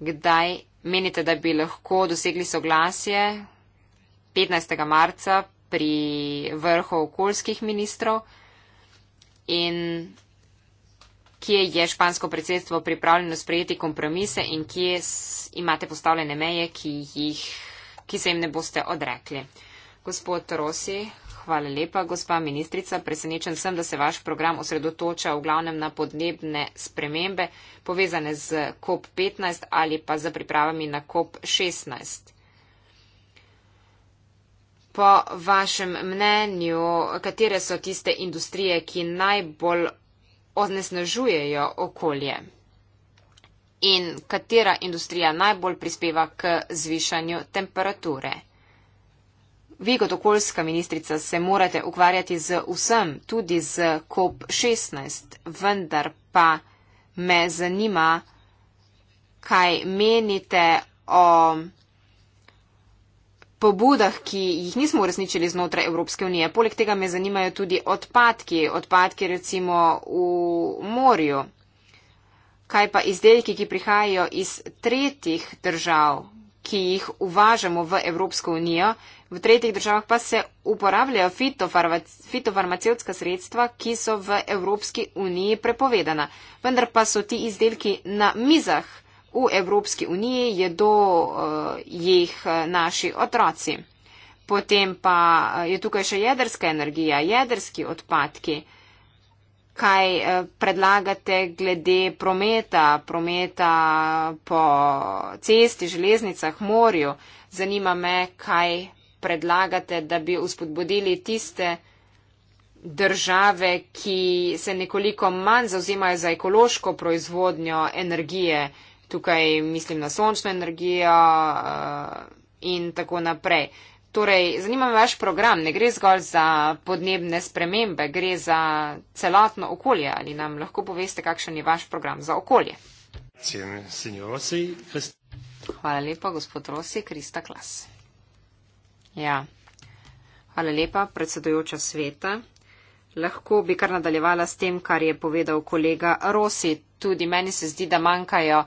Kdaj menite, da bi lahko dosegli soglasje 15. marca pri vrhu okoljskih ministrov in kje je špansko predsedstvo pripravljeno sprejeti kompromise in kje imate postavljene meje, ki, jih, ki se jim ne boste odrekli. Gospod Rosi, hvala lepa, gospa ministrica. Presenečen sem, da se vaš program osredotoča v glavnem na podnebne spremembe povezane z COP15 ali pa za pripravami na COP16. Po vašem mnenju, katere so tiste industrije, ki najbolj oznesnažujejo okolje in katera industrija najbolj prispeva k zvišanju temperature. Vi kot okoljska ministrica se morate ukvarjati z vsem, tudi z COP16, vendar pa me zanima, kaj menite o pobudah, ki jih nismo uresničili znotraj Evropske unije. Poleg tega me zanimajo tudi odpadki, odpadki recimo v morju. Kaj pa izdelki, ki prihajajo iz tretjih držav, ki jih uvažamo v Evropsko unijo, v tretjih državah pa se uporabljajo fitofarmacevtska sredstva, ki so v Evropski uniji prepovedana. Vendar pa so ti izdelki na mizah v Evropski uniji jedo eh, jih eh, naši otroci. Potem pa eh, je tukaj še jedrska energija, jedrski odpadki. Kaj predlagate glede prometa, prometa po cesti, železnicah, morju? Zanima me, kaj predlagate, da bi uspodbudili tiste države, ki se nekoliko manj zauzimajo za ekološko proizvodnjo energije tukaj mislim na sončno energijo uh, in tako naprej. Torej, zanima me vaš program, ne gre zgolj za podnebne spremembe, gre za celotno okolje. Ali nam lahko poveste, kakšen je vaš program za okolje? Hvala lepa, gospod Rosi, Krista Klas. Ja. Hvala lepa, predsedujoča sveta. Lahko bi kar nadaljevala s tem, kar je povedal kolega Rosi. Tudi meni se zdi, da manjkajo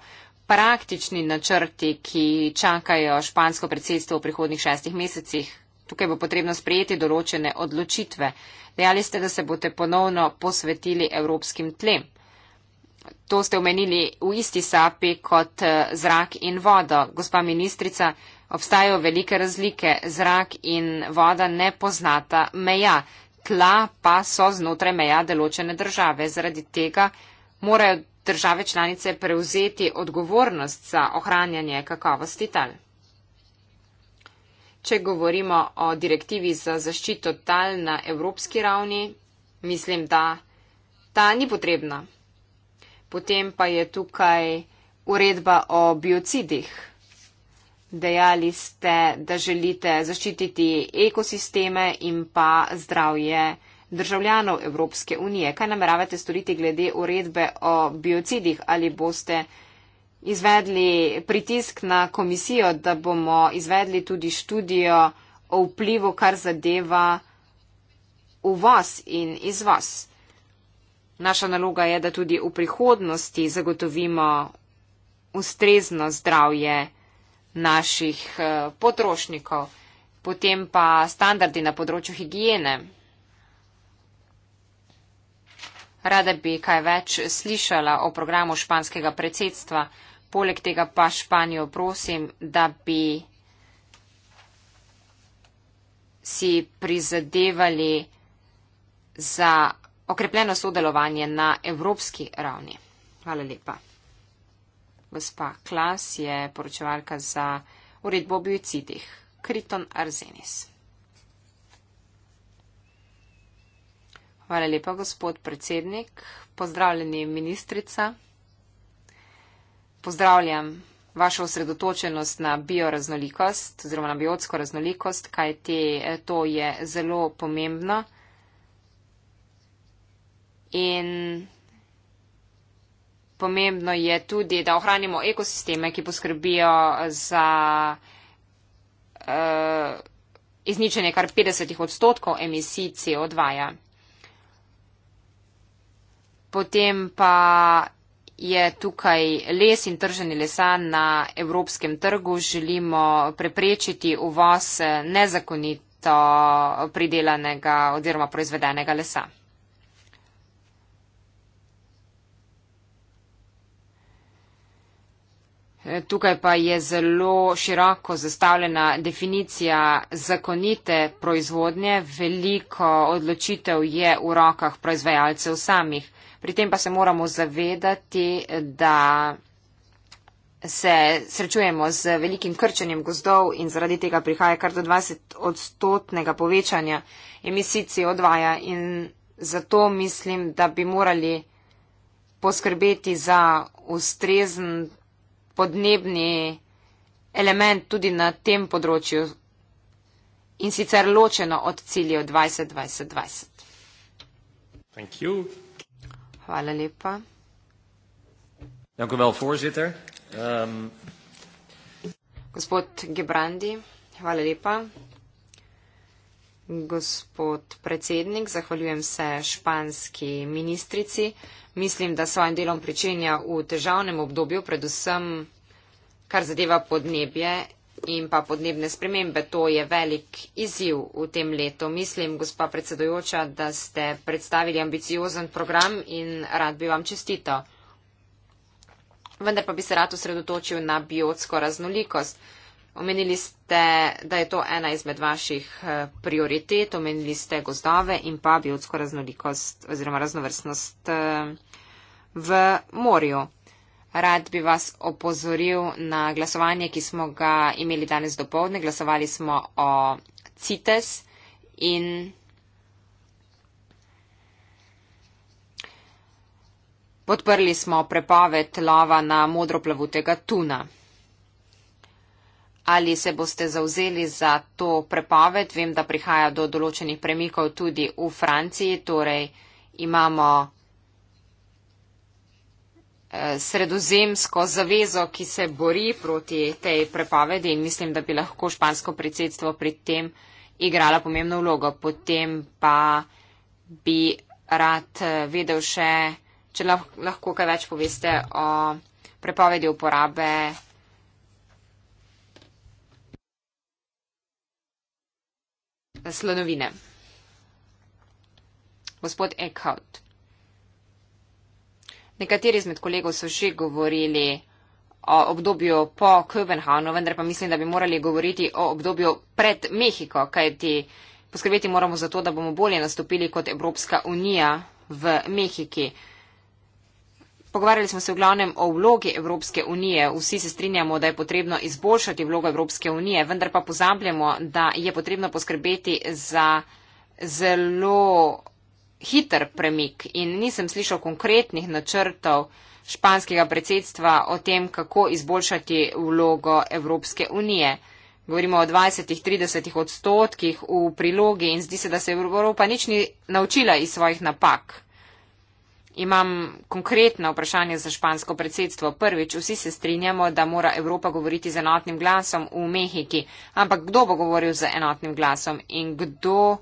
praktični načrti, ki čakajo špansko predsedstvo v prihodnih šestih mesecih? Tukaj bo potrebno sprejeti določene odločitve. Dejali ste, da se boste ponovno posvetili evropskim tlem. To ste omenili v isti sapi kot eh, zrak in vodo. Gospa ministrica, obstajajo velike razlike. Zrak in voda ne poznata meja. Tla pa so znotraj meja določene države. Zaradi tega morajo države članice prevzeti odgovornost za ohranjanje kakovosti tal. Če govorimo o direktivi za zaščito tal na evropski ravni, mislim, da ta ni potrebna. Potem pa je tukaj uredba o biocidih. Dejali ste, da želite zaščititi ekosisteme in pa zdravje državljanov Evropske unije. Kaj nameravate storiti glede uredbe o biocidih? Ali boste izvedli pritisk na komisijo, da bomo izvedli tudi študijo o vplivu, kar zadeva uvoz in izvoz? Naša naloga je, da tudi v prihodnosti zagotovimo ustrezno zdravje naših eh, potrošnikov, potem pa standardi na področju higiene. Rada bi kaj več slišala o programu španskega predsedstva. Poleg tega pa Španijo prosim, da bi si prizadevali za okrepljeno sodelovanje na evropski ravni. Hvala lepa. Gospa Klas je poročevalka za uredbo o biocidih. Kriton Arzenis. Hvala lepa, gospod predsednik. Pozdravljeni, ministrica. Pozdravljam vašo osredotočenost na bioraznolikost oziroma na biotsko raznolikost, kaj te, eh, to je zelo pomembno. In pomembno je tudi, da ohranimo ekosisteme, ki poskrbijo za uh, izničenje kar 50 odstotkov emisij CO2. -ja potem pa je tukaj les in trženi lesa na evropskem trgu. Želimo preprečiti uvoz nezakonito pridelanega oziroma proizvedenega lesa. Tukaj pa je zelo široko zastavljena definicija zakonite proizvodnje. Veliko odločitev je v rokah proizvajalcev samih. Pri tem pa se moramo zavedati, da se srečujemo z velikim krčenjem gozdov in zaradi tega prihaja kar do 20 odstotnega povečanja emisij CO2 -ja. in zato mislim, da bi morali poskrbeti za ustrezen podnebni element tudi na tem področju in sicer ločeno od ciljev 2020-2020. Hvala lepa. Dank u wel, voorzitter. Um... Gospod Gebrandi, hvala lepa. Gospod predsednik, zahvaljujem se španski ministrici. Mislim, da svojim delom pričenja v težavnem obdobju, predvsem kar zadeva podnebje in pa podnebne spremembe. To je velik izziv v tem letu. Mislim, gospa predsedujoča, da ste predstavili ambiciozen program in rad bi vam čestito. Vendar pa bi se rad osredotočil na biotsko raznolikost. Omenili ste, da je to ena izmed vaših eh, prioritet, omenili ste gozdove in pa biotsko raznolikost oziroma raznovrstnost eh, v morju. Rad bi vas opozoril na glasovanje, ki smo ga imeli danes do povdne. Glasovali smo o CITES in podprli smo prepoved lova na modroplavutega tuna. Ali se boste zauzeli za to prepoved? Vem, da prihaja do določenih premikov tudi v Franciji, torej imamo Eh, sredozemsko zavezo, ki se bori proti tej prepovedi in mislim, da bi lahko špansko predsedstvo pri tem igrala pomembno vlogo. Potem pa bi rad eh, vedel še, če lahko kaj več poveste o prepovedi uporabe. Slonovine. Gospod Eckhout. Nekateri izmed kolegov so že govorili o obdobju po Kövenhavnu, vendar pa mislim, da bi morali govoriti o obdobju pred Mehiko, kajti poskrbeti moramo za to, da bomo bolje nastopili kot Evropska unija v Mehiki. Pogovarjali smo se v glavnem o vlogi Evropske unije. Vsi se strinjamo, da je potrebno izboljšati vlogo Evropske unije, vendar pa pozabljamo, da je potrebno poskrbeti za zelo hiter premik in nisem slišal konkretnih načrtov španskega predsedstva o tem, kako izboljšati vlogo Evropske unije. Govorimo o 20-30 odstotkih v prilogi in zdi se, da se Evropa nič ni naučila iz svojih napak. Imam konkretno vprašanje za špansko predsedstvo. Prvič, vsi se strinjamo, da mora Evropa govoriti z enotnim glasom v Mehiki, ampak kdo bo govoril z enotnim glasom in kdo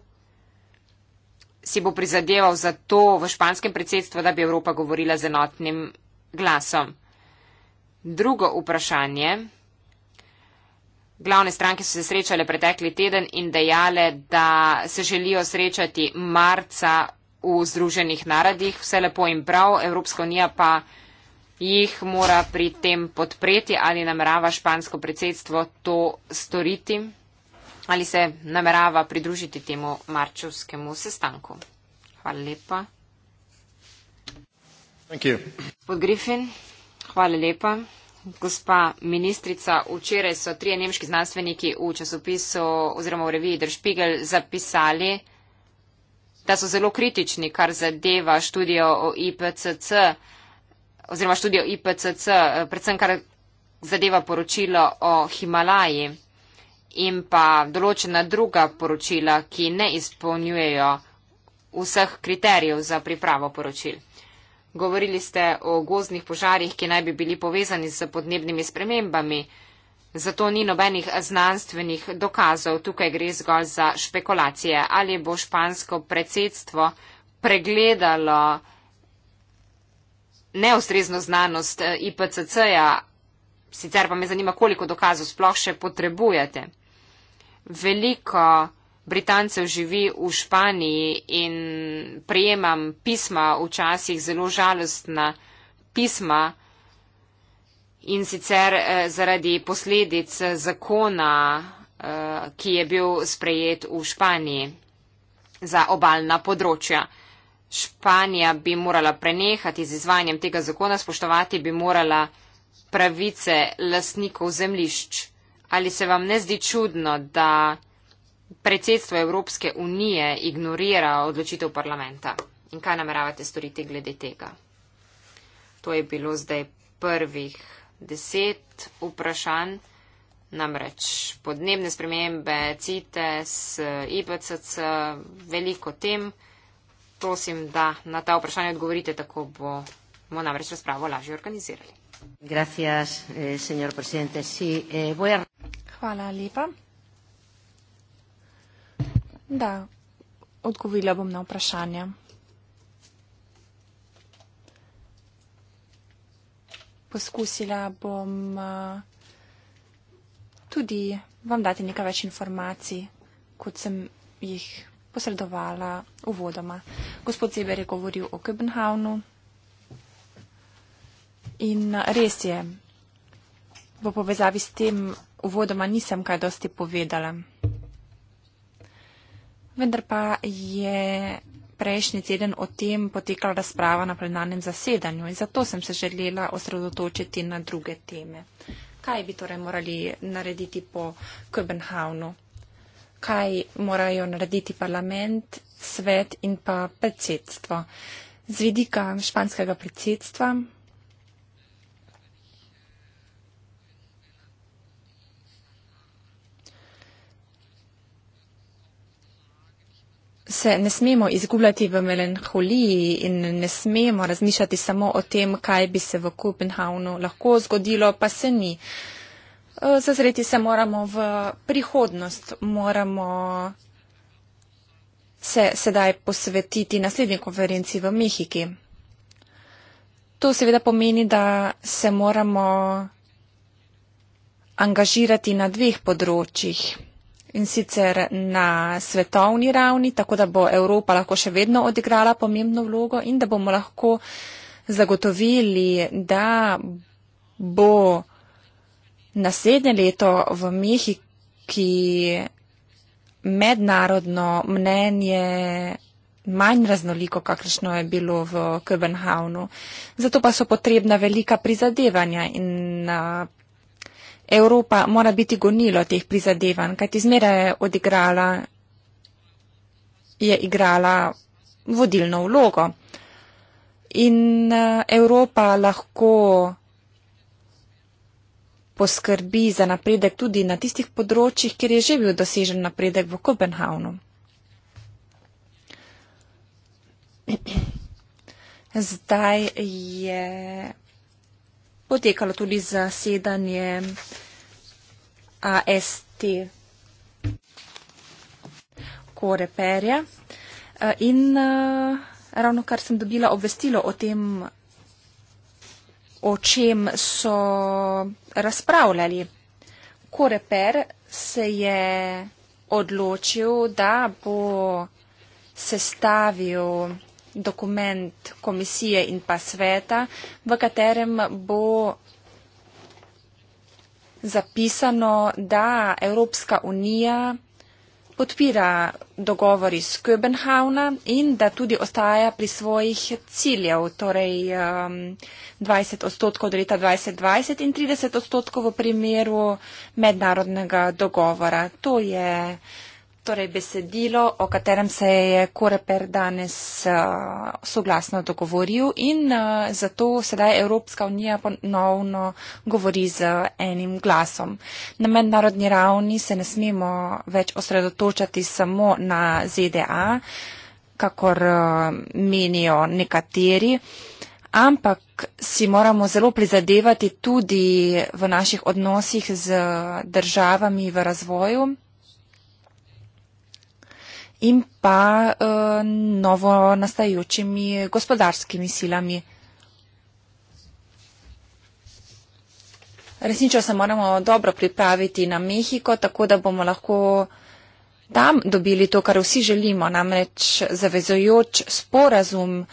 si bo prizadeval za to v španskem predsedstvu, da bi Evropa govorila z enotnim glasom. Drugo vprašanje. Glavne stranke so se srečale pretekli teden in dejale, da se želijo srečati marca v Združenih narodih, vse lepo in prav, Evropska unija pa jih mora pri tem podpreti ali namerava špansko predsedstvo to storiti ali se namerava pridružiti temu marčevskemu sestanku. Hvala lepa. Gospod Griffin, hvala lepa. Gospa ministrica, včeraj so trije nemški znanstveniki v časopisu oziroma v reviji Der Spiegel zapisali, da so zelo kritični, kar zadeva študijo o IPCC oziroma študijo IPCC, predvsem kar zadeva poročilo o Himalaji in pa določena druga poročila, ki ne izpolnjujejo vseh kriterijev za pripravo poročil. Govorili ste o gozdnih požarih, ki naj bi bili povezani z podnebnimi spremembami, zato ni nobenih znanstvenih dokazov, tukaj gre zgolj za špekulacije. Ali bo špansko predsedstvo pregledalo neustrezno znanost eh, IPCC-ja, sicer pa me zanima, koliko dokazov sploh še potrebujete veliko Britancev živi v Španiji in prejemam pisma, včasih zelo žalostna pisma in sicer eh, zaradi posledic zakona, eh, ki je bil sprejet v Španiji za obaljna področja. Španija bi morala prenehati z izvanjem tega zakona, spoštovati bi morala pravice lasnikov zemlišč. Ali se vam ne zdi čudno, da predsedstvo Evropske unije ignorira odločitev parlamenta? In kaj nameravate storiti glede tega? To je bilo zdaj prvih deset vprašanj. Namreč podnebne spremembe, CITES, IPCC, veliko tem. Prosim, da na ta vprašanja odgovorite, tako bomo namreč razpravo lažje organizirali. Gracias, eh, señor presidente. Sí, eh, voy a... Hvala lepa. Da, odgovorila bom na vprašanje. Poskusila bom uh, tudi vam dati nekaj več informacij, kot sem jih posredovala uvodoma. Gospod Zeber je govoril o Köbenhavnu. In res je, v povezavi s tem uvodoma nisem kaj dosti povedala. Vendar pa je prejšnji teden o tem potekala razprava na plenarnem zasedanju in zato sem se želela osredotočiti na druge teme. Kaj bi torej morali narediti po Köbenhavnu? Kaj morajo narediti parlament, svet in pa predsedstvo? Z vidika španskega predsedstva se ne smemo izgubljati v melanholiji in ne smemo razmišljati samo o tem, kaj bi se v Kopenhavnu lahko zgodilo, pa se ni. E, zazreti se moramo v prihodnost, moramo se sedaj posvetiti naslednji konferenci v Mehiki. To seveda pomeni, da se moramo angažirati na dveh področjih in sicer na svetovni ravni, tako da bo Evropa lahko še vedno odigrala pomembno vlogo in da bomo lahko zagotovili, da bo naslednje leto v Mehiki mednarodno mnenje manj raznoliko, kakršno je bilo v Köbenhavnu. Zato pa so potrebna velika prizadevanja in Evropa mora biti gonilo teh prizadevanj, kajti zmeraj je odigrala, je igrala vodilno vlogo. In eh, Evropa lahko poskrbi za napredek tudi na tistih področjih, kjer je že bil dosežen napredek v Kopenhavnu. <clears throat> Zdaj je potekalo tudi zasedanje AST Koreperja. Eh, in eh, ravno kar sem dobila obvestilo o tem, o čem so razpravljali. Koreper se je odločil, da bo sestavil dokument komisije in pa sveta, v katerem bo zapisano, da Evropska unija podpira dogovor iz Köbenhavna in da tudi ostaja pri svojih ciljev, torej 20 um, odstotkov do leta 2020 in 30 odstotkov v primeru mednarodnega dogovora. To je Torej, besedilo, o katerem se je Koreper danes uh, soglasno dogovoril in uh, zato sedaj Evropska unija ponovno govori z enim glasom. Na mednarodni ravni se ne smemo več osredotočati samo na ZDA, kakor uh, menijo nekateri, ampak si moramo zelo prizadevati tudi v naših odnosih z državami v razvoju in pa uh, novo nastajajočimi gospodarskimi silami. Resnično se moramo dobro pripraviti na Mehiko, tako da bomo lahko tam dobili to, kar vsi želimo, namreč zavezojoč sporazum,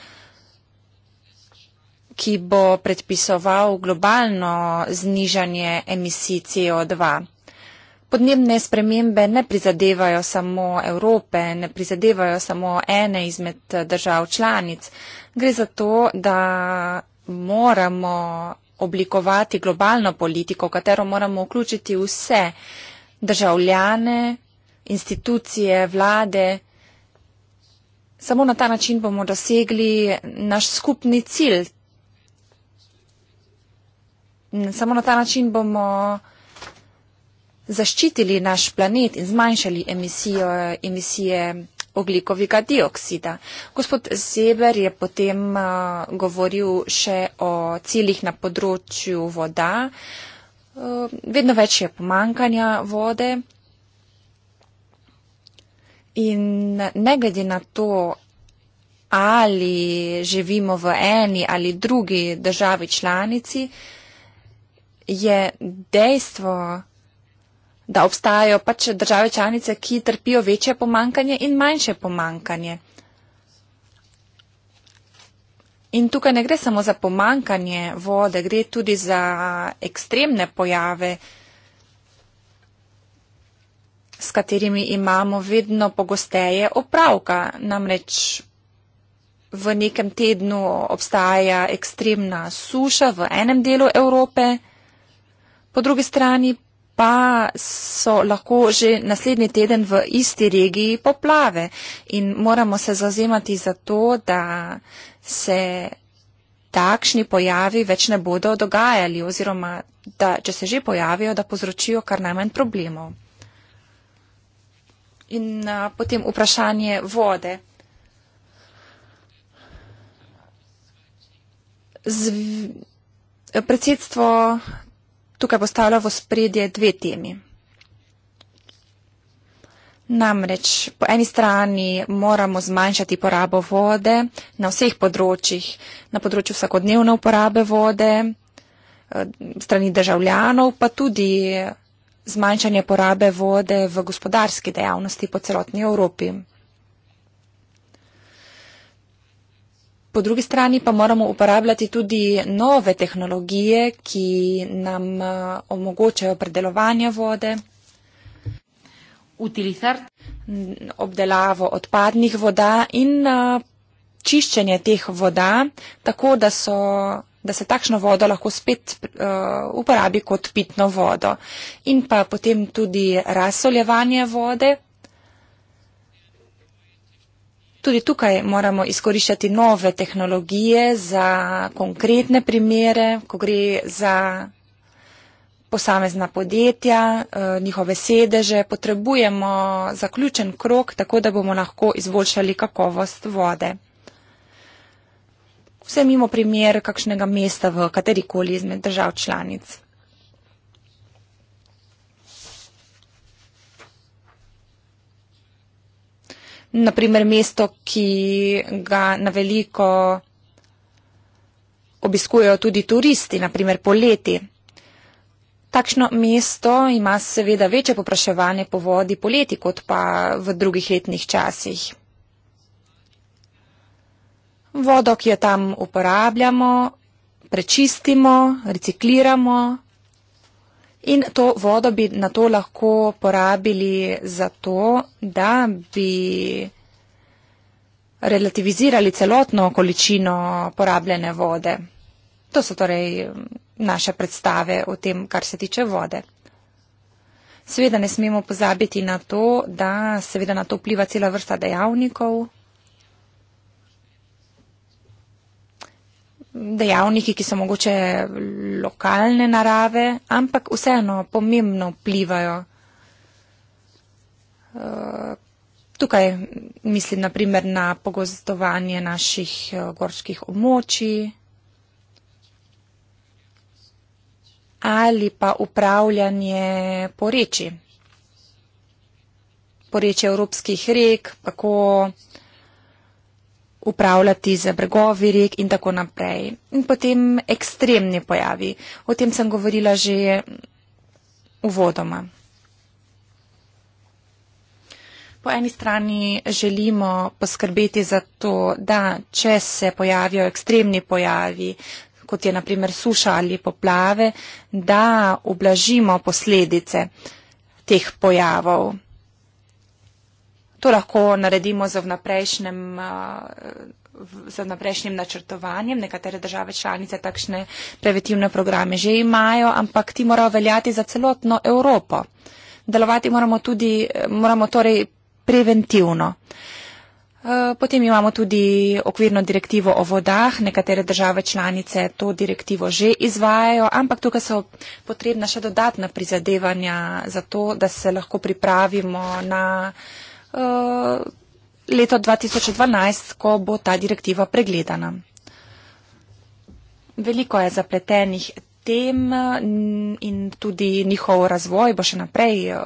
ki bo predpisoval globalno znižanje emisij CO2. Podnebne spremembe ne prizadevajo samo Evrope, ne prizadevajo samo ene izmed eh, držav članic. Gre za to, da moramo oblikovati globalno politiko, v katero moramo vključiti vse državljane, institucije, vlade. Samo na ta način bomo dosegli naš skupni cilj. Samo na ta način bomo zaščitili naš planet in zmanjšali emisijo, emisije oglikovega dioksida. Gospod Zeber je potem uh, govoril še o ciljih na področju voda. Uh, vedno več je pomankanja vode. In ne glede na to, ali živimo v eni ali drugi državi članici, je dejstvo, da obstajajo pač države članice, ki trpijo večje pomankanje in manjše pomankanje. In tukaj ne gre samo za pomankanje vode, gre tudi za ekstremne pojave, s katerimi imamo vedno pogosteje opravka. Namreč v nekem tednu obstaja ekstremna suša v enem delu Evrope, po drugi strani pa so lahko že naslednji teden v isti regiji poplave in moramo se zazemati za to, da se takšni pojavi več ne bodo dogajali oziroma, da če se že pojavijo, da povzročijo kar najmanj problemov. In a, potem vprašanje vode. Predsedstvo tukaj postavlja v spredje dve temi. Namreč po eni strani moramo zmanjšati porabo vode na vseh področjih, na področju vsakodnevne uporabe vode, eh, strani državljanov, pa tudi zmanjšanje porabe vode v gospodarski dejavnosti po celotni Evropi. Po drugi strani pa moramo uporabljati tudi nove tehnologije, ki nam eh, omogočajo predelovanje vode, Utilizar. obdelavo odpadnih voda in eh, čiščenje teh voda, tako da, so, da se takšno vodo lahko spet eh, uporabi kot pitno vodo. In pa potem tudi razsoljevanje vode, Tudi tukaj moramo izkoriščati nove tehnologije za konkretne primere, ko gre za posamezna podjetja, eh, njihove sedeže. Potrebujemo zaključen krok, tako da bomo lahko izboljšali kakovost vode. Vse mimo primer kakšnega mesta v katerikoli izmed držav članic. naprimer mesto, ki ga na veliko obiskujejo tudi turisti, naprimer poleti. Takšno mesto ima seveda večje popraševanje po vodi poleti kot pa v drugih letnih časih. Vodo, ki jo tam uporabljamo, prečistimo, recikliramo, In to vodo bi na to lahko porabili za to, da bi relativizirali celotno količino porabljene vode. To so torej naše predstave o tem, kar se tiče vode. Seveda ne smemo pozabiti na to, da seveda na to vpliva cela vrsta dejavnikov. dejavniki, ki so mogoče lokalne narave, ampak vseeno pomembno vplivajo. Eh, tukaj mislim naprimer na pogozdovanje naših eh, gorskih območij ali pa upravljanje poreči. Poreči evropskih rek, kako upravljati z bregovi rek in tako naprej. In potem ekstremni pojavi. O tem sem govorila že uvodoma. Po eni strani želimo poskrbeti za to, da če se pojavijo ekstremni pojavi, kot je naprimer suša ali poplave, da ublažimo posledice teh pojavov. To lahko naredimo z vnaprejšnjem. Uh, z naprejšnjim načrtovanjem. Nekatere države članice takšne preventivne programe že imajo, ampak ti morajo veljati za celotno Evropo. Delovati moramo tudi, eh, moramo torej preventivno. Eh, potem imamo tudi okvirno direktivo o vodah. Nekatere države članice to direktivo že izvajajo, ampak tukaj so potrebna še dodatna prizadevanja za to, da se lahko pripravimo na Eh, leto 2012, ko bo ta direktiva pregledana. Veliko je zapletenih tem mm, in tudi njihov razvoj bo še naprej eh,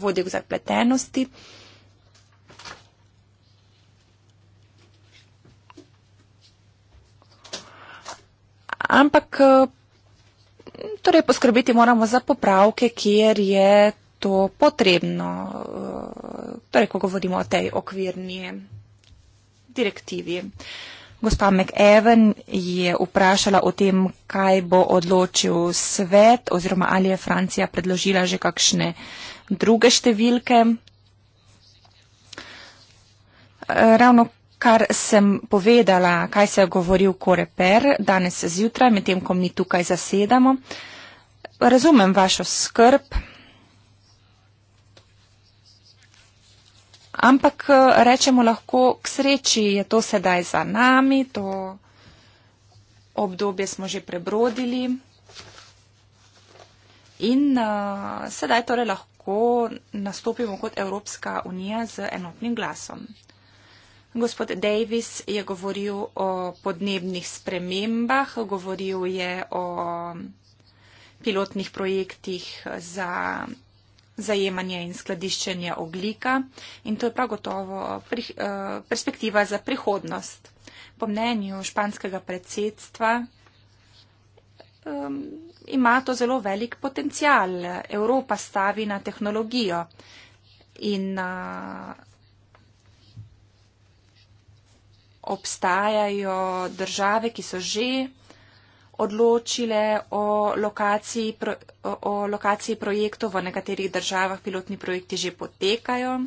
vodil v zapletenosti. Ampak eh, torej poskrbeti moramo za popravke, kjer je to potrebno, eh, torej, ko govorimo o tej okvirni direktivi. Gospa McEwen je vprašala o tem, kaj bo odločil svet oziroma ali je Francija predložila že kakšne druge številke. Eh, ravno kar sem povedala, kaj se je govoril Koreper danes zjutraj, medtem ko mi tukaj zasedamo. Razumem vašo skrb. Ampak eh, rečemo lahko, k sreči je to sedaj za nami, to obdobje smo že prebrodili. In uh, sedaj torej lahko nastopimo kot Evropska unija z enotnim glasom. Gospod Davis je govoril o podnebnih spremembah, govoril je o pilotnih projektih za zajemanje in skladiščenje oglika in to je prav gotovo pri, uh, eh, perspektiva za prihodnost. Po mnenju španskega predsedstva um, ima to zelo velik potencial. Evropa stavi na tehnologijo in uh, obstajajo države, ki so že odločile o lokaciji, o lokaciji projektov. V nekaterih državah pilotni projekti že potekajo.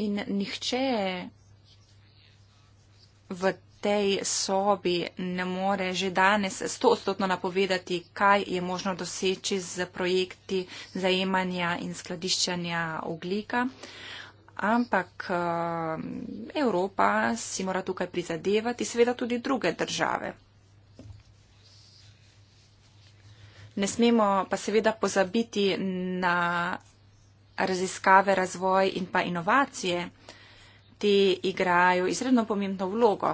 In nihče v tej sobi ne more že danes stotno napovedati, kaj je možno doseči z projekti zajemanja in skladiščanja oglika. Uh, ampak ehm, Evropa si mora tukaj prizadevati, seveda tudi druge države. Ne smemo pa seveda pozabiti na raziskave, razvoj in pa inovacije. Te igrajo izredno pomembno vlogo.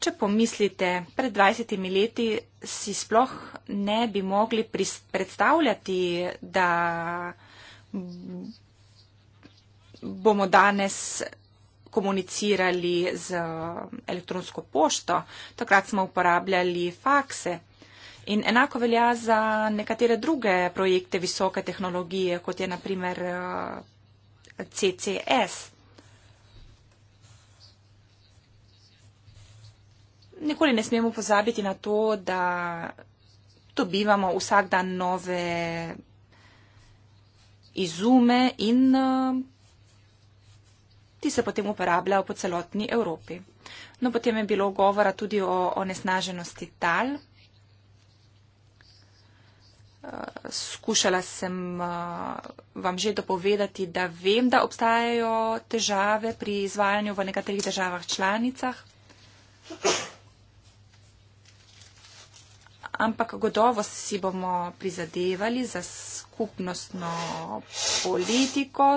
Če pomislite, pred 20 leti si sploh ne bi mogli predstavljati, da bomo danes komunicirali z eh, elektronsko pošto. Takrat smo uporabljali fakse. In enako velja za nekatere druge projekte visoke tehnologije, kot je naprimer eh, CCS. Nikoli ne smemo pozabiti na to, da dobivamo vsak dan nove izume in uh, ti se potem uporabljajo po celotni Evropi. No, potem je bilo govora tudi o onesnaženosti tal. Eh, skušala sem eh, vam že dopovedati, da vem, da obstajajo težave pri izvajanju v nekaterih državah članicah. Ampak gotovo si bomo prizadevali za skupnostno politiko,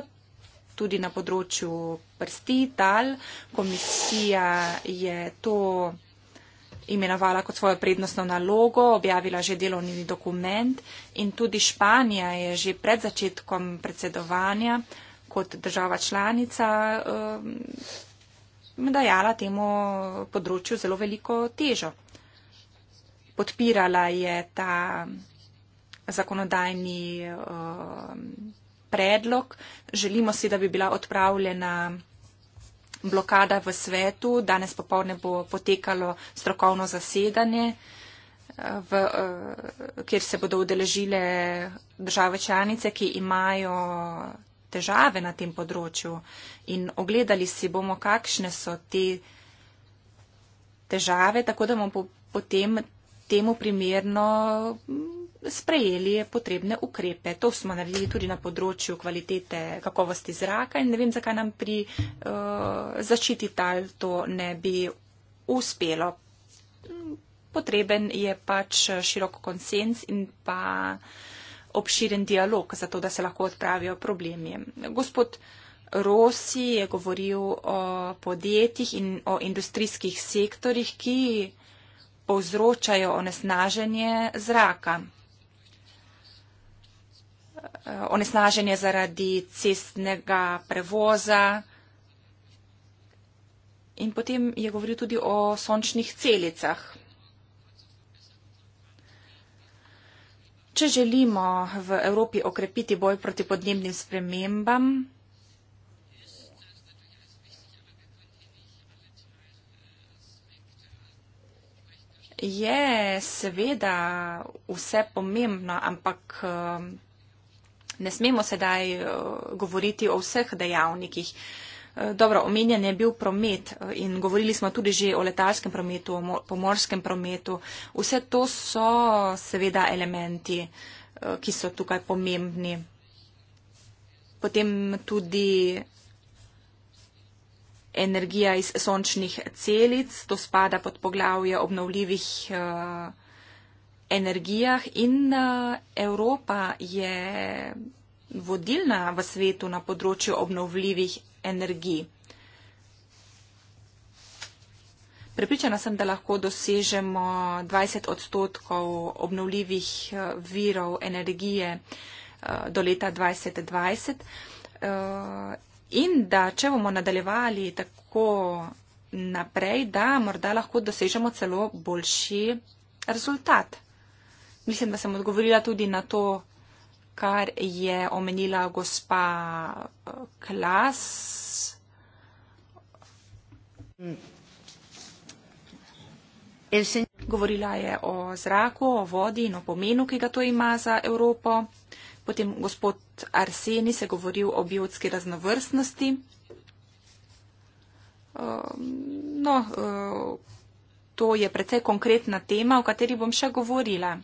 tudi na področju prsti, tal. Komisija je to imenovala kot svojo prednostno nalogo, objavila že delovni dokument in tudi Španija je že pred začetkom predsedovanja kot država članica um, dajala temu področju zelo veliko težo. Podpirala je ta zakonodajni um, predlog. Želimo si, da bi bila odpravljena blokada v svetu. Danes popovdne bo potekalo strokovno zasedanje, v, eh, kjer se bodo udeležile države članice, ki imajo težave na tem področju in ogledali si bomo, kakšne so te težave, tako da bomo po, potem temu primerno sprejeli potrebne ukrepe. To smo naredili tudi na področju kvalitete kakovosti zraka in ne vem, zakaj nam pri uh, zaščiti tal to ne bi uspelo. Potreben je pač širok konsens in pa obširen dialog, zato da se lahko odpravijo problemi. Gospod Rosi je govoril o podjetjih in o industrijskih sektorjih, ki povzročajo onesnaženje zraka onesnaženje zaradi cestnega prevoza. In potem je govoril tudi o sončnih celicah. Če želimo v Evropi okrepiti boj proti podnebnim spremembam, je seveda vse pomembno, ampak ne smemo sedaj eh, govoriti o vseh dejavnikih. Eh, dobro, omenjen je bil promet eh, in govorili smo tudi že o letalskem prometu, o pomorskem prometu. Vse to so seveda elementi, ki so tukaj pomembni. Potem tudi energija iz sončnih celic, to spada pod poglavje obnovljivih energij energijah in Evropa je vodilna v svetu na področju obnovljivih energij. Prepričana sem, da lahko dosežemo 20 odstotkov obnovljivih virov energije do leta 2020 in da če bomo nadaljevali tako naprej, da morda lahko dosežemo celo boljši rezultat mislim, da sem odgovorila tudi na to, kar je omenila gospa eh, Klas. Govorila je o zraku, o vodi in o pomenu, ki ga to ima za Evropo. Potem gospod Arseni se govoril o biotski raznovrstnosti. Ehm, no, eh, to je precej konkretna tema, o kateri bom še govorila.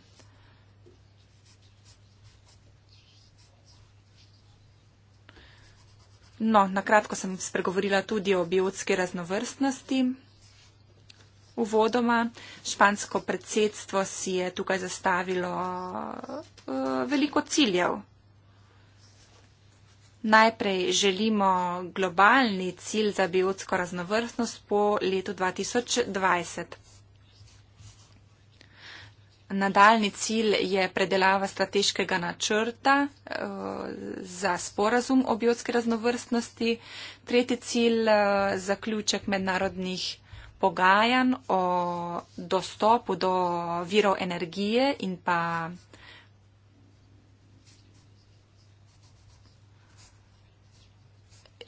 No, nakratko sem spregovorila tudi o biotski raznovrstnosti. Uvodoma špansko predsedstvo si je tukaj zastavilo uh, veliko ciljev. Najprej želimo globalni cilj za biotsko raznovrstnost po letu 2020. Nadaljni cilj je predelava strateškega načrta eh, za sporazum o biotski raznovrstnosti. Tretji cilj je eh, zaključek mednarodnih pogajanj o dostopu do virov energije in pa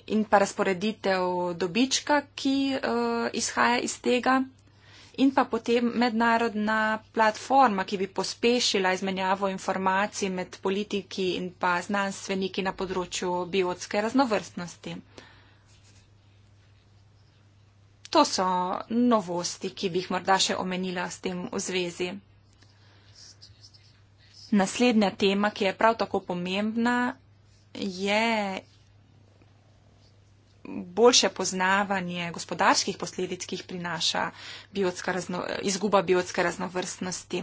in pa razporeditev dobička, ki uh, izhaja iz tega in pa potem mednarodna platforma, ki bi pospešila izmenjavo informacij med politiki in pa znanstveniki na področju biotske raznovrstnosti. To so novosti, ki bi jih morda še omenila s tem v zvezi. Naslednja tema, ki je prav tako pomembna, je boljše poznavanje gospodarskih posledic, ki jih prinaša biotska razno, izguba biotske raznovrstnosti.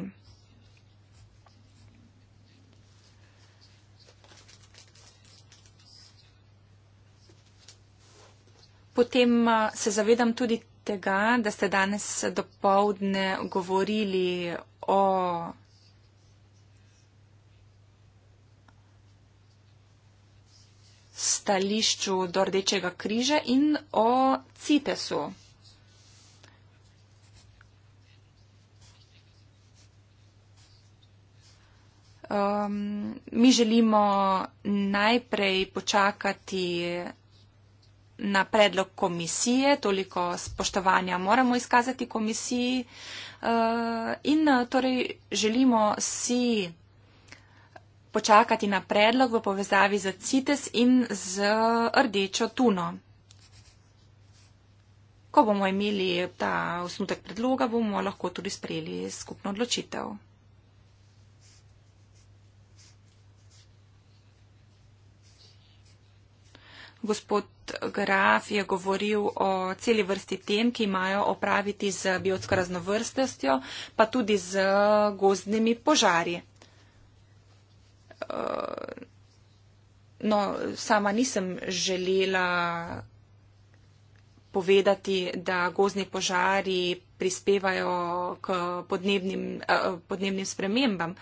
Potem se zavedam tudi tega, da ste danes dopovdne govorili o stališču do Rdečega križa in o CITESu. Um, mi želimo najprej počakati na predlog komisije, toliko spoštovanja moramo izkazati komisiji uh, in uh, torej želimo si počakati na predlog v povezavi z cites in z rdečo tuno. Ko bomo imeli ta osnutek predloga, bomo lahko tudi sprejeli skupno odločitev. Gospod Graf je govoril o celi vrsti tem, ki imajo opraviti z biotsko raznovrstnostjo, pa tudi z gozdnimi požarji. Eh, no, sama nisem želela povedati, da gozni požari prispevajo k podnebnim, eh, podnebnim spremembam.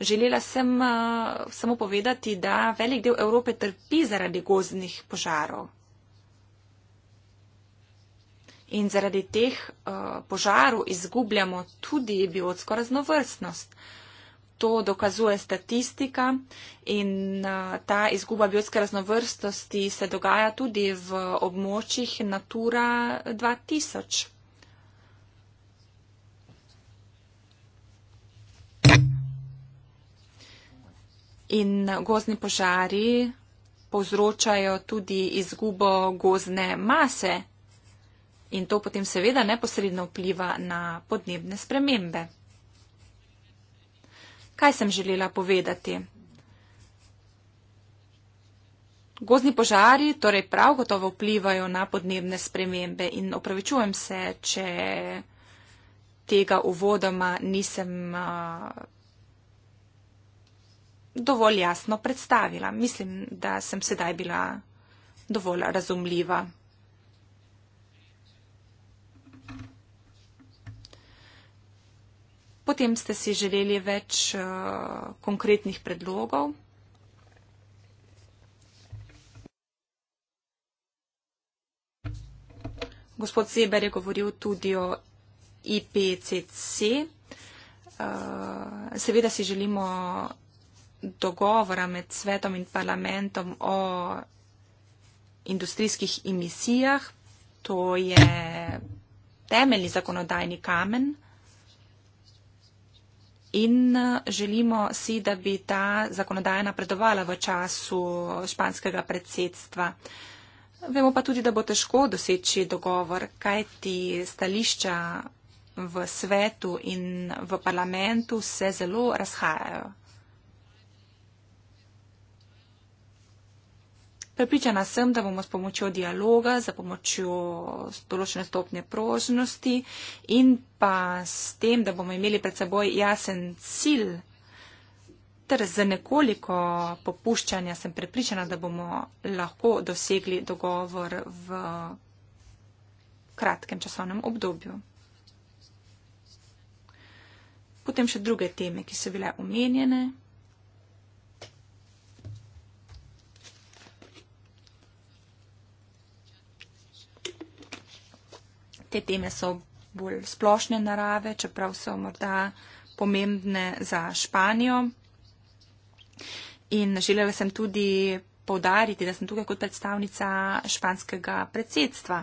Želela sem eh, samo povedati, da velik del Evrope trpi zaradi goznih požarov. In zaradi teh požarov izgubljamo tudi biotsko raznovrstnost. Uh, to dokazuje statistika in ta izguba biotske raznovrstnosti se dogaja tudi v območjih Natura 2000. In gozni požari povzročajo tudi izgubo gozne mase. In to potem seveda neposredno vpliva na podnebne spremembe kaj sem želela povedati. Gozni požari torej prav gotovo vplivajo na podnebne spremembe in opravičujem se, če tega uvodoma nisem dovolj jasno predstavila. Mislim, da sem sedaj bila dovolj razumljiva. Potem ste si želeli več uh, konkretnih predlogov. Gospod Seber je govoril tudi o IPCC. Uh, eh, seveda si želimo dogovora med svetom in parlamentom o industrijskih emisijah. To je temeljni zakonodajni kamen. In eh, želimo si, da bi ta zakonodaja napredovala v času španskega predsedstva. Vemo pa tudi, da bo težko doseči dogovor, kaj ti stališča v svetu in v parlamentu se zelo razhajajo. Prepričana sem, da bomo s pomočjo dialoga, za pomočjo določene stopnje prožnosti in pa s tem, da bomo imeli pred seboj jasen cilj, ter z nekoliko popuščanja sem prepričana, da bomo lahko dosegli dogovor v kratkem časovnem obdobju. Potem še druge teme, ki so bile omenjene. te teme so bolj splošne narave, čeprav so morda pomembne za Španijo. In želela sem tudi povdariti, da sem tukaj kot predstavnica španskega predsedstva.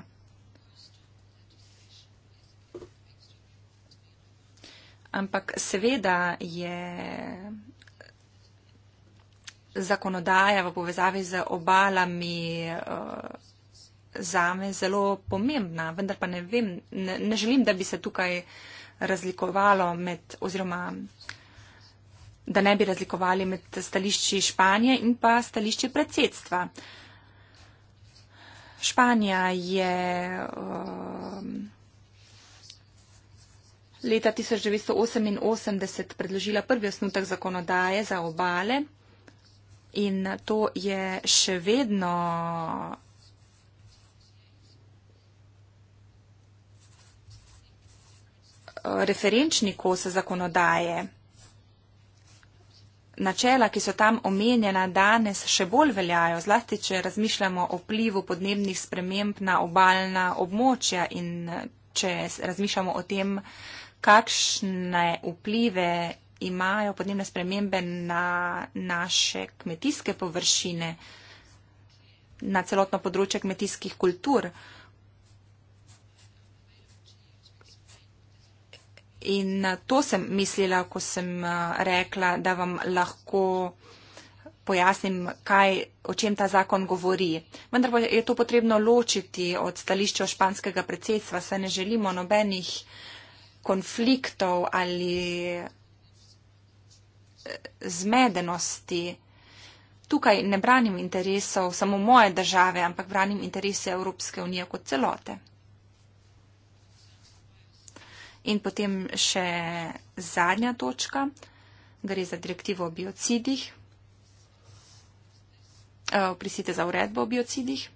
Ampak seveda je zakonodaja v povezavi z obalami. Uh, zame zelo pomembna, vendar pa ne vem, ne, ne želim, da bi se tukaj razlikovalo med oziroma da ne bi razlikovali med stališči Španije in pa stališči predsedstva. Španija je um, leta 1988 predložila prvi osnutek zakonodaje za obale in to je še vedno referenčni kose zakonodaje, načela, ki so tam omenjena, danes še bolj veljajo, zlasti če razmišljamo o vplivu podnebnih sprememb na obaljna območja in eh, če razmišljamo o tem, kakšne vplive imajo podnebne spremembe na naše kmetijske površine, na celotno področje kmetijskih kultur. In eh, to sem mislila, ko sem eh, rekla, da vam lahko pojasnim, kaj, o čem ta zakon govori. Vendar bo je to potrebno ločiti od stališča španskega predsedstva, saj ne želimo nobenih konfliktov ali eh, zmedenosti. Tukaj ne branim interesov samo moje države, ampak branim interese Evropske unije kot celote. In potem še zadnja točka, gre za direktivo o biocidih, e, prisite za uredbo o biocidih.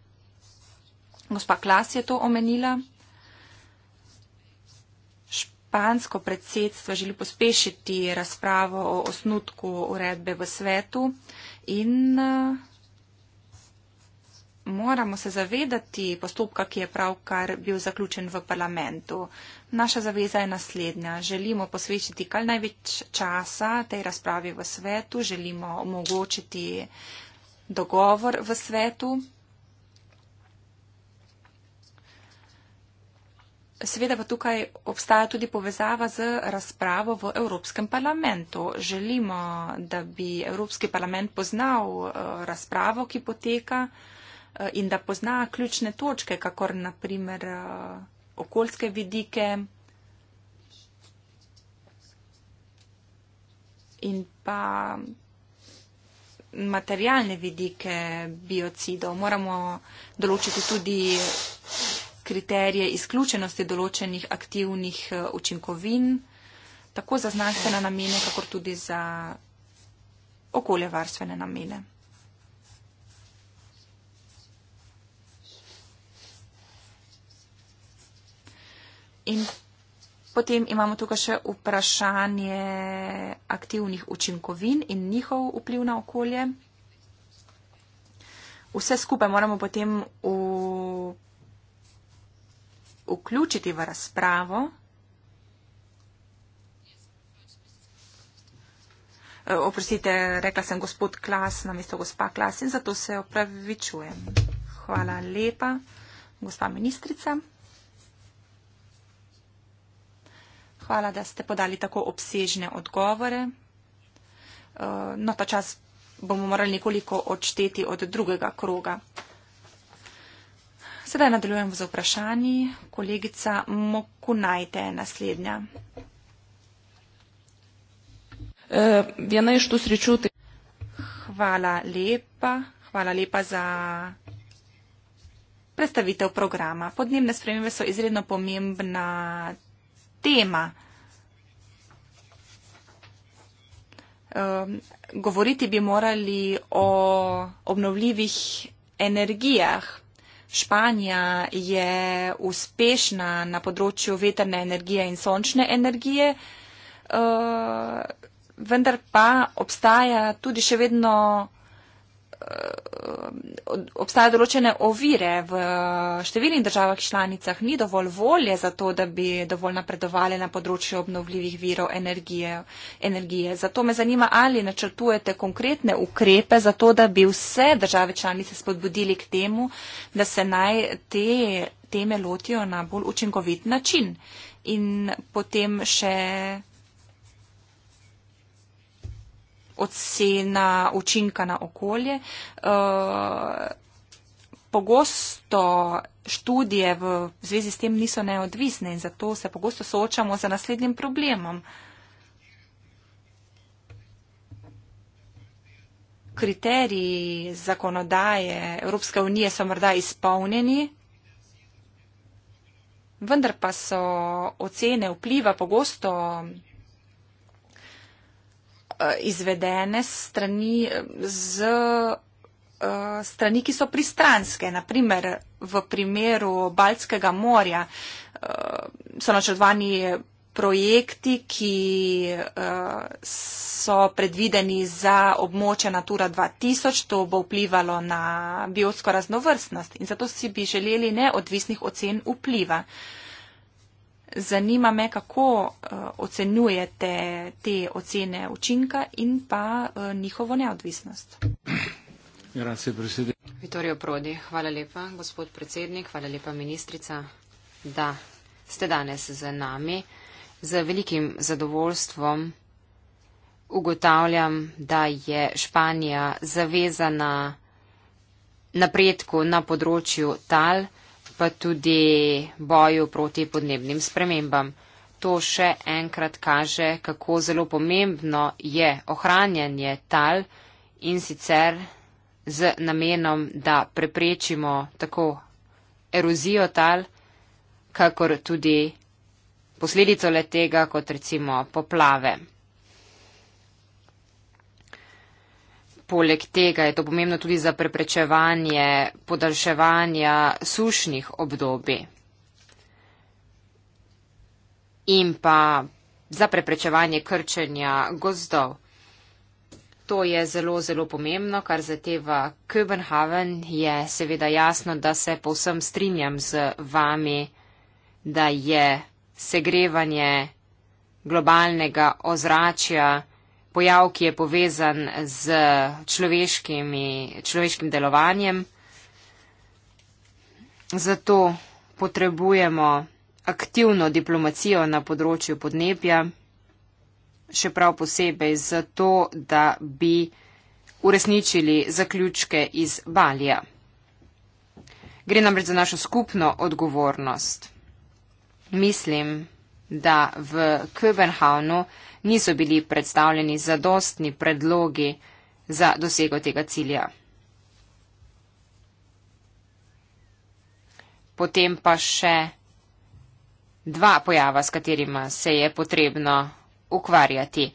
Gospa Klas je to omenila. Špansko predsedstvo želi pospešiti razpravo o osnutku uredbe v svetu in e, moramo se zavedati postopka, ki je pravkar bil zaključen v parlamentu. Naša zaveza je naslednja. Želimo posvečiti kar največ časa tej razpravi v svetu, želimo omogočiti dogovor v svetu. Seveda pa tukaj obstaja tudi povezava z razpravo v Evropskem parlamentu. Želimo, da bi Evropski parlament poznal eh, razpravo, ki poteka. Eh, in da pozna ključne točke, kakor naprimer eh, okoljske vidike in pa materialne vidike biocidov. Moramo določiti tudi kriterije izključenosti določenih aktivnih eh, učinkovin, tako za znanstvene namene, kakor tudi za okoljevarstvene namene. In potem imamo tukaj še vprašanje aktivnih učinkovin in njihov vpliv na okolje. Vse skupaj moramo potem v, vključiti v razpravo. E, oprostite, rekla sem gospod Klas na mesto gospa Klas in zato se opravičujem. Hvala lepa, gospa ministrica. Hvala, da ste podali tako obsežne odgovore. Eh, no, ta čas bomo morali nekoliko odšteti od drugega kroga. Sedaj nadaljujem z vprašanji. Kolegica Mokunajte je naslednja. Eh, ja, naj što srečuti. Hvala lepa. Hvala lepa za predstavitev programa. Podnebne spremembe so izredno pomembna tema. Um, govoriti bi morali o obnovljivih energijah. Španija je uspešna na področju veterne energije in sončne energije, uh, vendar pa obstaja tudi še vedno Eh, obstajajo določene ovire v eh, številnih državah članicah, ni dovolj volje za to, da bi dovolj napredovali na področju obnovljivih virov energije. energije. Zato me zanima, ali načrtujete konkretne ukrepe za to, da bi vse države članice spodbudili k temu, da se naj te teme lotijo na bolj učinkovit način. In potem še ocena učinka na okolje. Eh, pogosto študije v zvezi s tem niso neodvisne in zato se pogosto soočamo z naslednjim problemom. Kriteriji zakonodaje Evropske unije so morda izpolnjeni, vendar pa so ocene vpliva pogosto Eh, izvedene strani, eh, z, eh, strani, ki so pristranske. Naprimer, v primeru Baltskega morja so načrtovani projekti, ki so predvideni za območje Natura 2000, to bo vplivalo na biotsko raznovrstnost in zato si bi želeli neodvisnih ocen vpliva. Uh, Zanima me, kako eh, ocenjujete te ocene učinka in pa eh, njihovo neodvisnost. Vitorijo Prodi, hvala lepa, gospod predsednik, hvala lepa, ministrica, da ste danes z nami. Z velikim zadovoljstvom ugotavljam, da je Španija zavezana napredku na področju tal pa tudi boju proti podnebnim spremembam. To še enkrat kaže, kako zelo pomembno je ohranjanje tal in sicer z namenom, da preprečimo tako erozijo tal, kakor tudi posledico letega, kot recimo poplave. Poleg tega je to pomembno tudi za preprečevanje podaljševanja sušnih obdobij in pa za preprečevanje krčenja gozdov. To je zelo, zelo pomembno, kar zateva Köbenhaven. Je seveda jasno, da se povsem strinjam z vami, da je segrevanje globalnega ozračja pojav, ki je povezan z človeškim delovanjem. Zato potrebujemo aktivno diplomacijo na področju podnebja, še prav posebej zato, da bi uresničili zaključke iz Balija. Gre namreč za našo skupno odgovornost. Mislim, da v Kövenhavnu niso bili predstavljeni zadostni predlogi za dosego tega cilja. Potem pa še dva pojava, s katerima se je potrebno ukvarjati.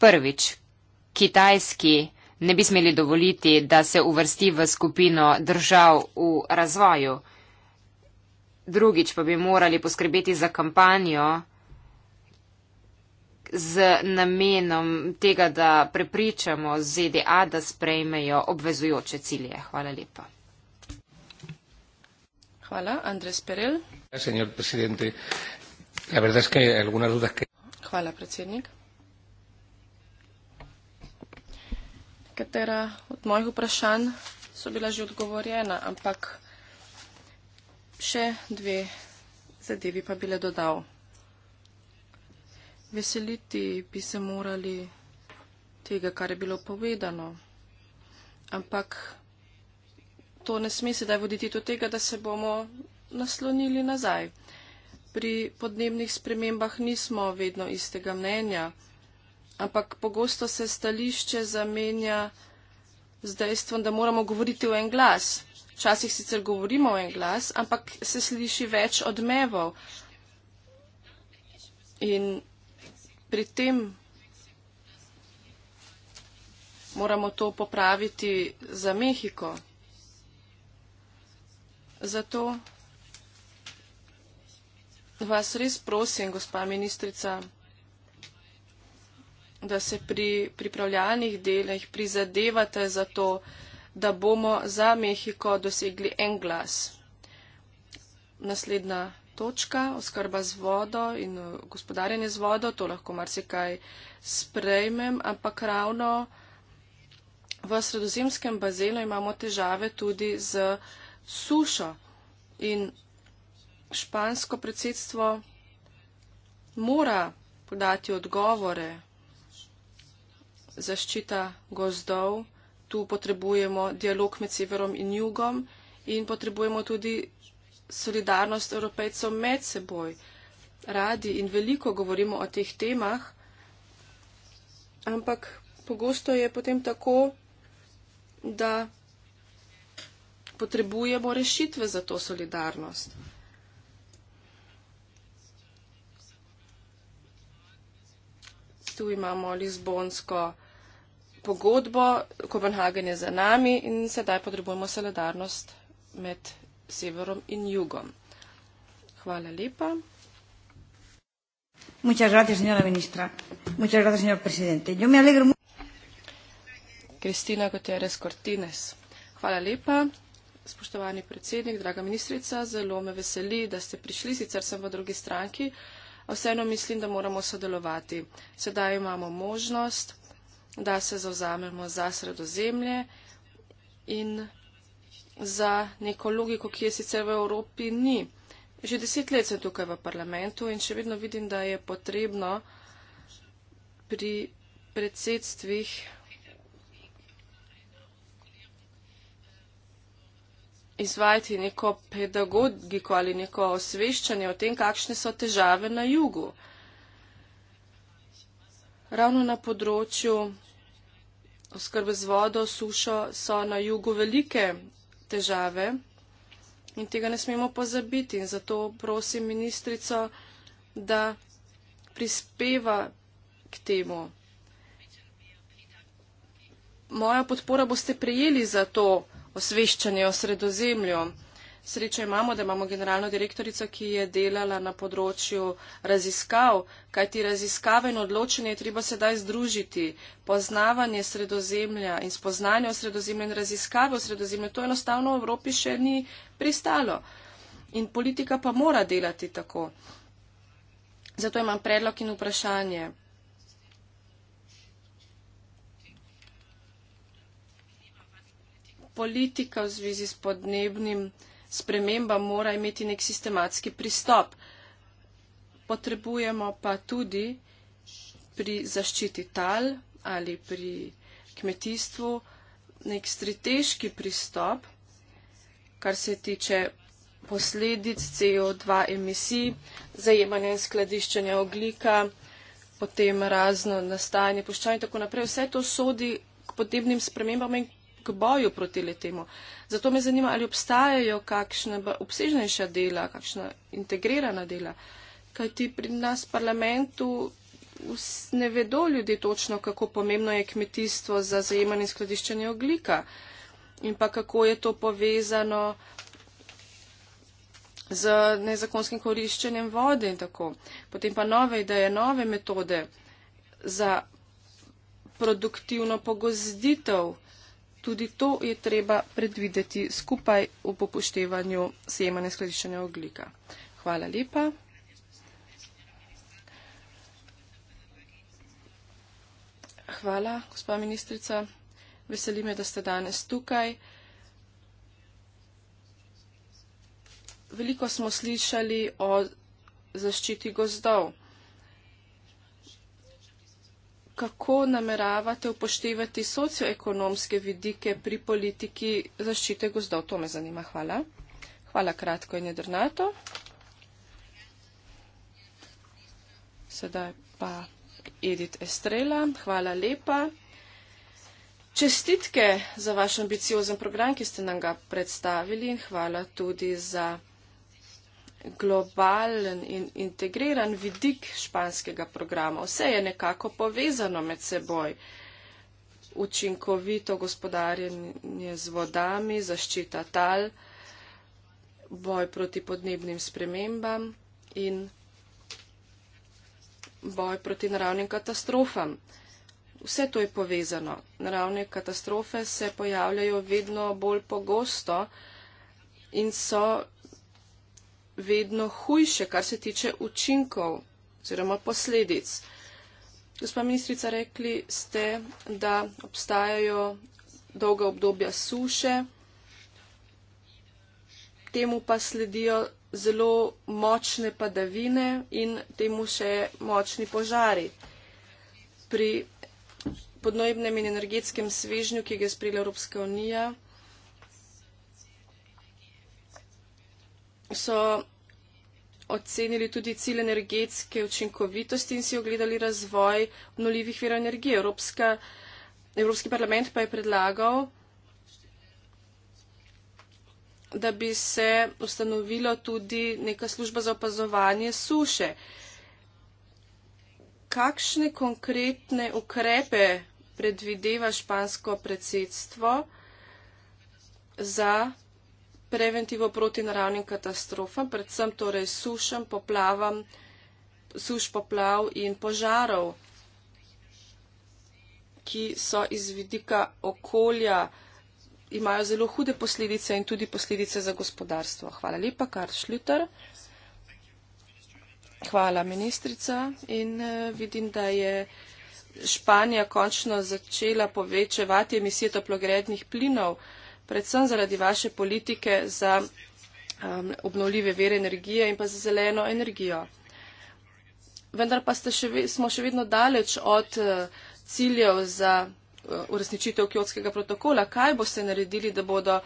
Prvič, kitajski ne bi smeli dovoliti, da se uvrsti v skupino držav v razvoju. Drugič pa bi morali poskrbeti za kampanjo, z namenom tega, da prepričamo ZDA, da sprejmejo obvezujoče cilje. Hvala lepa. Hvala, Andres Perel. Hvala, predsednik. Nekatera od mojih vprašanj so bila že odgovorjena, ampak še dve zadevi pa bi le dodal. Veseliti bi se morali tega, kar je bilo povedano. Ampak to ne sme sedaj voditi do tega, da se bomo naslonili nazaj. Pri podnebnih spremembah nismo vedno istega mnenja, ampak pogosto se stališče zamenja z dejstvom, da moramo govoriti v en glas. Včasih sicer govorimo v en glas, ampak se sliši več odmevov. In pri tem moramo to popraviti za Mehiko. Zato vas res prosim, gospa ministrica, da se pri pripravljalnih delih prizadevate za to, da bomo za Mehiko dosegli en glas. Naslednja točka, oskrba z vodo in uh, gospodarjenje z vodo, to lahko marsikaj sprejmem, ampak ravno v sredozemskem bazenu imamo težave tudi z sušo in špansko predsedstvo mora podati odgovore. Zaščita gozdov, tu potrebujemo dialog med severom in jugom in potrebujemo tudi solidarnost evropejcev med seboj. Radi in veliko govorimo o teh temah, ampak pogosto je potem tako, da potrebujemo rešitve za to solidarnost. Tu imamo Lizbonsko pogodbo, Kopenhagen je za nami in sedaj potrebujemo solidarnost med seboj severom in jugom. Hvala lepa. Kristina Guterres Cortines. Hvala lepa. Spoštovani predsednik, draga ministrica, zelo me veseli, da ste prišli, sicer sem v drugi stranki, a vseeno mislim, da moramo sodelovati. Sedaj imamo možnost, da se zauzamemo za sredozemlje in za neko logiko, ki je sicer v Evropi ni. Že deset let sem tukaj v parlamentu in še vedno vidim, da je potrebno pri predsedstvih izvajati neko pedagogiko ali neko osveščanje o tem, kakšne so težave na jugu. Ravno na področju oskrbe z vodo, sušo so na jugu velike težave in tega ne smemo pozabiti. In zato prosim ministrico, da prispeva k temu. Moja podpora boste prijeli za to osveščanje o sredozemlju srečo imamo, da imamo generalno direktorico, ki je delala na področju raziskav, kajti raziskave in odločenje je treba sedaj združiti. Poznavanje sredozemlja in spoznanje o sredozemlju in raziskave o sredozemlju, to enostavno v Evropi še ni pristalo. In politika pa mora delati tako. Zato imam predlog in vprašanje. Politika v zvezi s podnebnim sprememba mora imeti nek sistematski pristop. Potrebujemo pa tudi pri zaščiti tal ali pri kmetijstvu nek strateški pristop, kar se tiče posledic CO2 emisij, zajemanja in skladiščenja oglika, potem razno nastajanje poščanja in tako naprej. Vse to sodi k podnebnim spremembam in k boju proti letemu. Zato me zanima, ali obstajajo kakšne obsežnejša dela, kakšna integrirana dela. Kajti pri nas v parlamentu ne vedo ljudi točno, kako pomembno je kmetijstvo za zajemanje in skladiščenje oglika in pa kako je to povezano z nezakonskim koriščenjem vode in tako. Potem pa nove ideje, nove metode za produktivno pogozditev. Tudi to je treba predvideti skupaj ob upoštevanju sejemanja skladiščenja oglika. Hvala lepa. Hvala, gospa ministrica. Veseli me, da ste danes tukaj. Veliko smo slišali o zaščiti gozdov kako nameravate upoštevati socioekonomske vidike pri politiki zaščite gozdov? To me zanima. Hvala. Hvala kratko in jedrnato. Sedaj pa Edith Estrela. Hvala lepa. Čestitke za vaš ambiciozen program, ki ste nam ga predstavili in hvala tudi za globalen in integriran vidik španskega programa. Vse je nekako povezano med seboj. Učinkovito gospodarjenje z vodami, zaščita tal, boj proti podnebnim spremembam in boj proti naravnim katastrofam. Vse to je povezano. Naravne katastrofe se pojavljajo vedno bolj pogosto in so vedno hujše, kar se tiče učinkov oziroma posledic. Gospa ministrica, rekli ste, da obstajajo dolga obdobja suše, temu pa sledijo zelo močne padavine in temu še močni požari. Pri podnebnem in energetskem svežnju, ki ga je sprejela Evropska unija, so ocenili tudi cilj energetske učinkovitosti in si ogledali razvoj obnoljivih virov energije. Evropska, Evropski parlament pa je predlagal, da bi se ustanovilo tudi neka služba za opazovanje suše. Kakšne konkretne ukrepe predvideva špansko predsedstvo za preventivo proti naravnim katastrofam, predvsem torej sušem, poplavam, suš poplav in požarov, ki so iz vidika okolja, imajo zelo hude posledice in tudi posledice za gospodarstvo. Hvala lepa, Karl Šluter. Hvala, ministrica. In eh, vidim, da je Španija končno začela povečevati emisije toplogrednih plinov predvsem zaradi vaše politike za um, obnovljive vere energije in pa za zeleno energijo. Vendar pa ste še, smo še vedno daleč od uh, ciljev za uh, uresničitev kjotskega protokola. Kaj boste naredili, da bodo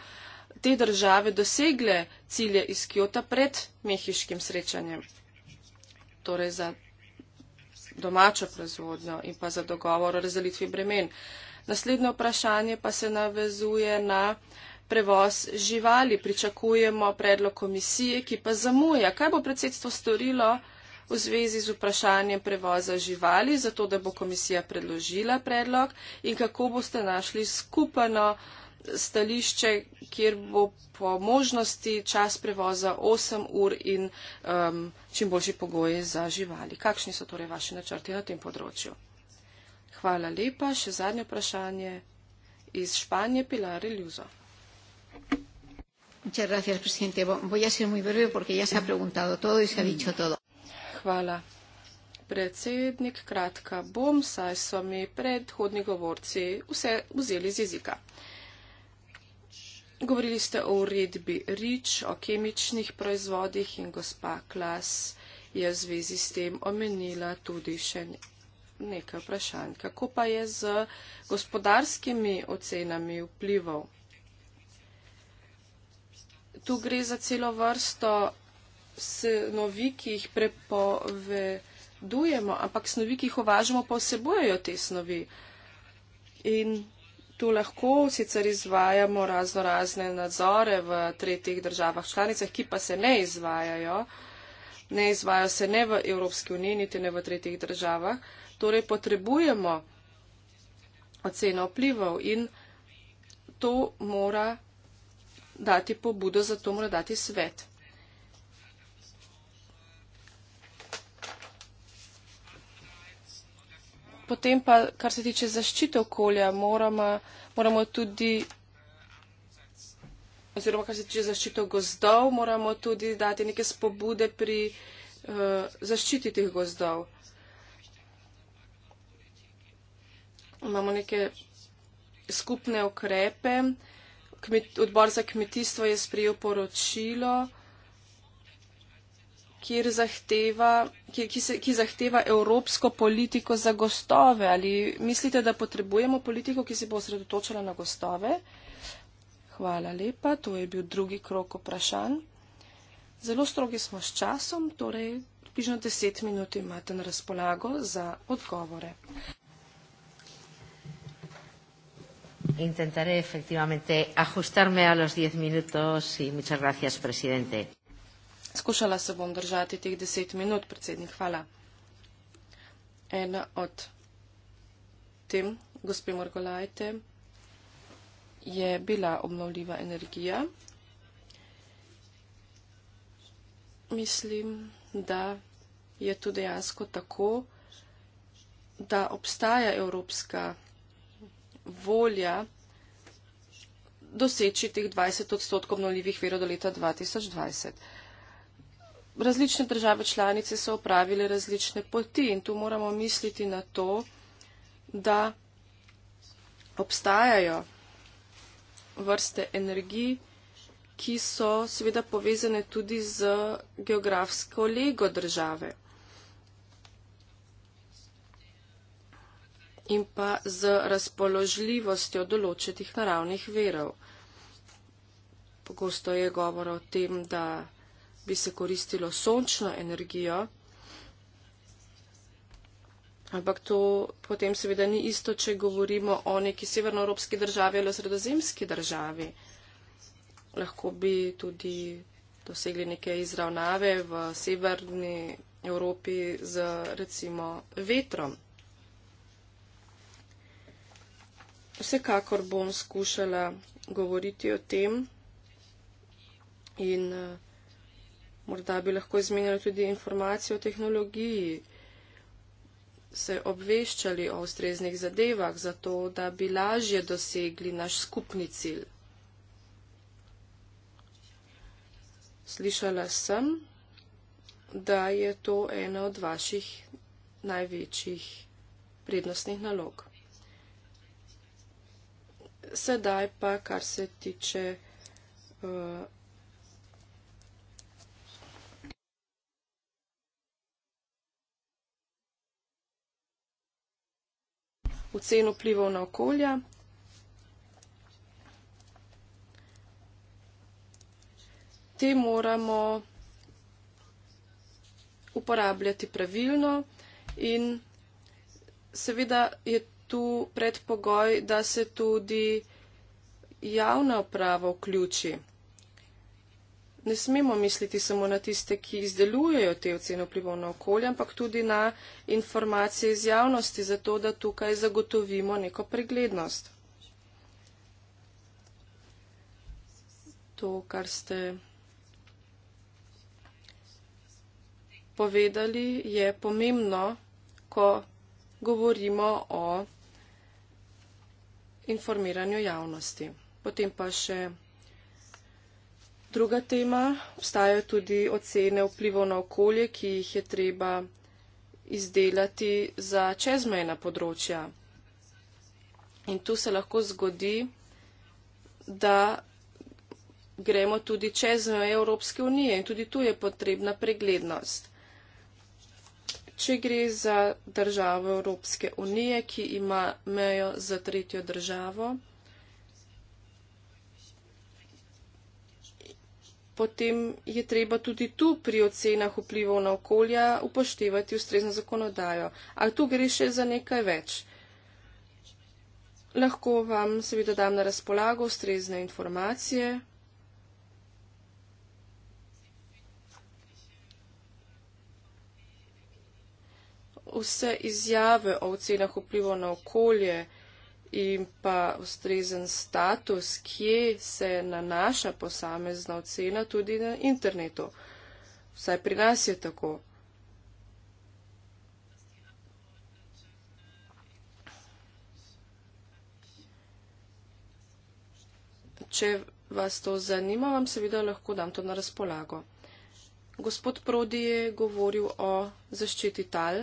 te države dosegle cilje iz kjota pred mehiškim srečanjem? Torej za domačo proizvodnjo in pa za dogovor o razdelitvi bremen. Uh, Naslednje vprašanje pa se navezuje na prevoz živali. Pričakujemo predlog komisije, ki pa zamuja. Kaj bo predsedstvo storilo v zvezi z vprašanjem prevoza živali, zato da bo komisija predložila predlog in kako boste našli skupano stališče, kjer bo po možnosti čas prevoza 8 ur in um, čim boljši pogoji za živali. Kakšni so torej vaši načrti na tem področju? Hvala lepa. Še zadnje vprašanje iz Španije, Pilar Iljuzo. Hvala. Predsednik, kratka bom, saj so mi predhodni govorci vse vzeli z jezika. Govorili ste o uredbi REACH, o kemičnih proizvodih in gospa Klas je v zvezi s tem omenila tudi še nekaj vprašanj. Kako pa je z gospodarskimi ocenami vplivov? Tu gre za celo vrsto snovi, ki jih prepovedujemo, ampak snovi, ki jih uvažamo, pa vsebujejo te snovi. In tu lahko sicer izvajamo razno razne nadzore v tretjih državah članicah, ki pa se ne izvajajo. Ne izvajo se ne v Evropski uniji, niti ne v tretjih državah. Uh, Torej potrebujemo oceno vplivov in to mora dati pobudo, zato mora dati svet. Potem pa, kar se tiče zaščite okolja, moramo, moramo tudi, oziroma kar se tiče zaščite gozdov, moramo tudi dati neke spobude pri uh, zaščiti teh gozdov. imamo neke skupne okrepe. Odbor za kmetijstvo je sprejel poročilo, kjer zahteva, ki, ki, se, ki zahteva evropsko politiko za gostove. Ali mislite, da potrebujemo politiko, ki se bo osredotočila na gostove? Hvala lepa. To je bil drugi krok vprašanj. Zelo strogi smo s časom, torej približno 10 minut imate na razpolago za odgovore. Intentaré efectivamente ajustarme a los diez minutos y muchas gracias, presidente. Skušala se bom držati teh deset minut, predsednik, hvala. Ena od tem, gospe Morgolajte, je bila obnovljiva energija. Mislim, da je to dejansko tako, da obstaja evropska energija volja doseči teh 20 odstotkov obnovljivih verov do leta 2020. Različne države članice so opravile različne poti in tu moramo misliti na to, da obstajajo vrste energij, ki so seveda povezane tudi z geografsko lego države. in pa z razpoložljivostjo določitih naravnih verov. Pogosto je govora o tem, da bi se koristilo sončno energijo, ampak to potem seveda ni isto, če govorimo o neki severnoevropski državi ali sredozemski državi. Lahko bi tudi dosegli neke izravnave v severni Evropi z recimo vetrom. vsekakor bom skušala govoriti o tem in uh, morda bi lahko izmenjali tudi informacije o tehnologiji, se obveščali o ustreznih zadevah, zato da bi lažje dosegli naš skupni cilj. Slišala sem, da je to ena od vaših največjih prednostnih nalog sedaj pa, kar se tiče. Uh, V ceno vplivov na okolje. Te moramo uporabljati pravilno, in seveda je tu predpogoj, da se tudi javna uprava vključi. Ne smemo misliti samo na tiste, ki izdelujejo te ocene vplivov na okolje, ampak tudi na informacije iz javnosti, zato da tukaj zagotovimo neko preglednost. To, kar ste povedali, je pomembno, ko govorimo o informiranju javnosti. Potem pa še druga tema. Obstajajo tudi ocene vplivov na okolje, ki jih je treba izdelati za čezmejna področja. In tu se lahko zgodi, da gremo tudi čez Evropske unije in tudi tu je potrebna preglednost če gre za državo Evropske unije, ki ima mejo za tretjo državo, potem je treba tudi tu pri ocenah vplivov na okolja upoštevati ustrezno zakonodajo. Ali tu gre še za nekaj več? Lahko vam seveda dam na razpolago ustrezne informacije. vse izjave o ocenah vpliva na okolje in pa ustrezen status, kje se nanaša posamezna ocena tudi na internetu. Vsaj pri nas je tako. Če vas to zanima, vam seveda lahko dam to na razpolago. Gospod Prodi je govoril o zaščiti tal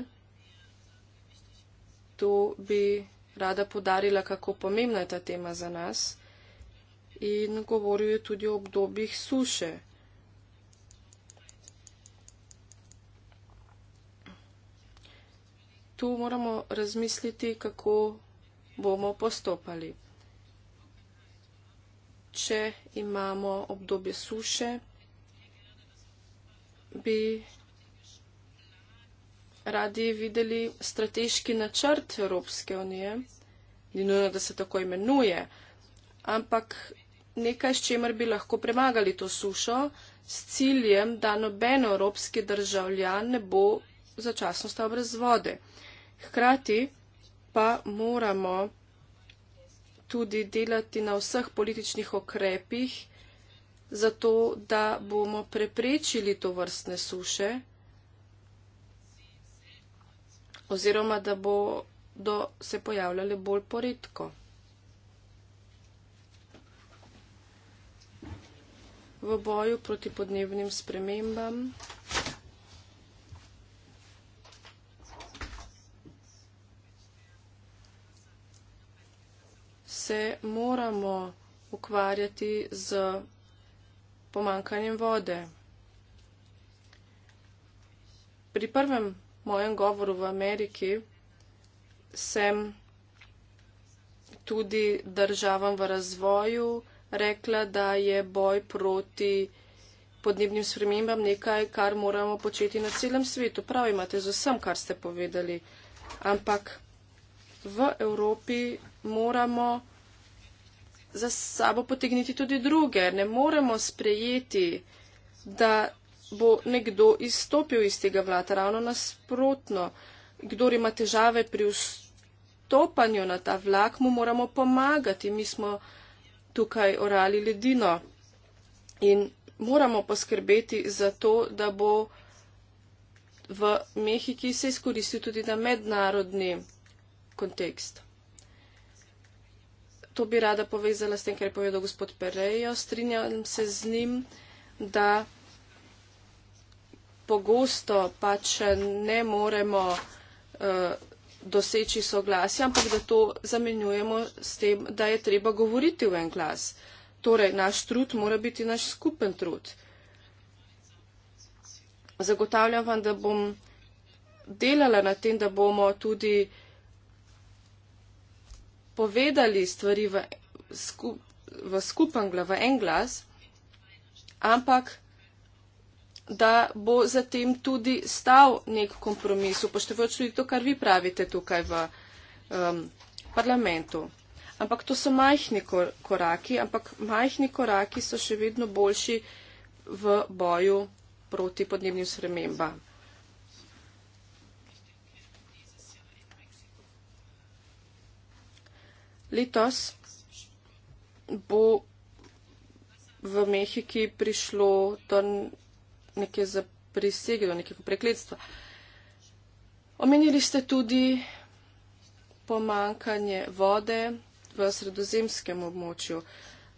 to bi rada podarila, kako pomembna je ta tema za nas. In govoril je tudi o obdobjih suše. Tu moramo razmisliti, kako bomo postopali. Če imamo obdobje suše, bi radi videli strateški načrt Evropske unije, ni nujno, da se tako imenuje, ampak nekaj, s čemer bi lahko premagali to sušo, s ciljem, da noben evropski državljan ne bo začasno stal brez vode. Hkrati pa moramo tudi delati na vseh političnih okrepih, zato da bomo preprečili to vrstne suše oziroma da bodo se pojavljale bolj poredko. V boju proti podnebnim spremembam se moramo ukvarjati z pomankanjem vode. Pri prvem mojem govoru v Ameriki, sem tudi državam v razvoju rekla, da je boj proti podnebnim spremembam nekaj, kar moramo početi na celem svetu. Prav imate z vsem, kar ste povedali. Ampak v Evropi moramo za sabo potegniti tudi druge. Ne moremo sprejeti, da bo nekdo izstopil iz tega vrata. Ravno nasprotno, kdor ima težave pri vstopanju na ta vlak, mu moramo pomagati. Mi smo tukaj orali ledino in moramo poskrbeti za to, da bo v Mehiki se izkoristil tudi na mednarodni kontekst. To bi rada povezala s tem, kar je povedal gospod Perejo. Strinjam se z njim, da pogosto pač ne moremo uh, doseči soglasja, ampak da to zamenjujemo s tem, da je treba govoriti v en glas. Torej, naš trud mora biti naš skupen trud. Zagotavljam vam, da bom delala na tem, da bomo tudi povedali stvari v, sku, v skupen glas, v en glas, ampak da bo zatem tudi stal nek kompromis, upoštevajoč tudi to, kar vi pravite tukaj v um, parlamentu. Ampak to so majhni kor koraki, ampak majhni koraki so še vedno boljši v boju proti podnebnim spremembam. Letos bo v Mehiki prišlo do neke zaprisege, do nekega prekletstva. Omenili ste tudi pomankanje vode v sredozemskem območju.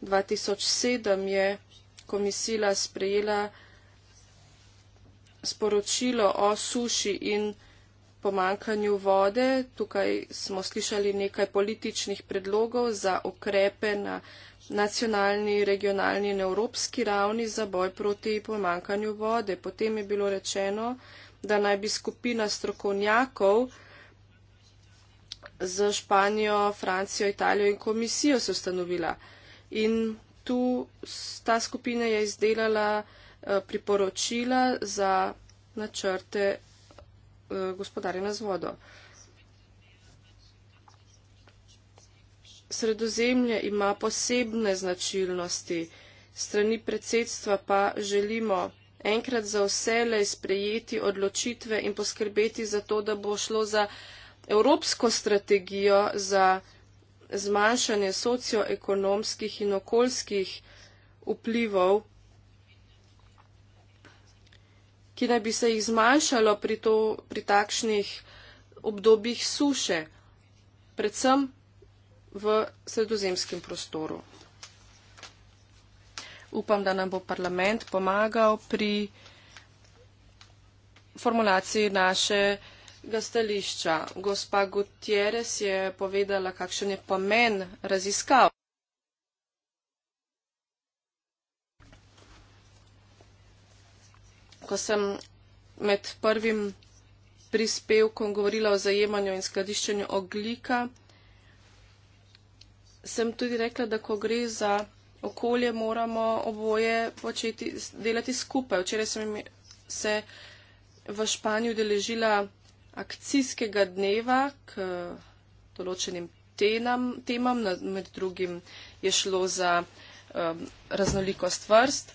2007 je komisija sprejela sporočilo o suši in pomankanju vode. Tukaj smo slišali nekaj političnih predlogov za okrepe na nacionalni, regionalni in evropski ravni za boj proti pomankanju vode. Potem je bilo rečeno, da naj bi skupina strokovnjakov z Španijo, Francijo, Italijo in komisijo se ustanovila. In tu ta skupina je izdelala eh, priporočila za načrte eh, gospodarjenja z vodo. sredozemlje ima posebne značilnosti, strani predsedstva pa želimo enkrat za vsele sprejeti odločitve in poskrbeti za to, da bo šlo za evropsko strategijo za zmanjšanje socioekonomskih in okoljskih vplivov, ki naj bi se jih zmanjšalo pri, to, pri takšnih obdobjih suše, predvsem v sredozemskem prostoru. Upam, da nam bo parlament pomagal pri formulaciji našega stališča. Gospa Gutierrez je povedala, kakšen je pomen raziskav. Ko sem med prvim prispevkom govorila o zajemanju in skladiščenju oglika, sem tudi rekla, da ko gre za okolje, moramo oboje početi, delati skupaj. Včeraj sem se v Španiji udeležila akcijskega dneva k določenim tenam, temam, med drugim je šlo za um, raznolikost vrst.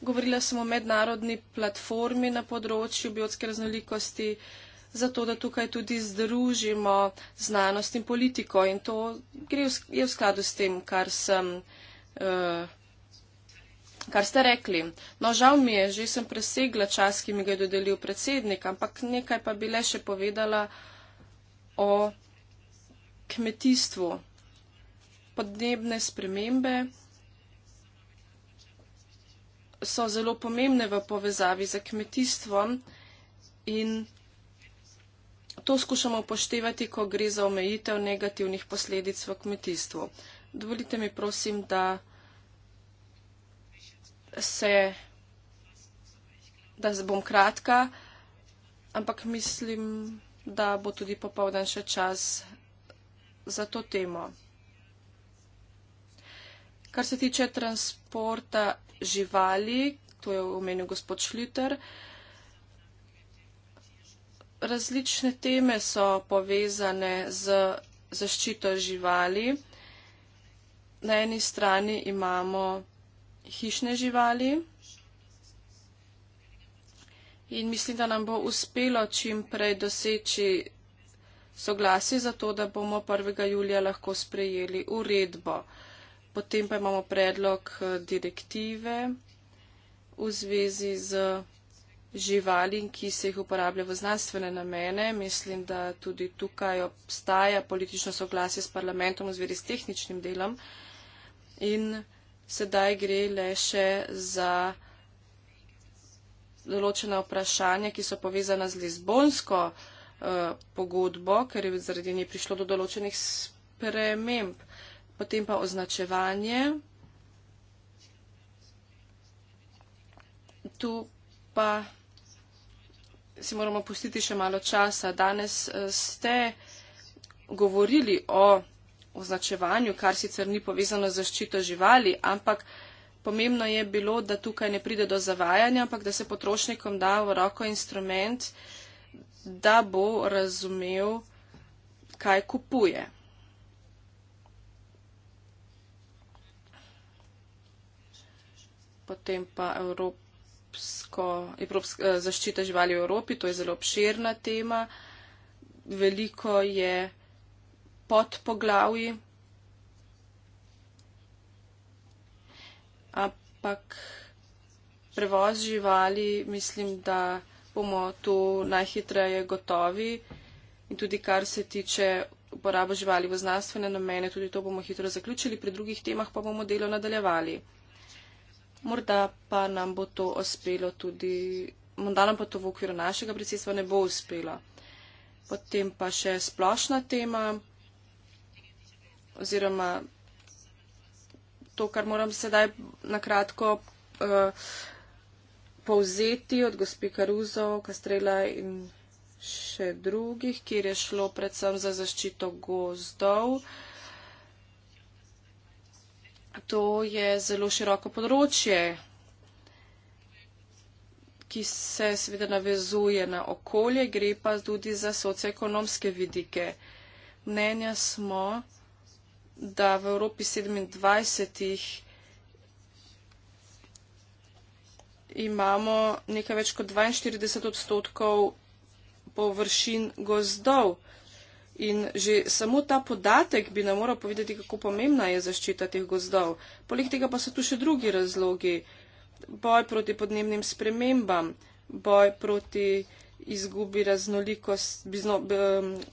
Govorila sem o mednarodni platformi na področju biotske raznolikosti. Uh, zato da tukaj tudi združimo znanost in politiko in to gre v, je v skladu s tem, kar, sem, uh, kar ste rekli. No, žal mi je, že sem presegla čas, ki mi ga je dodelil predsednik, ampak nekaj pa bi le še povedala o kmetijstvu, podnebne spremembe so zelo pomembne v povezavi z kmetijstvom in To skušamo upoštevati, ko gre za omejitev negativnih posledic v kmetijstvu. Dovolite mi, prosim, da se, da bom kratka, ampak mislim, da bo tudi popovdan še čas za to temo. Kar se tiče transporta živali, to je omenil gospod Šliter, uh, različne teme so povezane z zaščito živali. Na eni strani imamo hišne živali in mislim, da nam bo uspelo čim prej doseči soglasje za to, da bomo 1. julija lahko sprejeli uredbo. Potem pa imamo predlog eh, direktive v zvezi z živali, ki se jih uporablja v znanstvene namene. Mislim, da tudi tukaj obstaja politično soglasje s parlamentom v zveri s tehničnim delom. In sedaj gre le še za določena vprašanja, ki so povezana z Lizbonsko eh, pogodbo, ker je zaradi nje prišlo do določenih sprememb. Potem pa označevanje. Tu pa si moramo pustiti še malo časa. Danes eh, ste govorili o označevanju, kar sicer ni povezano z zaščito živali, ampak pomembno je bilo, da tukaj ne pride do zavajanja, ampak da se potrošnikom da v roko instrument, da bo razumel, kaj kupuje. Potem pa Evropa evropsko, evropsko eh, zaščita živali v Evropi, to je zelo obširna tema. Veliko je pod poglavji. Ampak prevoz živali, mislim, da bomo tu najhitreje gotovi in tudi kar se tiče uporabo živali v znanstvene namene, tudi to bomo hitro zaključili, pri drugih temah pa bomo delo nadaljevali morda pa nam bo to uspelo tudi, morda nam pa to v okviru našega predsedstva ne bo uspelo. Potem pa še splošna tema oziroma to, kar moram sedaj nakratko uh, eh, povzeti od gospe Karuzo, Kastrela in še drugih, kjer je šlo predvsem za zaščito gozdov. Uh, to je zelo široko področje, ki se seveda navezuje na okolje, gre pa tudi za socioekonomske vidike. Mnenja smo, da v Evropi 27 imamo nekaj več kot 42 odstotkov površin gozdov. In že samo ta podatek bi nam moral povedati, kako pomembna je zaščita teh gozdov. Poleg tega pa so tu še drugi razlogi. Boj proti podnebnim spremembam, boj proti izgubi raznolikost, bizno,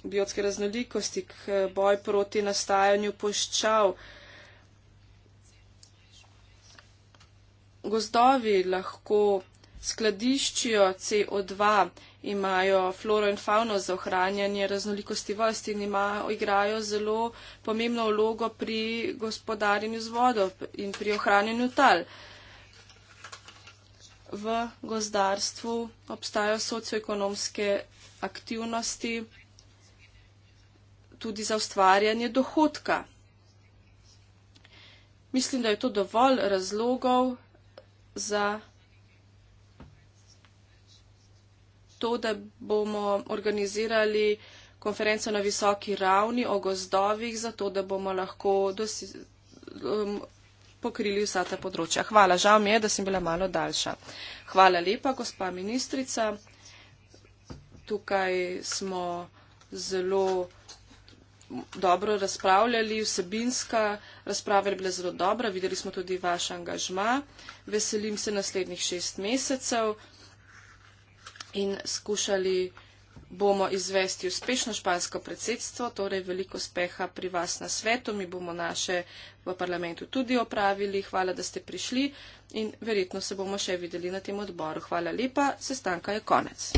biotske raznolikosti, boj proti nastajanju poščav. Gozdovi lahko skladiščijo CO2 imajo floro in fauno za ohranjanje raznolikosti vrst in imajo, igrajo zelo pomembno vlogo pri gospodarjenju z vodo in pri ohranjanju tal. V gozdarstvu obstajajo socioekonomske aktivnosti tudi za ustvarjanje dohodka. Mislim, da je to dovolj razlogov za. to, da bomo organizirali konferenco na visoki ravni o gozdovih, zato da bomo lahko dosi, um, pokrili vsa ta področja. Hvala, žal mi je, da sem bila malo daljša. Hvala lepa, gospa ministrica. Tukaj smo zelo dobro razpravljali, vsebinska razprava je bila zelo dobra, videli smo tudi vaš angažma. Veselim se naslednjih šest mesecev in skušali bomo izvesti uspešno špansko predsedstvo, torej veliko uspeha pri vas na svetu, mi bomo naše v parlamentu tudi opravili. Hvala, da ste prišli in verjetno se bomo še videli na tem odboru. Hvala lepa, sestanka je konec.